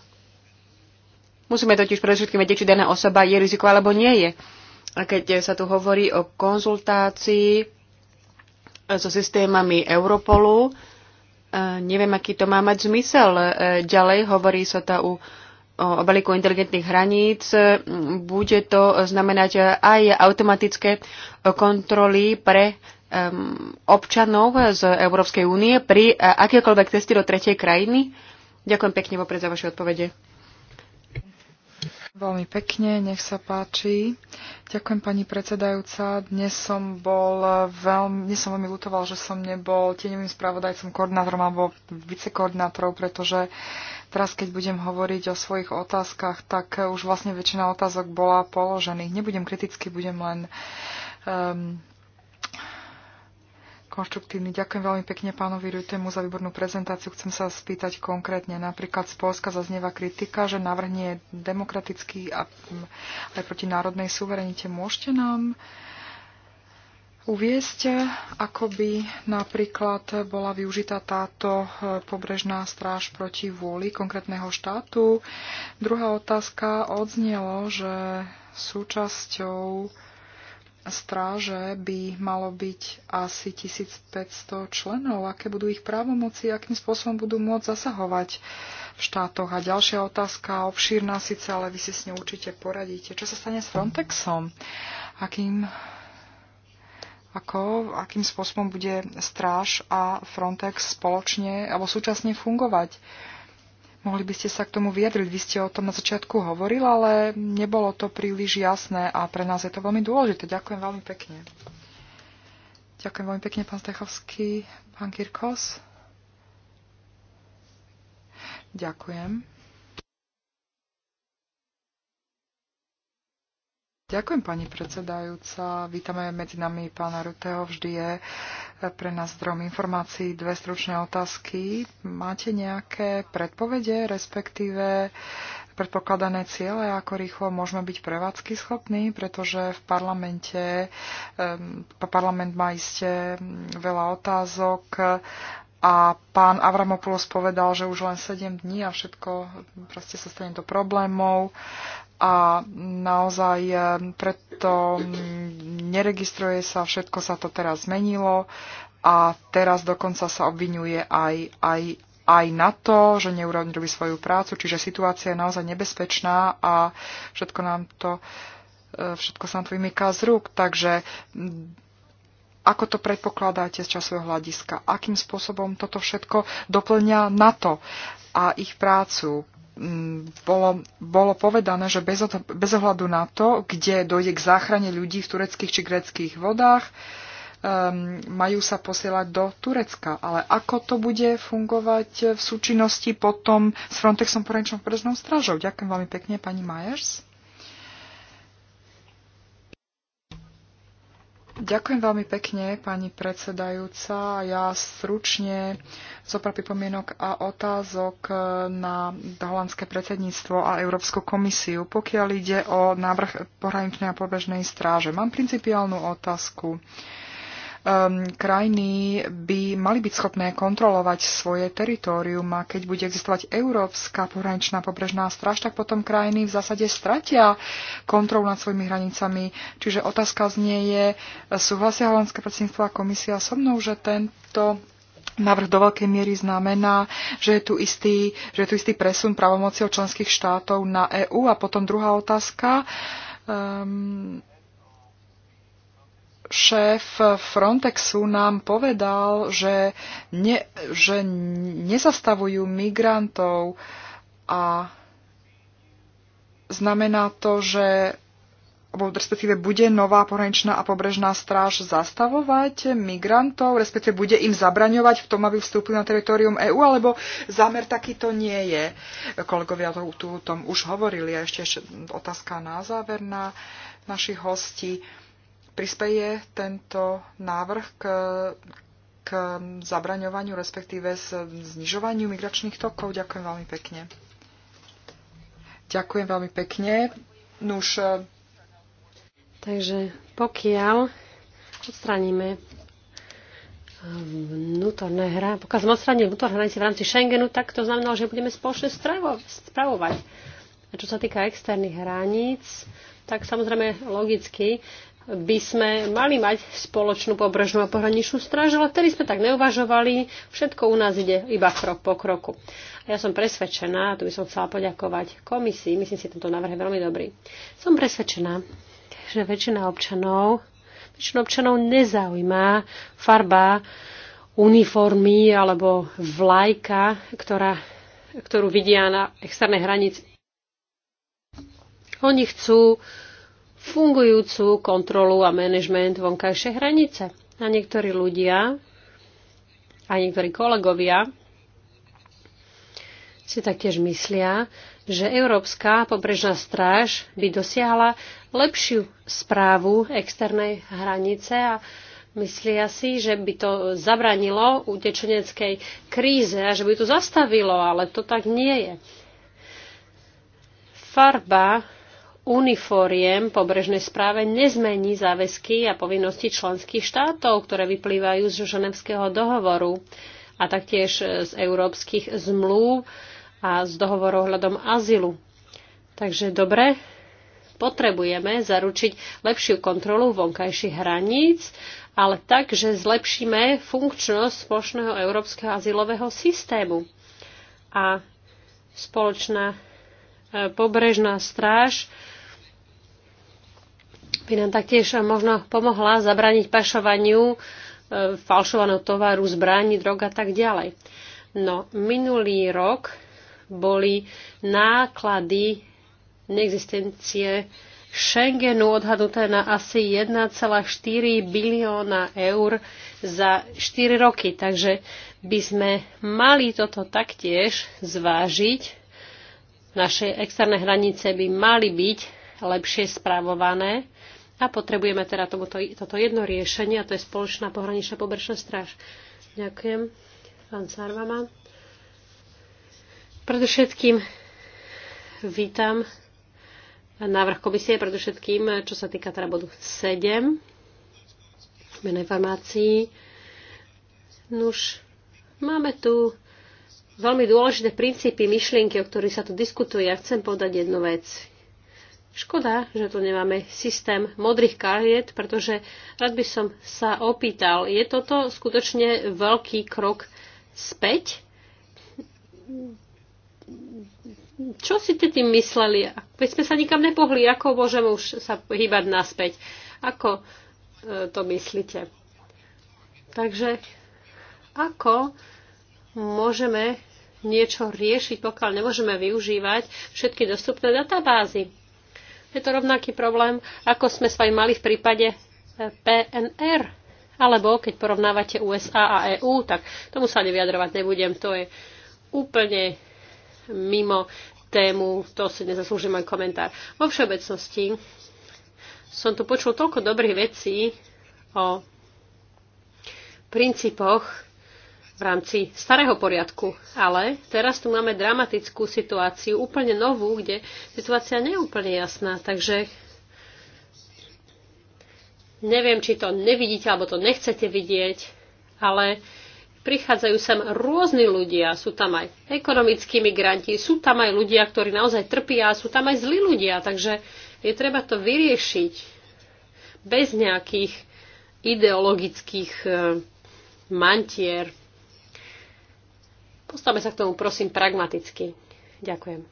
musíme totiž predovšetkým vedieť, či daná osoba je riziko alebo nie je. A keď sa tu hovorí o konzultácii e, so systémami Europolu, e, neviem, aký to má mať zmysel. Ďalej hovorí sa tu o o balíku inteligentných hraníc, bude to znamenať aj automatické kontroly pre občanov z Európskej únie pri e, akékoľvek cesty do tretej krajiny? Ďakujem pekne vopred za vaše odpovede. Veľmi pekne, nech sa páči. Ďakujem pani predsedajúca. Dnes som bol veľmi, dnes som veľmi lutoval, že som nebol tieňovým spravodajcom, koordinátorom alebo vicekoordinátorom, pretože uh, Teraz, keď budem hovoriť o svojich otázkach, tak eh, už vlastne väčšina otázok bola položených. Nebudem kriticky, budem len um, konštruktívny. Ďakujem veľmi pekne pánovi Rutemu za výbornú prezentáciu. Chcem sa spýtať konkrétne. Napríklad z Polska zaznieva kritika, že navrhne demokratický a mm, aj proti národnej suverenite. Môžete nám uh, uviesť, ako by napríklad bola využitá táto e, pobrežná stráž proti vôli konkrétneho štátu. Druhá otázka odznelo, že súčasťou stráže by malo byť asi 1500 členov. Aké budú ich právomoci, akým spôsobom budú môcť zasahovať v štátoch. A ďalšia otázka, obšírna síce, ale vy si s ňou určite poradíte. Čo sa stane s Frontexom? Akým ako, akým spôsobom bude stráž a Frontex spoločne alebo súčasne fungovať. Mohli by ste sa k tomu vyjadriť. Vy ste o tom na začiatku hovorili, ale nebolo to príliš jasné a pre nás je to veľmi dôležité. Ďakujem veľmi pekne. Ďakujem veľmi pekne, pán Stechovský, pán Kirkos. Ďakujem. Ďakujem, pani predsedajúca. Vítame medzi nami pána Ruteho. Vždy je eh, pre nás zdrom informácií dve stručné otázky. Máte nejaké predpovede, respektíve predpokladané ciele, ako rýchlo môžeme byť prevádzky schopní, pretože v parlamente eh, parlament má iste mm, veľa otázok a pán Avramopoulos povedal, že už len 7 dní a všetko proste sa stane do problémov a naozaj eh, preto neregistruje sa, všetko sa to teraz zmenilo a teraz dokonca sa obvinuje aj, aj, aj na to, že neurobí svoju prácu, čiže situácia je naozaj nebezpečná a všetko nám to eh, všetko sa nám to vymýka z rúk, takže mm, ako to predpokladáte z časového hľadiska? Akým spôsobom toto všetko doplňa na to a ich prácu? Mm, bolo, bolo povedané, že bez, bez ohľadu na to, kde dojde k záchrane ľudí v tureckých či greckých vodách, um, majú sa posielať do Turecka. Ale ako to bude fungovať v súčinnosti potom s Frontexom porenčnou predznou stražou? Ďakujem veľmi pekne, pani Majers. Ďakujem veľmi pekne, pani predsedajúca. Ja stručne zopra pripomienok a otázok na holandské predsedníctvo a Európsku komisiu, pokiaľ ide o návrh pohraničnej a pobežnej stráže. Mám principiálnu otázku. Uh, um, krajiny by mali byť schopné kontrolovať svoje teritorium a keď bude existovať európska pohraničná pobrežná straž, tak potom krajiny v zásade stratia kontrolu nad svojimi hranicami. Čiže otázka znie je, súhlasia holandské predsedníctvo a komisia so mnou, že tento návrh do veľkej miery znamená, že je tu istý, že je tu istý presun pravomoci od členských štátov na EÚ. A potom druhá otázka. Um, šéf Frontexu nám povedal, že, ne, že nezastavujú migrantov a znamená to, že alebo respektíve bude nová pohraničná a pobrežná stráž zastavovať migrantov, respektíve bude im zabraňovať v tom, aby vstúpili na teritorium EÚ, alebo zámer takýto nie je. Kolegovia to, tu, tom už hovorili a ešte, ešte otázka na záver na našich hostí. Um, Prispeje tento návrh k, k zabraňovaniu, respektíve znižovaniu migračných tokov? Ďakujem veľmi pekne. Ďakujem veľmi pekne. Nuž. E, Takže pokiaľ odstraníme e, vnútorné hra, pokiaľ sme odstranili vnútorné hranice v rámci Schengenu, tak to znamená, že budeme spoločne spravovať. A čo sa týka externých hraníc, tak samozrejme logicky by sme mali mať spoločnú pobrežnú a pohraničnú stráž, ale vtedy sme tak neuvažovali, všetko u nás ide iba krok po kroku. A ja som presvedčená, a tu by som chcela poďakovať komisii, myslím si, tento návrh je veľmi dobrý. Som presvedčená, že väčšina občanov, väčšina občanov nezaujíma farba uniformy alebo vlajka, ktorá, ktorú vidia na externej hranici. Oni chcú fungujúcu kontrolu a manažment vonkajšej hranice. A niektorí ľudia a niektorí kolegovia si taktiež myslia, že Európska pobrežná stráž by dosiahla lepšiu správu externej hranice a myslia si, že by to zabranilo utečeneckej kríze a že by to zastavilo, ale to tak nie je. Farba uniforiem pobrežnej správe nezmení záväzky a povinnosti členských štátov, ktoré vyplývajú z Ženevského dohovoru a taktiež z európskych zmluv a z dohovorov hľadom azylu. Takže dobre, potrebujeme zaručiť lepšiu kontrolu vonkajších hraníc, ale tak, že zlepšíme funkčnosť spoločného európskeho azylového systému. A spoločná e, pobrežná stráž by nám taktiež možno pomohla zabraniť pašovaniu e, falšovaného tovaru, zbraní, drog a tak ďalej. No, minulý rok boli náklady neexistencie Schengenu odhadnuté na asi 1,4 bilióna eur za 4 roky. Takže by sme mali toto taktiež zvážiť. Naše externé hranice by mali byť lepšie spravované a potrebujeme teda tomuto, toto jedno riešenie, a to je spoločná pohraničná pobrečná stráž. Ďakujem, pán Sarvama. Predovšetkým vítam návrh komisie, predovšetkým, čo sa týka teda bodu 7, mena informácií. Nuž, máme tu veľmi dôležité princípy, myšlienky, o ktorých sa tu diskutuje. Ja chcem povedať jednu vec. Škoda, že tu nemáme systém modrých kariet, pretože rád by som sa opýtal, je toto skutočne veľký krok späť? Čo si ste tým mysleli? Veď sme sa nikam nepohli, ako môžeme už sa hýbať naspäť? Ako e, to myslíte? Takže ako môžeme niečo riešiť, pokiaľ nemôžeme využívať všetky dostupné databázy? Je to rovnaký problém, ako sme s vami mali v prípade e, PNR. Alebo keď porovnávate USA a EÚ, tak tomu sa nevyjadrovať nebudem. To je úplne mimo tému, to si nezaslúži môj komentár. Vo všeobecnosti som tu počul toľko dobrých vecí o princípoch v rámci starého poriadku. Ale teraz tu máme dramatickú situáciu, úplne novú, kde situácia nie je úplne jasná. Takže neviem, či to nevidíte, alebo to nechcete vidieť, ale prichádzajú sem rôzni ľudia. Sú tam aj ekonomickí migranti, sú tam aj ľudia, ktorí naozaj trpia, sú tam aj zlí ľudia. Takže je treba to vyriešiť bez nejakých ideologických eh, mantier. Postavme sa k tomu, prosím, pragmaticky. Ďakujem.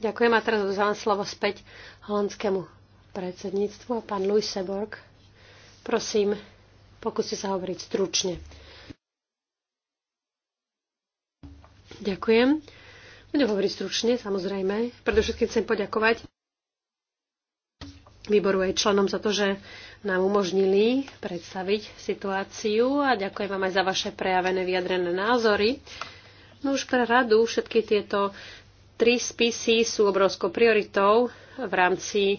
Ďakujem a teraz odzávam slovo späť holandskému predsedníctvu a pán Louis Seborg. Prosím, pokúste sa hovoriť stručne. Ďakujem. Budem hovoriť stručne, samozrejme. Predovšetkým chcem poďakovať výboru aj členom za to, že nám umožnili predstaviť situáciu a ďakujem vám aj za vaše prejavené vyjadrené názory. No už pre radu všetky tieto tri spisy sú obrovskou prioritou v rámci e,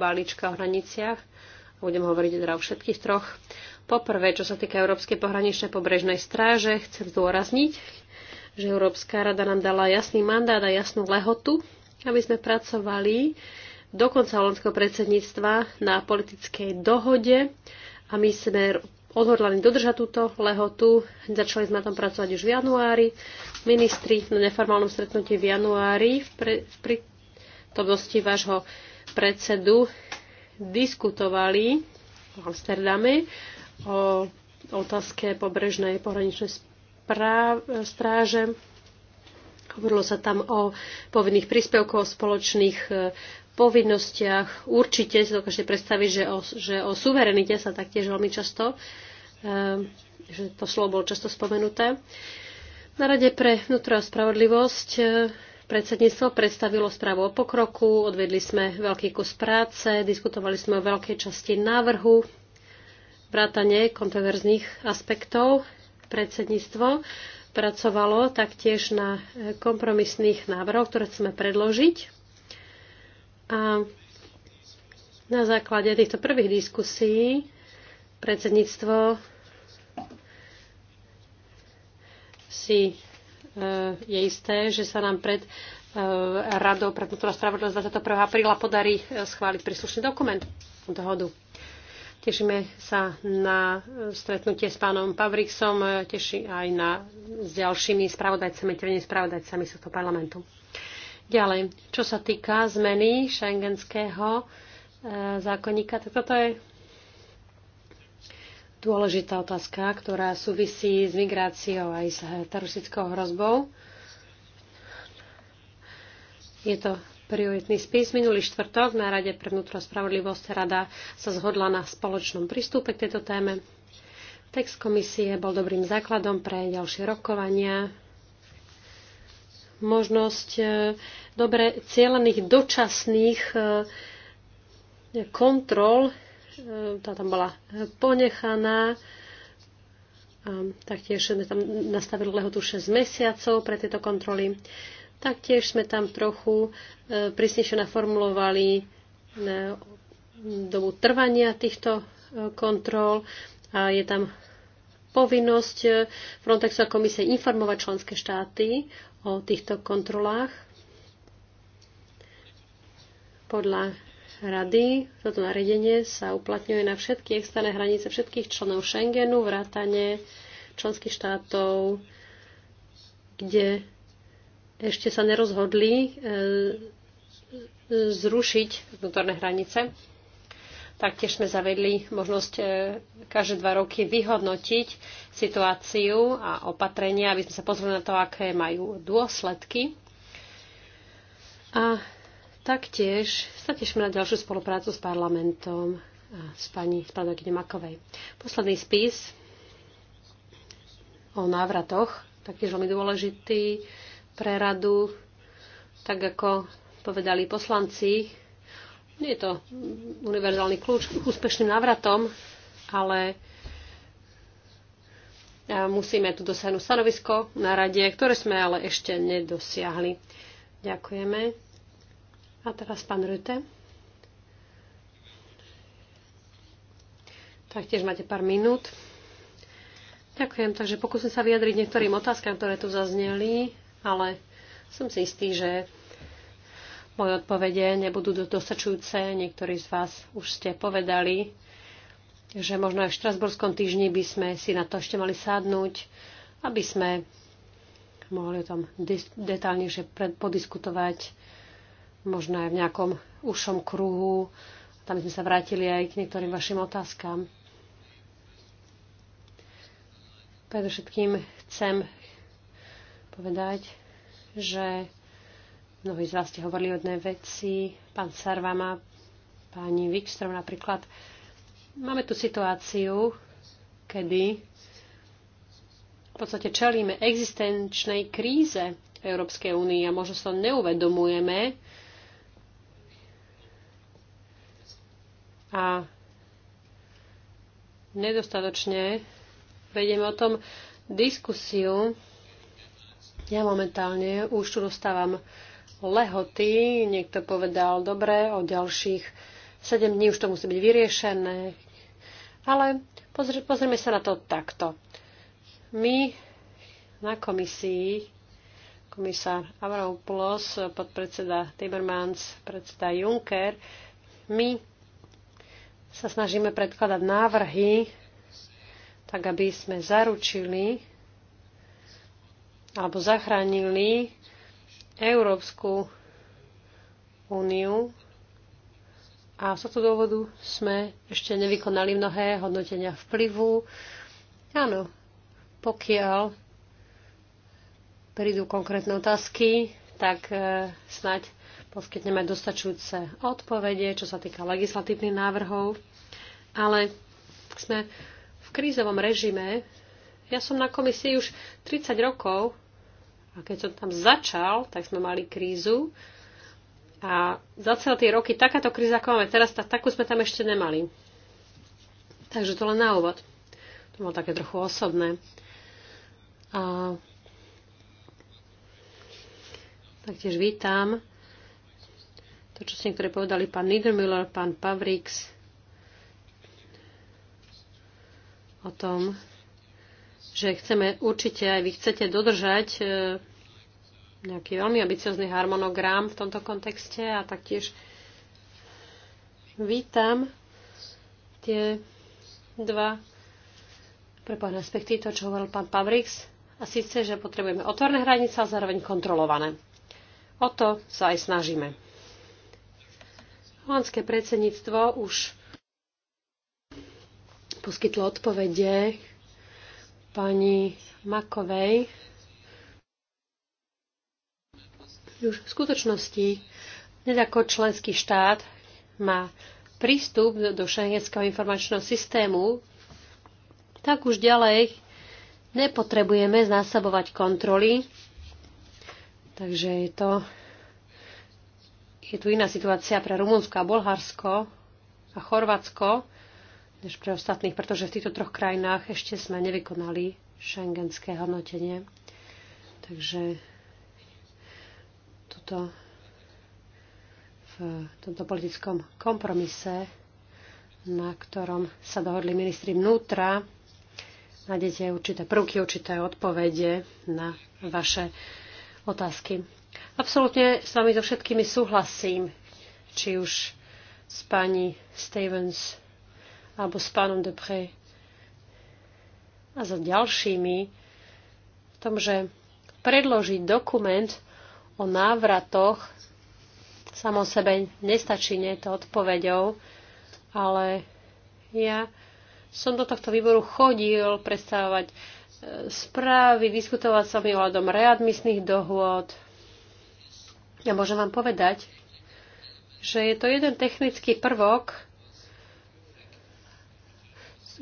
balíčka o hraniciach. Budem hovoriť teda o všetkých troch. Poprvé, čo sa týka Európskej pohraničnej pobrežnej stráže, chcem zdôrazniť, že Európska rada nám dala jasný mandát a jasnú lehotu, aby sme pracovali do konca holandského predsedníctva na politickej dohode a my sme odhodlali dodržať túto lehotu. Začali sme tam pracovať už v januári. Ministri na neformálnom stretnutí v januári v, pre, v prítomnosti vášho predsedu diskutovali v Amsterdame o otázke pobrežnej pohraničnej stráže Hovorilo sa tam o povinných príspevkoch, spoločných e, povinnostiach. Určite si dokážete predstaviť, že o, že o suverenite sa taktiež veľmi často, e, že to slovo bolo často spomenuté. Na Rade pre vnútro a spravodlivosť e, predsedníctvo predstavilo správu o pokroku, odvedli sme veľký kus práce, diskutovali sme o veľkej časti návrhu, vrátane kontroverzných aspektov predsedníctvo pracovalo taktiež na e, kompromisných návrhoch, ktoré chceme predložiť. A na základe týchto prvých diskusí predsedníctvo si e, je isté, že sa nám pred e, radou pre vnútornú spravodlivosť 21. apríla podarí schváliť príslušný dokument, dohodu. Tešíme sa na stretnutie s pánom Pavriksom, teší aj na, s ďalšími spravodajcami, tevnými spravodajcami z toho parlamentu. Ďalej, čo sa týka zmeny šengenského e, zákonníka, tak toto je dôležitá otázka, ktorá súvisí s migráciou aj s e, teroristickou hrozbou. Je to prioritný spis. Minulý štvrtok na Rade pre vnútro spravodlivosť Rada sa zhodla na spoločnom prístupe k tejto téme. Text komisie bol dobrým základom pre ďalšie rokovania. Možnosť e, dobre cieľených dočasných e, kontrol, e, tá tam bola ponechaná, taktiež sme tam nastavili lehotu 6 mesiacov pre tieto kontroly. Taktiež sme tam trochu e, prísnejšie naformulovali e, dobu trvania týchto e, kontrol a je tam povinnosť Frontexu a komisie informovať členské štáty o týchto kontrolách. Podľa rady toto nariadenie sa uplatňuje na všetky externé hranice všetkých členov Schengenu, vrátane členských štátov, kde ešte sa nerozhodli e, zrušiť vnútorné hranice. Taktiež sme zavedli možnosť e, každé dva roky vyhodnotiť situáciu a opatrenia, aby sme sa pozreli na to, aké majú dôsledky. A taktiež sa tešíme na ďalšiu spoluprácu s parlamentom a s pani spravodajkyne Makovej. Posledný spis o návratoch, taktiež veľmi dôležitý pre radu, tak ako povedali poslanci, nie je to univerzálny kľúč k úspešným návratom, ale musíme tu dosiahnuť stanovisko na rade, ktoré sme ale ešte nedosiahli. Ďakujeme. A teraz pán Rüte. Taktiež máte pár minút. Ďakujem, takže pokúsim sa vyjadriť niektorým otázkam, ktoré tu zazneli ale som si istý, že moje odpovede nebudú dostačujúce. Niektorí z vás už ste povedali, že možno aj v Štrasburskom týždni by sme si na to ešte mali sadnúť, aby sme mohli o tom detálnejšie podiskutovať, možno aj v nejakom ušom kruhu. Tam sme sa vrátili aj k niektorým vašim otázkam. Predovšetkým chcem povedať, že mnohí z vás ste hovorili o jednej veci, pán Sarvama, pani Wikström napríklad. Máme tu situáciu, kedy v podstate čelíme existenčnej kríze Európskej únie a možno sa to neuvedomujeme. A nedostatočne vedieme o tom diskusiu ja momentálne už tu dostávam lehoty. Niekto povedal, dobre, o ďalších 7 dní už to musí byť vyriešené. Ale pozri, pozrieme sa na to takto. My na komisii, komisár Avramopoulos, podpredseda Timmermans, predseda Juncker, my sa snažíme predkladať návrhy, tak aby sme zaručili, alebo zachránili Európsku úniu a z tohto dôvodu sme ešte nevykonali mnohé hodnotenia vplyvu. Áno, pokiaľ prídu konkrétne otázky, tak e, snáď poskytneme dostačujúce odpovede, čo sa týka legislatívnych návrhov. Ale sme v krízovom režime, ja som na komisii už 30 rokov a keď som tam začal, tak sme mali krízu a za celé tie roky takáto kríza, ako máme teraz, tak takú sme tam ešte nemali. Takže to len na úvod. To bolo také trochu osobné. A taktiež vítam to, čo si niektoré povedali pán Niedermüller, pán Pavrix, o tom, že chceme určite aj vy chcete dodržať e, nejaký veľmi ambiciozný harmonogram v tomto kontexte a taktiež vítam tie dva prepojené aspekty, to, čo hovoril pán Pavrix, a síce, že potrebujeme otvorné hranice a zároveň kontrolované. O to sa aj snažíme. Holandské predsedníctvo už poskytlo odpovede pani Makovej. Už v skutočnosti nedako členský štát má prístup do šengenského informačného systému, tak už ďalej nepotrebujeme znásobovať kontroly. Takže je to je tu iná situácia pre Rumunsko a Bulharsko a Chorvátsko, než pre ostatných, pretože v týchto troch krajinách ešte sme nevykonali šengenské hodnotenie. Takže tuto, v tomto politickom kompromise, na ktorom sa dohodli ministri vnútra, nájdete určité prvky, určité odpovede na vaše otázky. Absolútne s vami so všetkými súhlasím, či už s pani Stevens alebo s pánom Depre a za ďalšími v tom, že predložiť dokument o návratoch samo sebe nestačí, nie je to odpoveďou, ale ja som do tohto výboru chodil predstavovať e, správy, diskutovať sa mi ohľadom readmisných dohôd. Ja môžem vám povedať, že je to jeden technický prvok,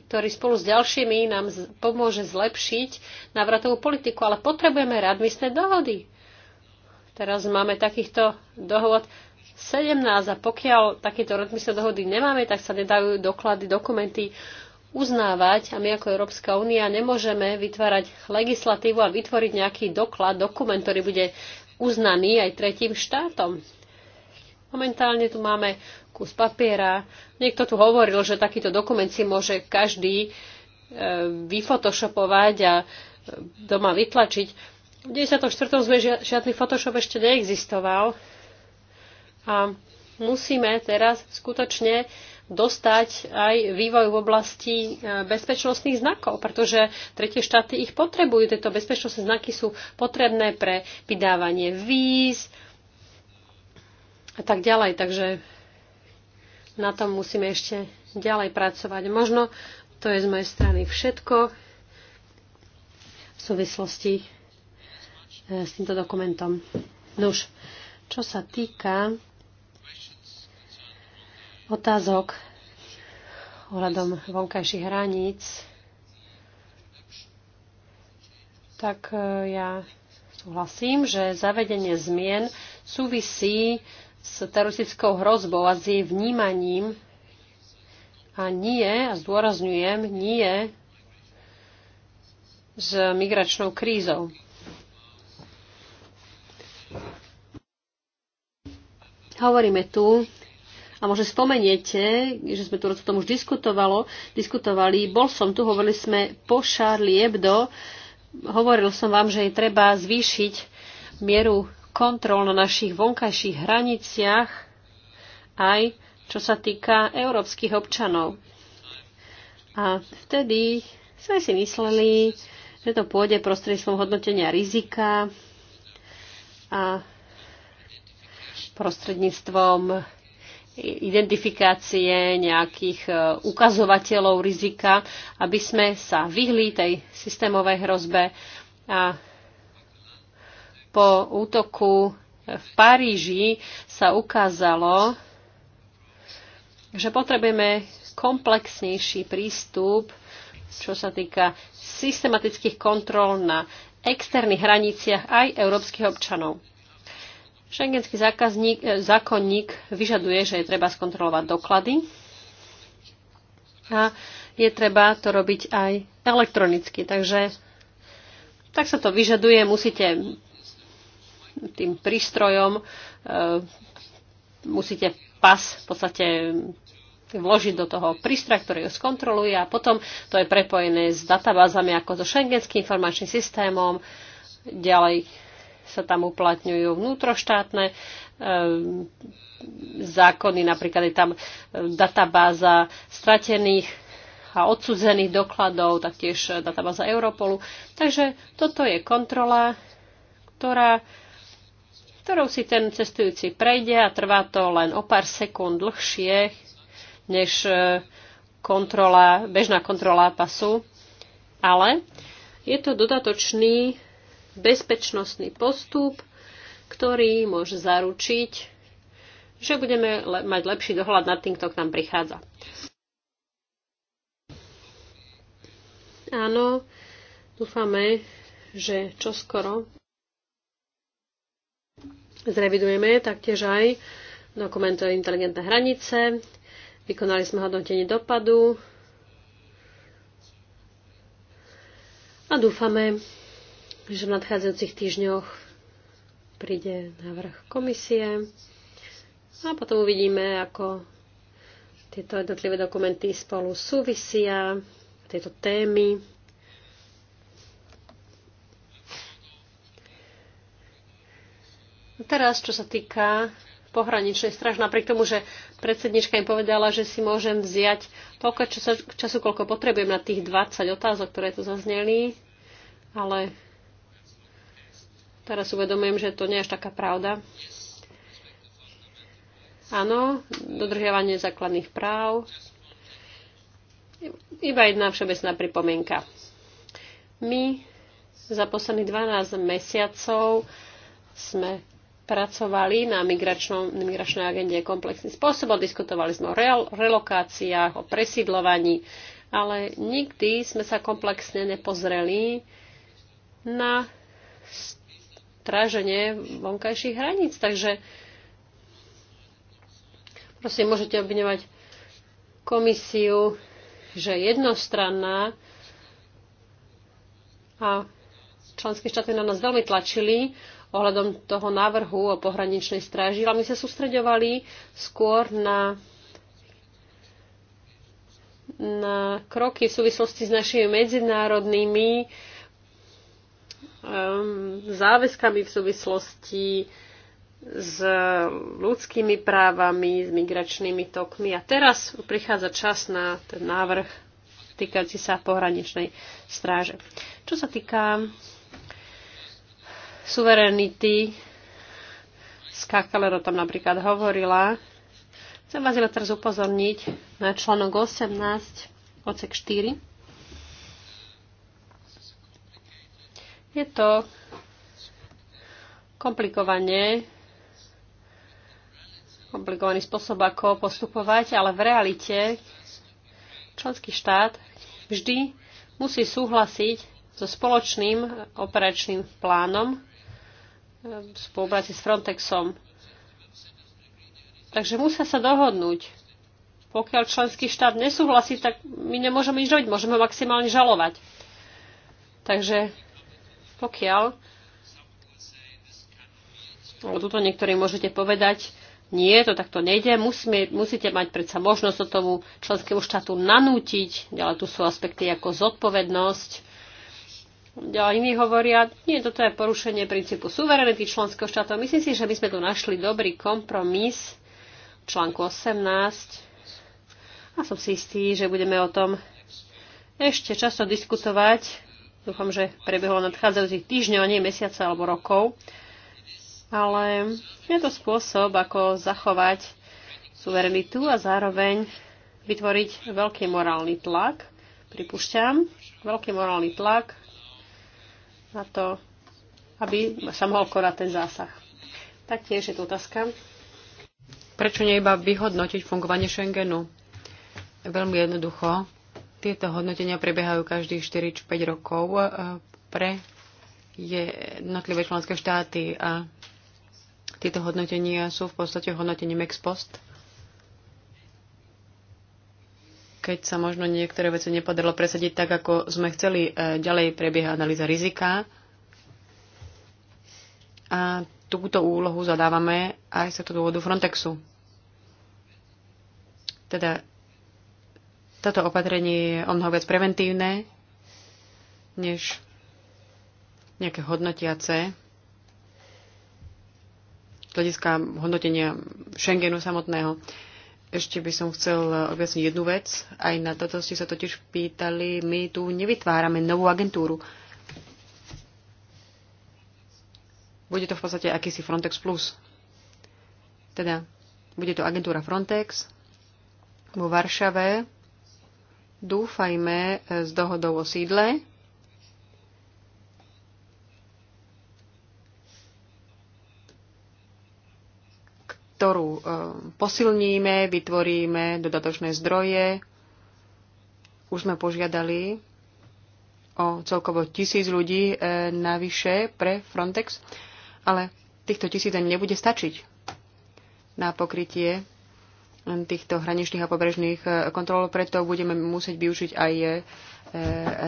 ktorý spolu s ďalšími nám pomôže zlepšiť návratovú politiku, ale potrebujeme readmisné dohody. Teraz máme takýchto dohod 17 a pokiaľ takéto readmisné dohody nemáme, tak sa nedajú doklady, dokumenty uznávať a my ako Európska únia nemôžeme vytvárať legislatívu a vytvoriť nejaký doklad, dokument, ktorý bude uznaný aj tretím štátom. Momentálne tu máme kus papiera. Niekto tu hovoril, že takýto dokument si môže každý e, vyfotoshopovať a e, doma vytlačiť. V 94. sme žiadny Photoshop ešte neexistoval a musíme teraz skutočne dostať aj vývoj v oblasti e, bezpečnostných znakov, pretože tretie štáty ich potrebujú. Tieto bezpečnostné znaky sú potrebné pre vydávanie víz, a tak ďalej. Takže na tom musíme ešte ďalej pracovať. Možno to je z mojej strany všetko v súvislosti e, s týmto dokumentom. Nuž, čo sa týka otázok ohľadom vonkajších hraníc, tak e, ja súhlasím, že zavedenie zmien súvisí s teroristickou hrozbou a s jej vnímaním. A nie, a zdôrazňujem, nie s migračnou krízou. Hovoríme tu, a možno spomeniete, že sme tu o tom už diskutovalo, diskutovali, bol som tu, hovorili sme po Charlie Hebdo, hovoril som vám, že je treba zvýšiť mieru kontrol na našich vonkajších hraniciach, aj čo sa týka európskych občanov. A vtedy sme si mysleli, že to pôjde prostredstvom hodnotenia rizika a prostredníctvom identifikácie nejakých e, ukazovateľov rizika, aby sme sa vyhli tej systémovej hrozbe a po útoku v Paríži sa ukázalo, že potrebujeme komplexnejší prístup, čo sa týka systematických kontrol na externých hraniciach aj európskych občanov. Schengenský zákazník, e, zákonník vyžaduje, že je treba skontrolovať doklady a je treba to robiť aj elektronicky. Takže tak sa to vyžaduje, musíte tým prístrojom. E, musíte pas v podstate vložiť do toho prístroja, ktorý ho skontroluje a potom to je prepojené s databázami ako so šengenským informačným systémom. Ďalej sa tam uplatňujú vnútroštátne e, zákony, napríklad je tam databáza stratených a odsudzených dokladov, taktiež databáza Europolu. Takže toto je kontrola, ktorá ktorou si ten cestujúci prejde a trvá to len o pár sekúnd dlhšie, než e, kontrola, bežná kontrola pasu. Ale je to dodatočný bezpečnostný postup, ktorý môže zaručiť, že budeme mať lepší dohľad nad tým, kto k nám prichádza. Áno, dúfame, že čoskoro Zrevidujeme taktiež aj dokument o inteligentné hranice. Vykonali sme hodnotenie dopadu. A dúfame, že v nadchádzajúcich týždňoch príde návrh komisie a potom uvidíme, ako tieto jednotlivé dokumenty spolu súvisia, tieto témy. Teraz, čo sa týka pohraničnej straže, napriek tomu, že predsednička im povedala, že si môžem vziať toľko času, času koľko potrebujem na tých 20 otázok, ktoré tu zazneli, ale teraz uvedomujem, že to nie je až taká pravda. Áno, dodržiavanie základných práv. Iba jedna všeobecná pripomienka. My za posledných 12 mesiacov sme pracovali na, migračnej agende komplexným spôsobom. Diskutovali sme o relokáciách, o presídlovaní, ale nikdy sme sa komplexne nepozreli na stráženie vonkajších hraníc. Takže prosím, môžete obviňovať komisiu, že jednostranná a členské štáty na nás veľmi tlačili, ohľadom toho návrhu o pohraničnej stráži, ale my sa sústreďovali skôr na, na kroky v súvislosti s našimi medzinárodnými um, záväzkami v súvislosti s ľudskými právami, s migračnými tokmi. A teraz prichádza čas na ten návrh týkajúci sa pohraničnej stráže. Čo sa týka suverenity. Ska o tom napríklad hovorila. Chcem vás ale teraz upozorniť na článok 18, odsek 4. Je to komplikovanie, komplikovaný spôsob, ako postupovať, ale v realite členský štát vždy musí súhlasiť so spoločným operačným plánom v spolupráci s Frontexom. Takže musia sa dohodnúť. Pokiaľ členský štát nesúhlasí, tak my nemôžeme nič robiť, môžeme maximálne žalovať. Takže pokiaľ, ale tuto niektorí môžete povedať, nie, to takto nejde, Musíme, musíte mať predsa možnosť o tomu členskému štátu nanútiť, ale tu sú aspekty ako zodpovednosť, a iní hovoria, nie, toto je porušenie princípu suverenity členského štátu. Myslím si, že by sme tu našli dobrý kompromis v článku 18 a som si istý, že budeme o tom ešte často diskutovať. Dúfam, že prebehlo nadchádzajúcich týždňov, nie mesiaca alebo rokov. Ale je to spôsob, ako zachovať suverenitu a zároveň vytvoriť veľký morálny tlak, pripúšťam, veľký morálny tlak na to, aby sa mohol konať ten zásah. Taktiež je tu otázka. Prečo nie iba vyhodnotiť fungovanie Schengenu? Veľmi jednoducho. Tieto hodnotenia prebiehajú každých 4 5 rokov eh, pre jednotlivé členské štáty a tieto hodnotenia sú v podstate hodnotením ex post keď sa možno niektoré veci nepodarilo presadiť tak, ako sme chceli. E, ďalej prebieha analýza rizika. A túto úlohu zadávame aj sa to dôvodu Frontexu. Teda toto opatrenie je o mnoho viac preventívne, než nejaké hodnotiace z hľadiska hodnotenia Schengenu samotného. Uh, ešte by som chcel eh, objasniť jednu vec. Aj na toto ste sa totiž pýtali. My tu nevytvárame novú agentúru. Bude to v podstate akýsi Frontex Plus. Teda, bude to agentúra Frontex vo Varšave. Dúfajme eh, s dohodou o sídle ktorú e, posilníme, vytvoríme dodatočné zdroje. Už sme požiadali o celkovo tisíc ľudí e, navyše pre Frontex, ale týchto tisíc ani nebude stačiť na pokrytie týchto hraničných a pobrežných e, kontrol. Preto budeme musieť využiť aj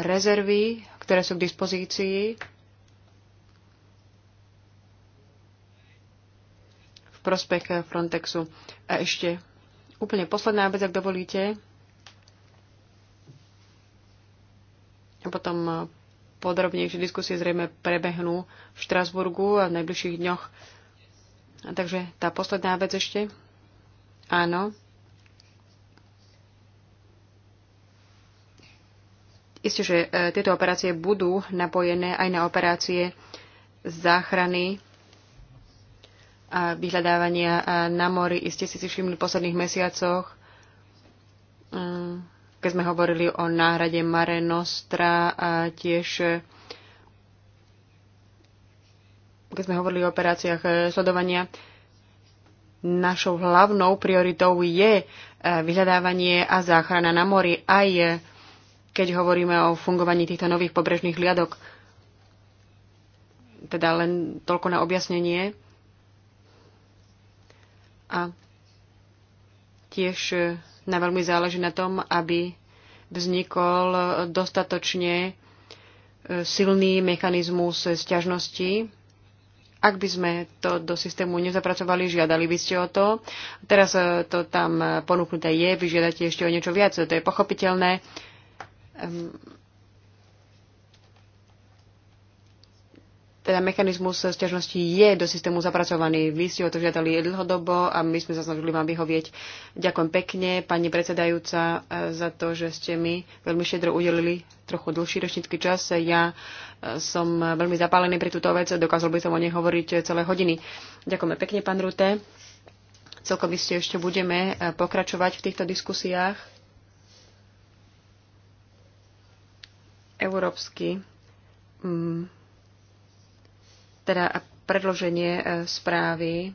rezervy, ktoré sú k dispozícii prospech eh, Frontexu. A ešte úplne posledná vec, ak dovolíte. A potom eh, podrobnejšie diskusie zrejme prebehnú v Štrasburgu a v najbližších dňoch. A takže tá posledná vec ešte. Áno. Isté, že eh, tieto operácie budú napojené aj na operácie záchrany a vyhľadávania na mori. Iste si si všimli v posledných mesiacoch, mm, keď sme hovorili o náhrade Mare Nostra a tiež keď sme hovorili o operáciách e, sledovania, našou hlavnou prioritou je e, vyhľadávanie a záchrana na mori, aj e, keď hovoríme o fungovaní týchto nových pobrežných hliadok. Teda len toľko na objasnenie. A tiež e, na veľmi záleží na tom, aby vznikol dostatočne e, silný mechanizmus sťažnosti. Ak by sme to do systému nezapracovali, žiadali by ste o to. Teraz e, to tam ponúknuté je, vy žiadate ešte o niečo viac, to je pochopiteľné. Teda mechanizmus sťažnosti je do systému zapracovaný. Vy ste o to žiadali dlhodobo a my sme sa snažili vám vyhovieť. Ďakujem pekne, pani predsedajúca, za to, že ste mi veľmi šedro udelili trochu dlhší ročnícky čas. Ja e, som veľmi zapálený pre túto vec, dokázal by som o nej hovoriť celé hodiny. Ďakujeme pekne, pán Rute. Celkom ste ešte budeme e, pokračovať v týchto diskusiách. Európsky mm teda predloženie e, správy e,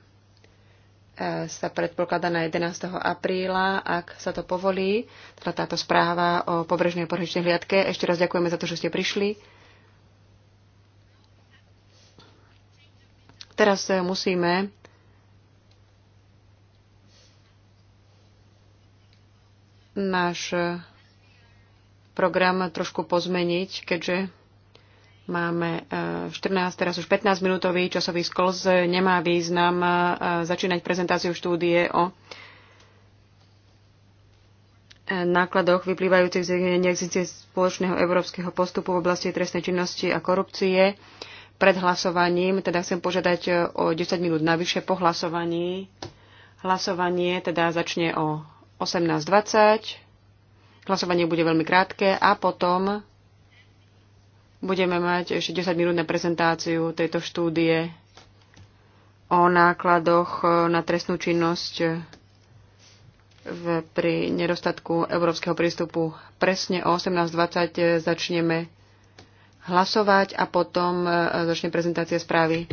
sa predpokladá na 11. apríla, ak sa to povolí, teda táto správa o pobrežnej pohrečnej hliadke. Ešte raz ďakujeme za to, že ste prišli. Teraz e, musíme náš program trošku pozmeniť, keďže Máme 14, eh, teraz už 15-minútový časový skolz. Nemá význam eh, začínať prezentáciu štúdie o eh, nákladoch vyplývajúcich z neexistencie spoločného európskeho postupu v oblasti trestnej činnosti a korupcie. Pred hlasovaním, teda chcem požiadať o 10 minút navyše po hlasovaní. Hlasovanie teda začne o 18.20. Hlasovanie bude veľmi krátke a potom Budeme mať ešte 10 minút na prezentáciu tejto štúdie o nákladoch e, na trestnú činnosť e, v, pri nedostatku európskeho prístupu. Presne o 18.20 e, začneme hlasovať a potom začne prezentácia správy.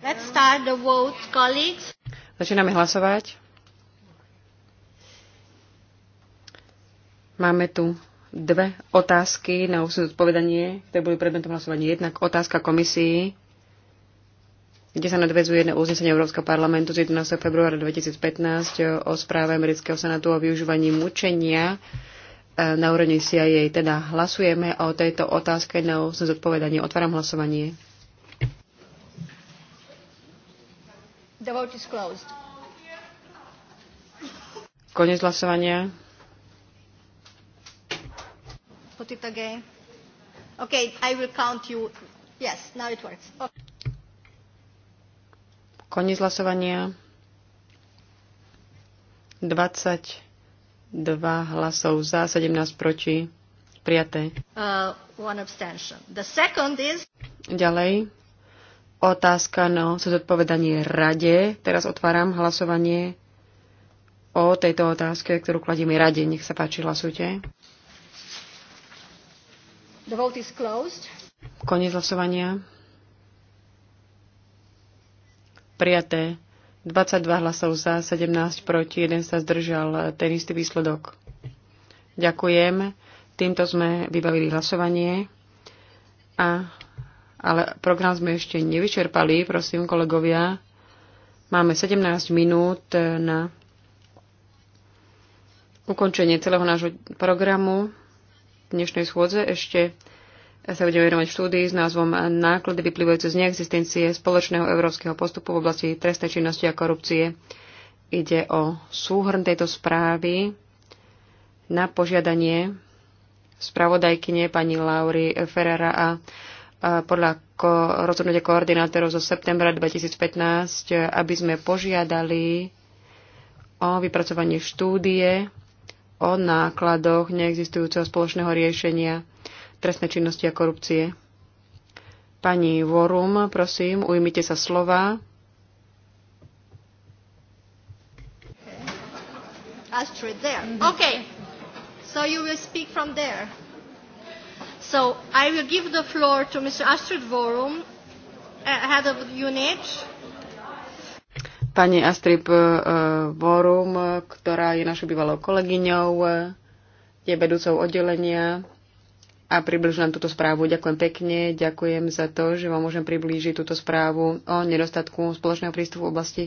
Let's start the colleagues. Začíname hlasovať. Máme tu dve otázky na ústne zodpovedanie, ktoré boli predmetom hlasovania. Jednak otázka komisii, kde sa nadvezuje jedno uznesenie Európskeho parlamentu z 11. februára 2015 o správe amerického senátu o využívaní mučenia e, na úrovni CIA. Teda hlasujeme o tejto otázke na ústne zodpovedanie. Otváram hlasovanie. The vote is closed. Konec hlasovania. Put it again. Okay, I will count you. Yes, now it works. Okay. Konec hlasovania. 22 hlasov za, 17 proti. Prijaté. Uh, one abstention. The second is... Ďalej. Otázka na no, zodpovedanie rade. Teraz otváram hlasovanie o tejto otázke, ktorú kladieme rade. Nech sa páči, hlasujte. The vote is closed. Konec hlasovania. Prijaté. 22 hlasov za, 17 proti, 1 sa zdržal. Ten istý výsledok. Ďakujem. Týmto sme vybavili hlasovanie a ale program sme ešte nevyčerpali, prosím kolegovia. Máme 17 minút na ukončenie celého nášho programu dnešnej schôdze. Ešte sa budeme venovať štúdii s názvom Náklady vyplývajúce z neexistencie spoločného európskeho postupu v oblasti trestnej činnosti a korupcie. Ide o súhrn tejto správy na požiadanie spravodajkyne pani Laury Ferrara a podľa ko- rozhodnutia koordinátorov zo septembra 2015, aby sme požiadali o vypracovanie štúdie o nákladoch neexistujúceho spoločného riešenia trestnej činnosti a korupcie. Pani Vorum, prosím, ujmite sa slova. Astrid, there. Okay. So you will speak from there. So I will give the floor to Mr. Astrid Vorum, uh, head of the unit. Pani Astrid uh, Vorum, ktorá je našou bývalou kolegyňou, uh, je vedúcou oddelenia a približujem nám túto správu. Ďakujem pekne, ďakujem za to, že vám môžem priblížiť túto správu o nedostatku spoločného prístupu v oblasti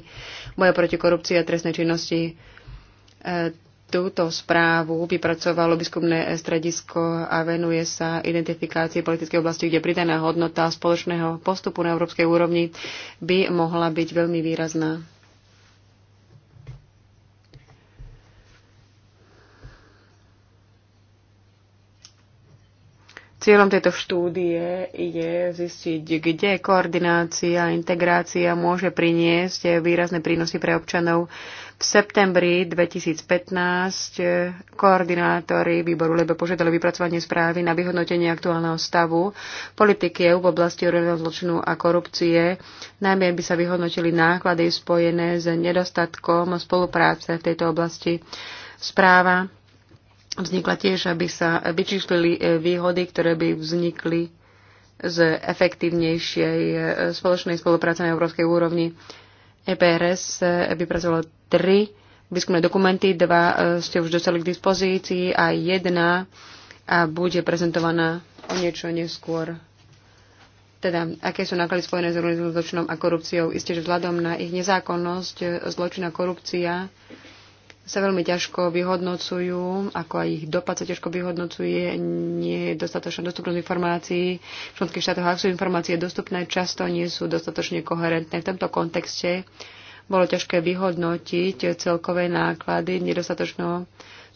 boja proti korupcii a trestnej činnosti. Túto správu vypracovalo biskupné stredisko a venuje sa identifikácii politickej oblasti, kde pridaná hodnota spoločného postupu na európskej úrovni by mohla byť veľmi výrazná. Cieľom tejto štúdie je zistiť, kde koordinácia a integrácia môže priniesť výrazné prínosy pre občanov v septembri 2015 eh, koordinátori výboru Lebe požiadali vypracovanie správy na vyhodnotenie aktuálneho stavu politiky EU v oblasti organizovaného zločinu a korupcie. Najmä by sa vyhodnotili náklady spojené s nedostatkom spolupráce v tejto oblasti. Správa vznikla tiež, aby sa vyčíslili eh, výhody, ktoré by vznikli z efektívnejšej eh, spoločnej spolupráce na európskej úrovni. EPRS e, vypracovalo tri výskumné dokumenty, dva e, ste už dostali k dispozícii a jedna a bude prezentovaná o niečo neskôr. Teda, aké sú náklady spojené s organizovaným zločinom a korupciou? Isté, že vzhľadom na ich nezákonnosť, e, zločina korupcia sa veľmi ťažko vyhodnocujú, ako aj ich dopad sa ťažko vyhodnocuje, nie je dostatočná dostupnosť informácií. V členských štátoch, ak sú informácie dostupné, často nie sú dostatočne koherentné. V tomto kontexte bolo ťažké vyhodnotiť celkové náklady nedostatočného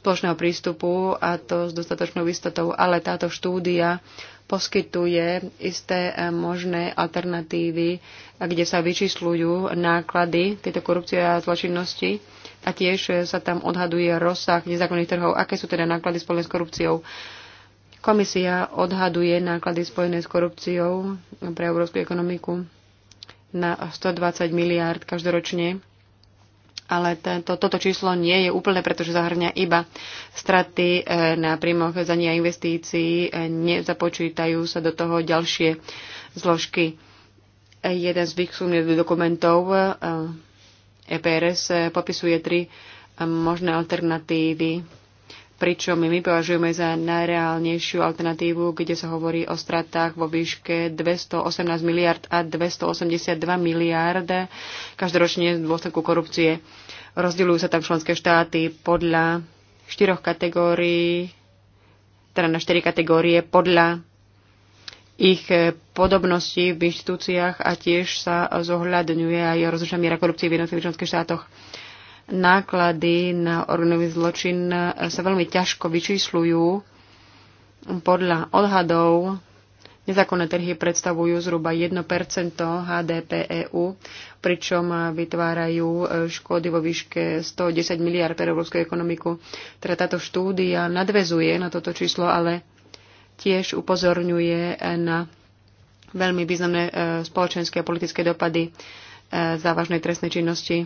spoločného prístupu a to s dostatočnou istotou, ale táto štúdia poskytuje isté e, možné alternatívy, kde sa vyčísľujú náklady tejto korupcie a zločinnosti a tiež sa tam odhaduje rozsah nezákonných trhov. Aké sú teda náklady spojené s korupciou? Komisia odhaduje náklady spojené s korupciou pre európsku ekonomiku na 120 miliárd každoročne ale tento, toto číslo nie je úplné, pretože zahrňa iba straty e, na príjmoch za nie investícií, e, nezapočítajú sa do toho ďalšie zložky. E, jeden z výsumných dokumentov EPRS eh, popisuje tri eh, možné alternatívy, pričom my považujeme za najreálnejšiu alternatívu, kde sa hovorí o stratách vo výške 218 miliard a 282 miliard každoročne v dôsledku korupcie. Rozdielujú sa tam členské štáty podľa štyroch kategórií, teda na štyri kategórie podľa ich eh, podobnosti v inštitúciách a tiež sa zohľadňuje aj rozlišná miera korupcie v jednotlivých členských štátoch. Náklady na organizovaný zločin eh, sa veľmi ťažko vyčíslujú. Podľa odhadov nezákonné trhy predstavujú zhruba 1 HDP EU, pričom eh, vytvárajú škody vo výške 110 miliard pre európsku ekonomiku. Teda táto štúdia nadvezuje na toto číslo, ale tiež upozorňuje na veľmi významné e, spoločenské a politické dopady e, závažnej trestnej činnosti.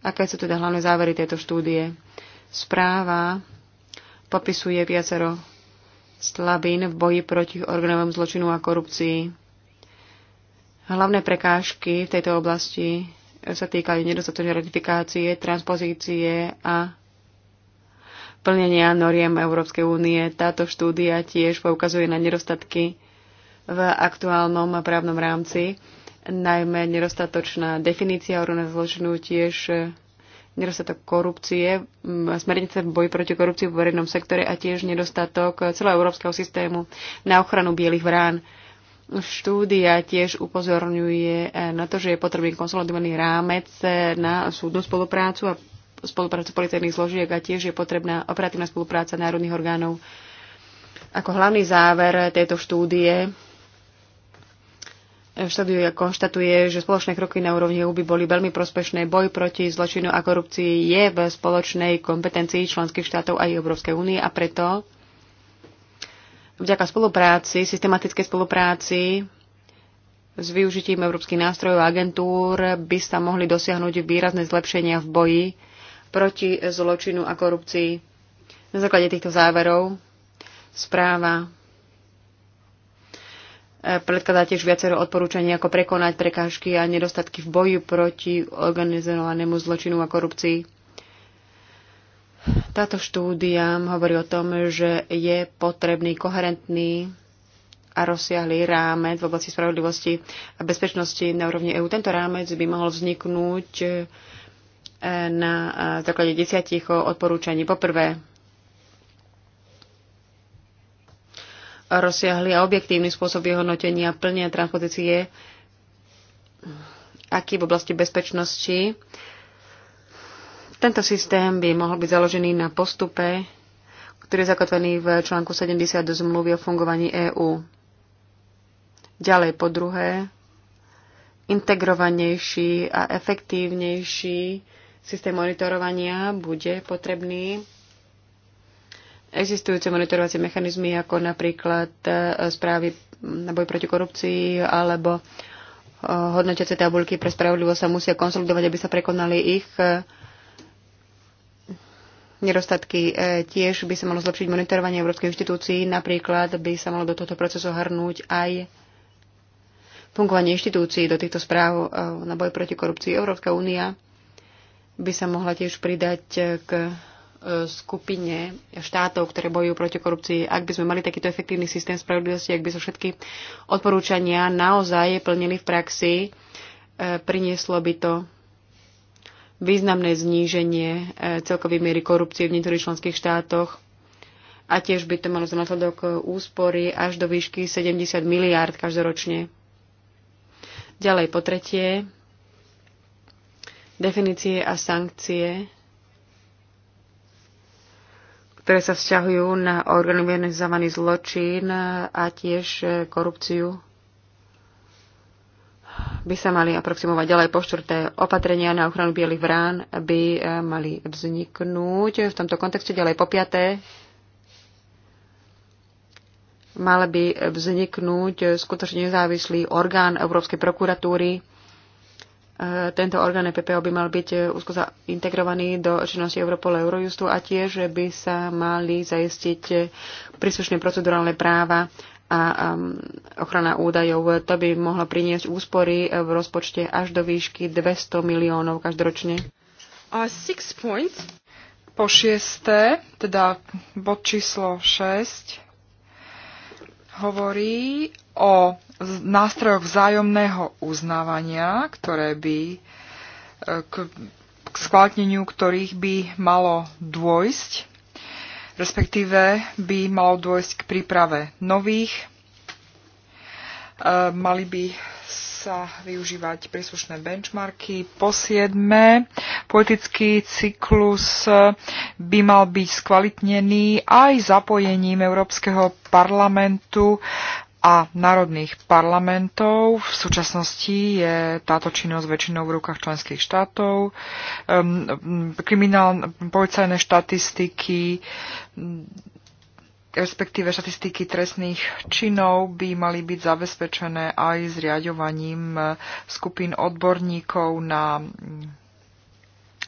Aké sú teda hlavné závery tejto štúdie? Správa popisuje viacero slabín v boji proti organovému zločinu a korupcii. Hlavné prekážky v tejto oblasti sa týkajú nedostatočnej ratifikácie, transpozície a plnenia noriem Európskej únie. Táto štúdia tiež poukazuje na nedostatky v aktuálnom právnom rámci, najmä nedostatočná definícia organizovaného zločinu, tiež e, nedostatok korupcie, smernice v boji proti korupcii v verejnom sektore a tiež nedostatok celoeurópskeho systému na ochranu bielých vrán. Štúdia tiež upozorňuje e, na to, že je potrebný konsolidovaný rámec e, na súdnu spoluprácu a spoluprácu policajných zložiek a tiež je potrebná operatívna spolupráca národných orgánov. Ako hlavný záver tejto štúdie štúdiu konštatuje, že spoločné kroky na úrovni EU by boli veľmi prospešné. Boj proti zločinu a korupcii je v spoločnej kompetencii členských štátov aj Európskej únie a preto vďaka spolupráci, systematickej spolupráci s využitím európskych nástrojov a agentúr by sa mohli dosiahnuť výrazné zlepšenia v boji proti zločinu a korupcii. Na základe týchto záverov správa e, predkladá tiež viacero odporúčaní, ako prekonať prekážky a nedostatky v boju proti organizovanému zločinu a korupcii. Táto štúdia hovorí o tom, že je potrebný koherentný a rozsiahlý rámec v oblasti spravodlivosti a bezpečnosti na úrovni EÚ. Tento rámec by mohol vzniknúť e, na základe desiatich odporúčaní. Poprvé, rozsiahly a objektívny spôsob vyhodnotenia plne transpozície, aký v oblasti bezpečnosti. Tento systém by mohol byť založený na postupe, ktorý je zakotvený v článku 70 do zmluvy o fungovaní EÚ. Ďalej po druhé, integrovanejší a efektívnejší Systém monitorovania bude potrebný. Existujúce monitorovacie mechanizmy, ako napríklad e, správy na boj proti korupcii alebo e, hodnotiace tabulky pre spravodlivosť sa musia konsolidovať, aby sa prekonali ich e, nedostatky. Tiež by sa malo zlepšiť monitorovanie európskej inštitúcií, napríklad by sa malo do tohto procesu hrnúť aj fungovanie inštitúcií do týchto správ na boj proti korupcii. Európska únia by sa mohla tiež pridať e, k e, skupine štátov, ktoré bojujú proti korupcii. Ak by sme mali takýto efektívny systém spravodlivosti, ak by sa so všetky odporúčania naozaj plnili v praxi, e, prinieslo by to významné zníženie celkovej miery korupcie v niektorých členských štátoch a tiež by to malo za následok úspory až do výšky 70 miliárd každoročne. Ďalej po tretie, definície a sankcie, ktoré sa vzťahujú na organizovaný zločin a tiež e, korupciu, by sa mali aproximovať ďalej. Po štvrté, opatrenia na ochranu bielých vrán by e, mali vzniknúť v tomto kontexte. Ďalej po piaté, mal by vzniknúť e, skutočne nezávislý orgán Európskej prokuratúry, tento orgán EPPO by mal byť e, úzko integrovaný do činnosti Europol Eurojustu a tiež by sa mali zaistiť e, príslušné procedurálne práva a um, ochrana údajov. To by mohlo priniesť úspory v rozpočte až do výšky 200 miliónov každoročne. Po šiesté, teda bod číslo 6, hovorí o nástrojoch vzájomného uznávania, ktoré by e, k, k skvalitneniu ktorých by malo dôjsť, respektíve by malo dôjsť k príprave nových. E, mali by sa využívať príslušné benchmarky. Po siedme, politický cyklus by mal byť skvalitnený aj zapojením Európskeho parlamentu a národných parlamentov. V súčasnosti je táto činnosť väčšinou v rukách členských štátov. Ehm, Kriminálne policajné štatistiky mm, respektíve štatistiky trestných činov by mali byť zabezpečené aj zriadovaním e, skupín odborníkov na mm,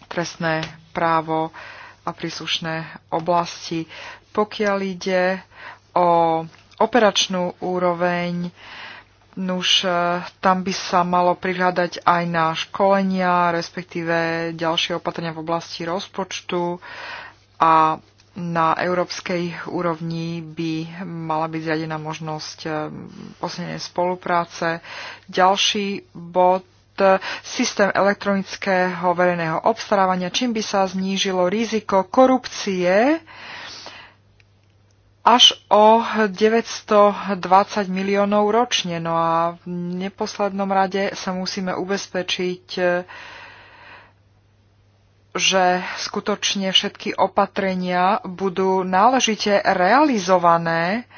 trestné právo a príslušné oblasti. Pokiaľ ide o operačnú úroveň. Nuž, e, tam by sa malo prihľadať aj na školenia, respektíve ďalšie opatrenia v oblasti rozpočtu a na európskej úrovni by mala byť zriadená možnosť e, posilnenia spolupráce. Ďalší bod e, systém elektronického verejného obstarávania, čím by sa znížilo riziko korupcie až o 920 miliónov ročne. No a v neposlednom rade sa musíme ubezpečiť, e, že skutočne všetky opatrenia budú náležite realizované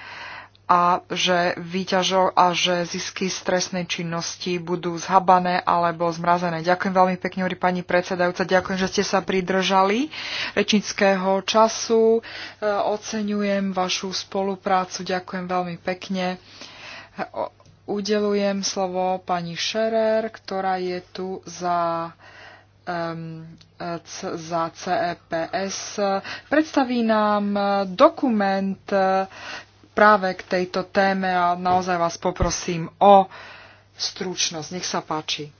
a že výťažok a že zisky z trestnej činnosti budú zhabané alebo zmrazené. Ďakujem veľmi pekne, hovorí pani predsedajúca. Ďakujem, že ste sa pridržali rečnického času. E, oceňujem vašu spoluprácu. Ďakujem veľmi pekne. Udelujem slovo pani Šerer, ktorá je tu za e, za CEPS. Predstaví nám dokument, práve k tejto téme a naozaj vás poprosím o stručnosť. Nech sa páči.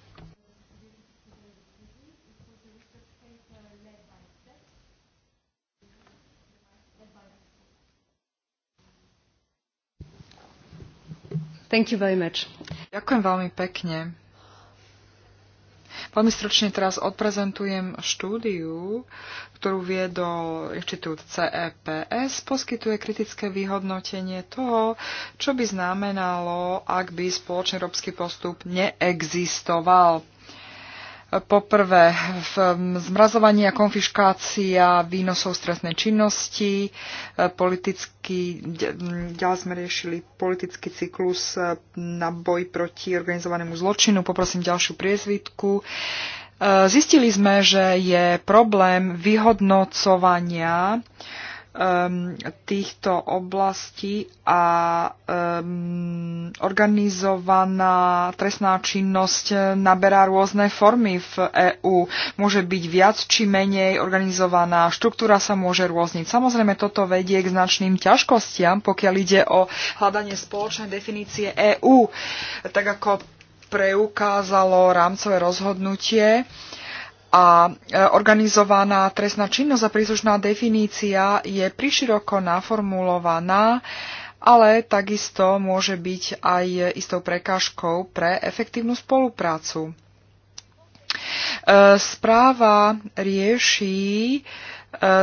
Thank you very much. Ďakujem veľmi pekne. Veľmi stručne teraz odprezentujem štúdiu, ktorú viedol inštitút CEPS, poskytuje kritické vyhodnotenie toho, čo by znamenalo, ak by spoločný európsky postup neexistoval. Poprvé, zmrazovanie a konfiškácia výnosov stresnej činnosti, e, politický, ďalej sme riešili politický cyklus e, na boj proti organizovanému zločinu, poprosím ďalšiu priezvitku. E, zistili sme, že je problém vyhodnocovania um, týchto oblastí a um, organizovaná trestná činnosť naberá rôzne formy v EÚ. Môže byť viac či menej organizovaná, štruktúra sa môže rôzniť. Samozrejme, toto vedie k značným ťažkostiam, pokiaľ ide o hľadanie spoločnej definície EÚ, tak ako preukázalo rámcové rozhodnutie. Uh, a e, organizovaná trestná činnosť a príslušná definícia je priširoko naformulovaná, ale takisto môže byť aj istou prekážkou pre efektívnu spoluprácu. E, správa rieši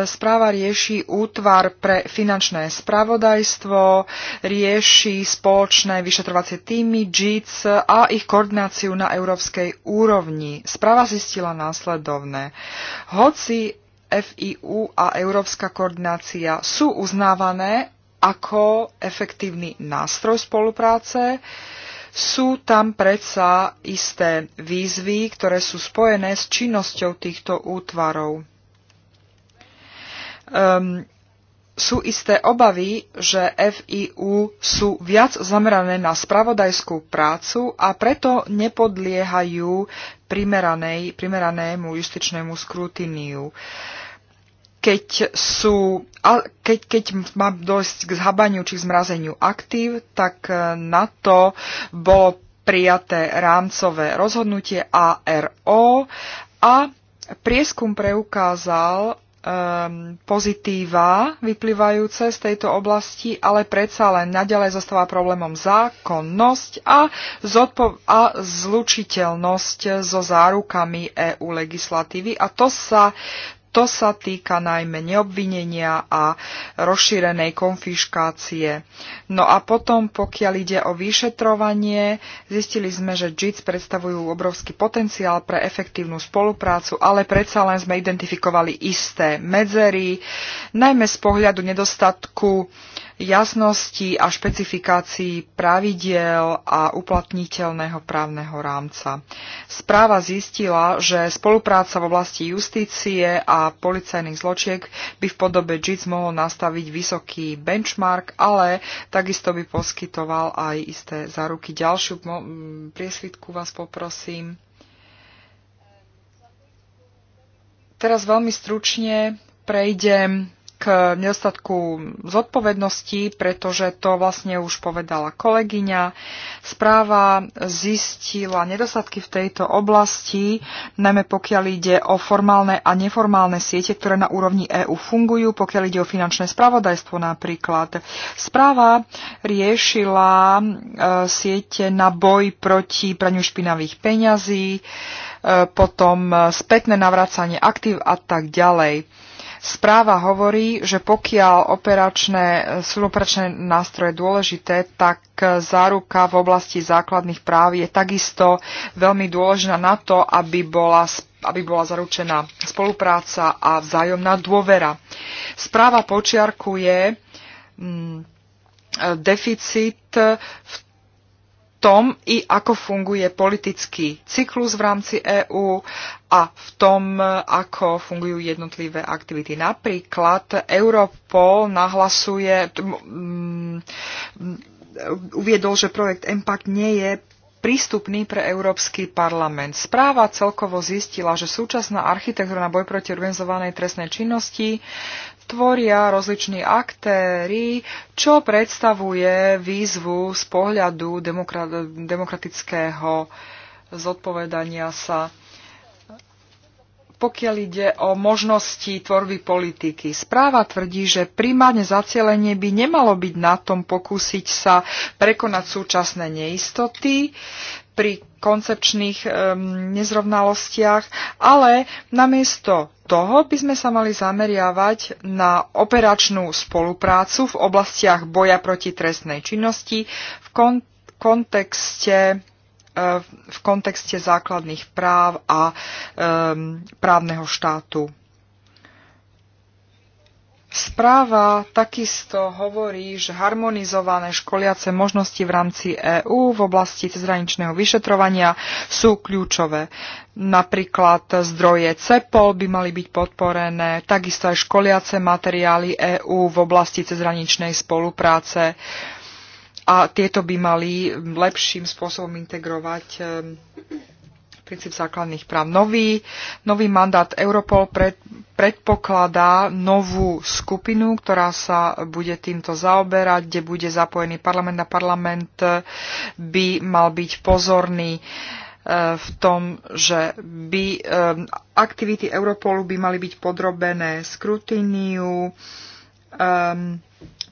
Správa rieši útvar pre finančné spravodajstvo, rieši spoločné vyšetrovacie týmy JITS a ich koordináciu na európskej úrovni. Správa zistila následovné. Hoci FIU a Európska koordinácia sú uznávané ako efektívny nástroj spolupráce, sú tam predsa isté výzvy, ktoré sú spojené s činnosťou týchto útvarov um, sú isté obavy, že FIU sú viac zamerané na spravodajskú prácu a preto nepodliehajú primeranej, primeranému justičnému skrutíniu. Keď, sú, keď, keď má dojsť k zhabaniu či k zmrazeniu aktív, tak eh, na to bolo prijaté rámcové rozhodnutie ARO a prieskum preukázal, um, pozitíva vyplývajúce z tejto oblasti, ale predsa len naďalej zostáva problémom zákonnosť a, zodpo- a zlučiteľnosť so zárukami EU legislatívy. A to sa to sa týka najmä neobvinenia a rozšírenej konfiškácie. No a potom, pokiaľ ide o vyšetrovanie, zistili sme, že JITS predstavujú obrovský potenciál pre efektívnu spoluprácu, ale predsa len sme identifikovali isté medzery, najmä z pohľadu nedostatku jasnosti a špecifikácií pravidiel a uplatniteľného právneho rámca. Správa zistila, že spolupráca v oblasti justície a policajných zločiek by v podobe JITS mohol nastaviť vysoký benchmark, ale takisto by poskytoval aj isté záruky. Ďalšiu priesvitku vás poprosím. Teraz veľmi stručne prejdem k nedostatku zodpovednosti, pretože to vlastne už povedala kolegyňa. Správa zistila nedostatky v tejto oblasti, najmä pokiaľ ide o formálne a neformálne siete, ktoré na úrovni EÚ fungujú, pokiaľ ide o finančné spravodajstvo napríklad. Správa riešila e, siete na boj proti praniu špinavých peňazí, e, potom e, spätné navracanie aktív a tak ďalej Správa hovorí, že pokiaľ operačné, e, sú operačné nástroje dôležité, tak e, záruka v oblasti základných práv je takisto veľmi dôležitá na to, aby bola aby bola zaručená spolupráca a vzájomná dôvera. Správa počiarkuje mm, e, deficit v tom i ako funguje politický cyklus v rámci EÚ a v tom, ako fungujú jednotlivé aktivity. Napríklad Europol nahlasuje, uviedol, že projekt Impact nie je prístupný pre Európsky parlament. Správa celkovo zistila, že súčasná architektúra na boj proti organizovanej trestnej činnosti tvoria rozliční aktéry, čo predstavuje výzvu z pohľadu demokra- demokratického zodpovedania sa pokiaľ ide o možnosti tvorby politiky. Správa tvrdí, že primárne zacielenie by nemalo byť na tom pokúsiť sa prekonať súčasné neistoty, pri koncepčných um, nezrovnalostiach, ale namiesto toho by sme sa mali zameriavať na operačnú spoluprácu v oblastiach boja proti trestnej činnosti v kon- kontexte e, v kontexte základných práv a um, právneho štátu Správa takisto hovorí, že harmonizované školiace možnosti v rámci EÚ v oblasti cezhraničného vyšetrovania sú kľúčové. Napríklad zdroje CEPOL by mali byť podporené, takisto aj školiace materiály EÚ v oblasti cezhraničnej spolupráce a tieto by mali lepším spôsobom integrovať princíp základných práv. Nový, nový mandát Europol pred, predpokladá novú skupinu, ktorá sa bude týmto zaoberať, kde bude zapojený parlament a parlament by mal byť pozorný e, v tom, že by e, aktivity Europolu by mali byť podrobené skrutíniu, um, e,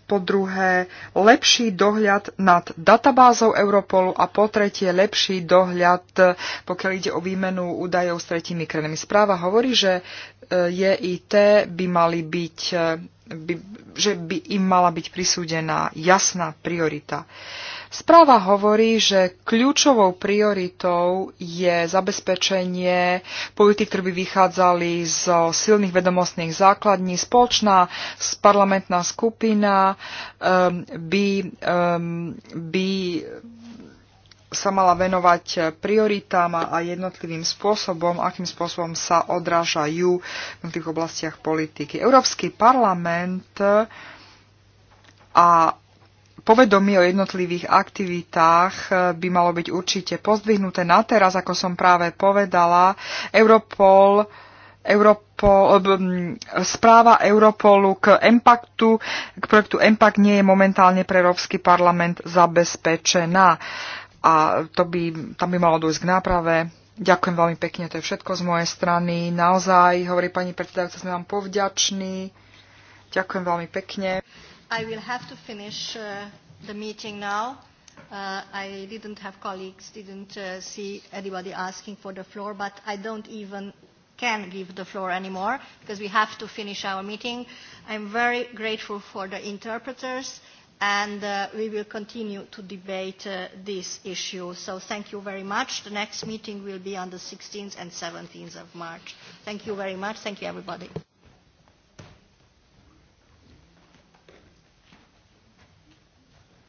po druhé lepší dohľad nad databázou Europolu a po tretie lepší dohľad, pokiaľ ide o výmenu údajov s tretími krajinami. Správa hovorí, že e, JIT by mali byť e, by, že by im mala byť prisúdená jasná priorita. Uh, Správa hovorí, že kľúčovou prioritou je zabezpečenie politik, ktoré by vychádzali z silných vedomostných základní. Spoločná parlamentná skupina um, by, um, by sa mala venovať prioritám a jednotlivým spôsobom, akým spôsobom sa odrážajú v tých oblastiach politiky. Európsky parlament a povedomie o jednotlivých aktivitách e, by malo byť určite pozdvihnuté. Na teraz, ako som práve povedala, Europol Europol, e, správa Europolu k Empaktu, k projektu Empak nie je momentálne pre Európsky parlament zabezpečená. A to by, tam by malo dôjsť k náprave. Ďakujem veľmi pekne, to je všetko z mojej strany. Naozaj, hovorí pani predsedajúca, sme vám povďační. Ďakujem veľmi pekne. I will have to finish uh, the meeting now. Uh, I didn't have colleagues, didn't uh, see anybody asking for the floor, but I don't even can give the floor anymore because we have to finish our meeting. I'm very grateful for the interpreters and uh, we will continue to debate uh, this issue. So thank you very much. The next meeting will be on the 16th and 17th of March. Thank you very much. Thank you, everybody.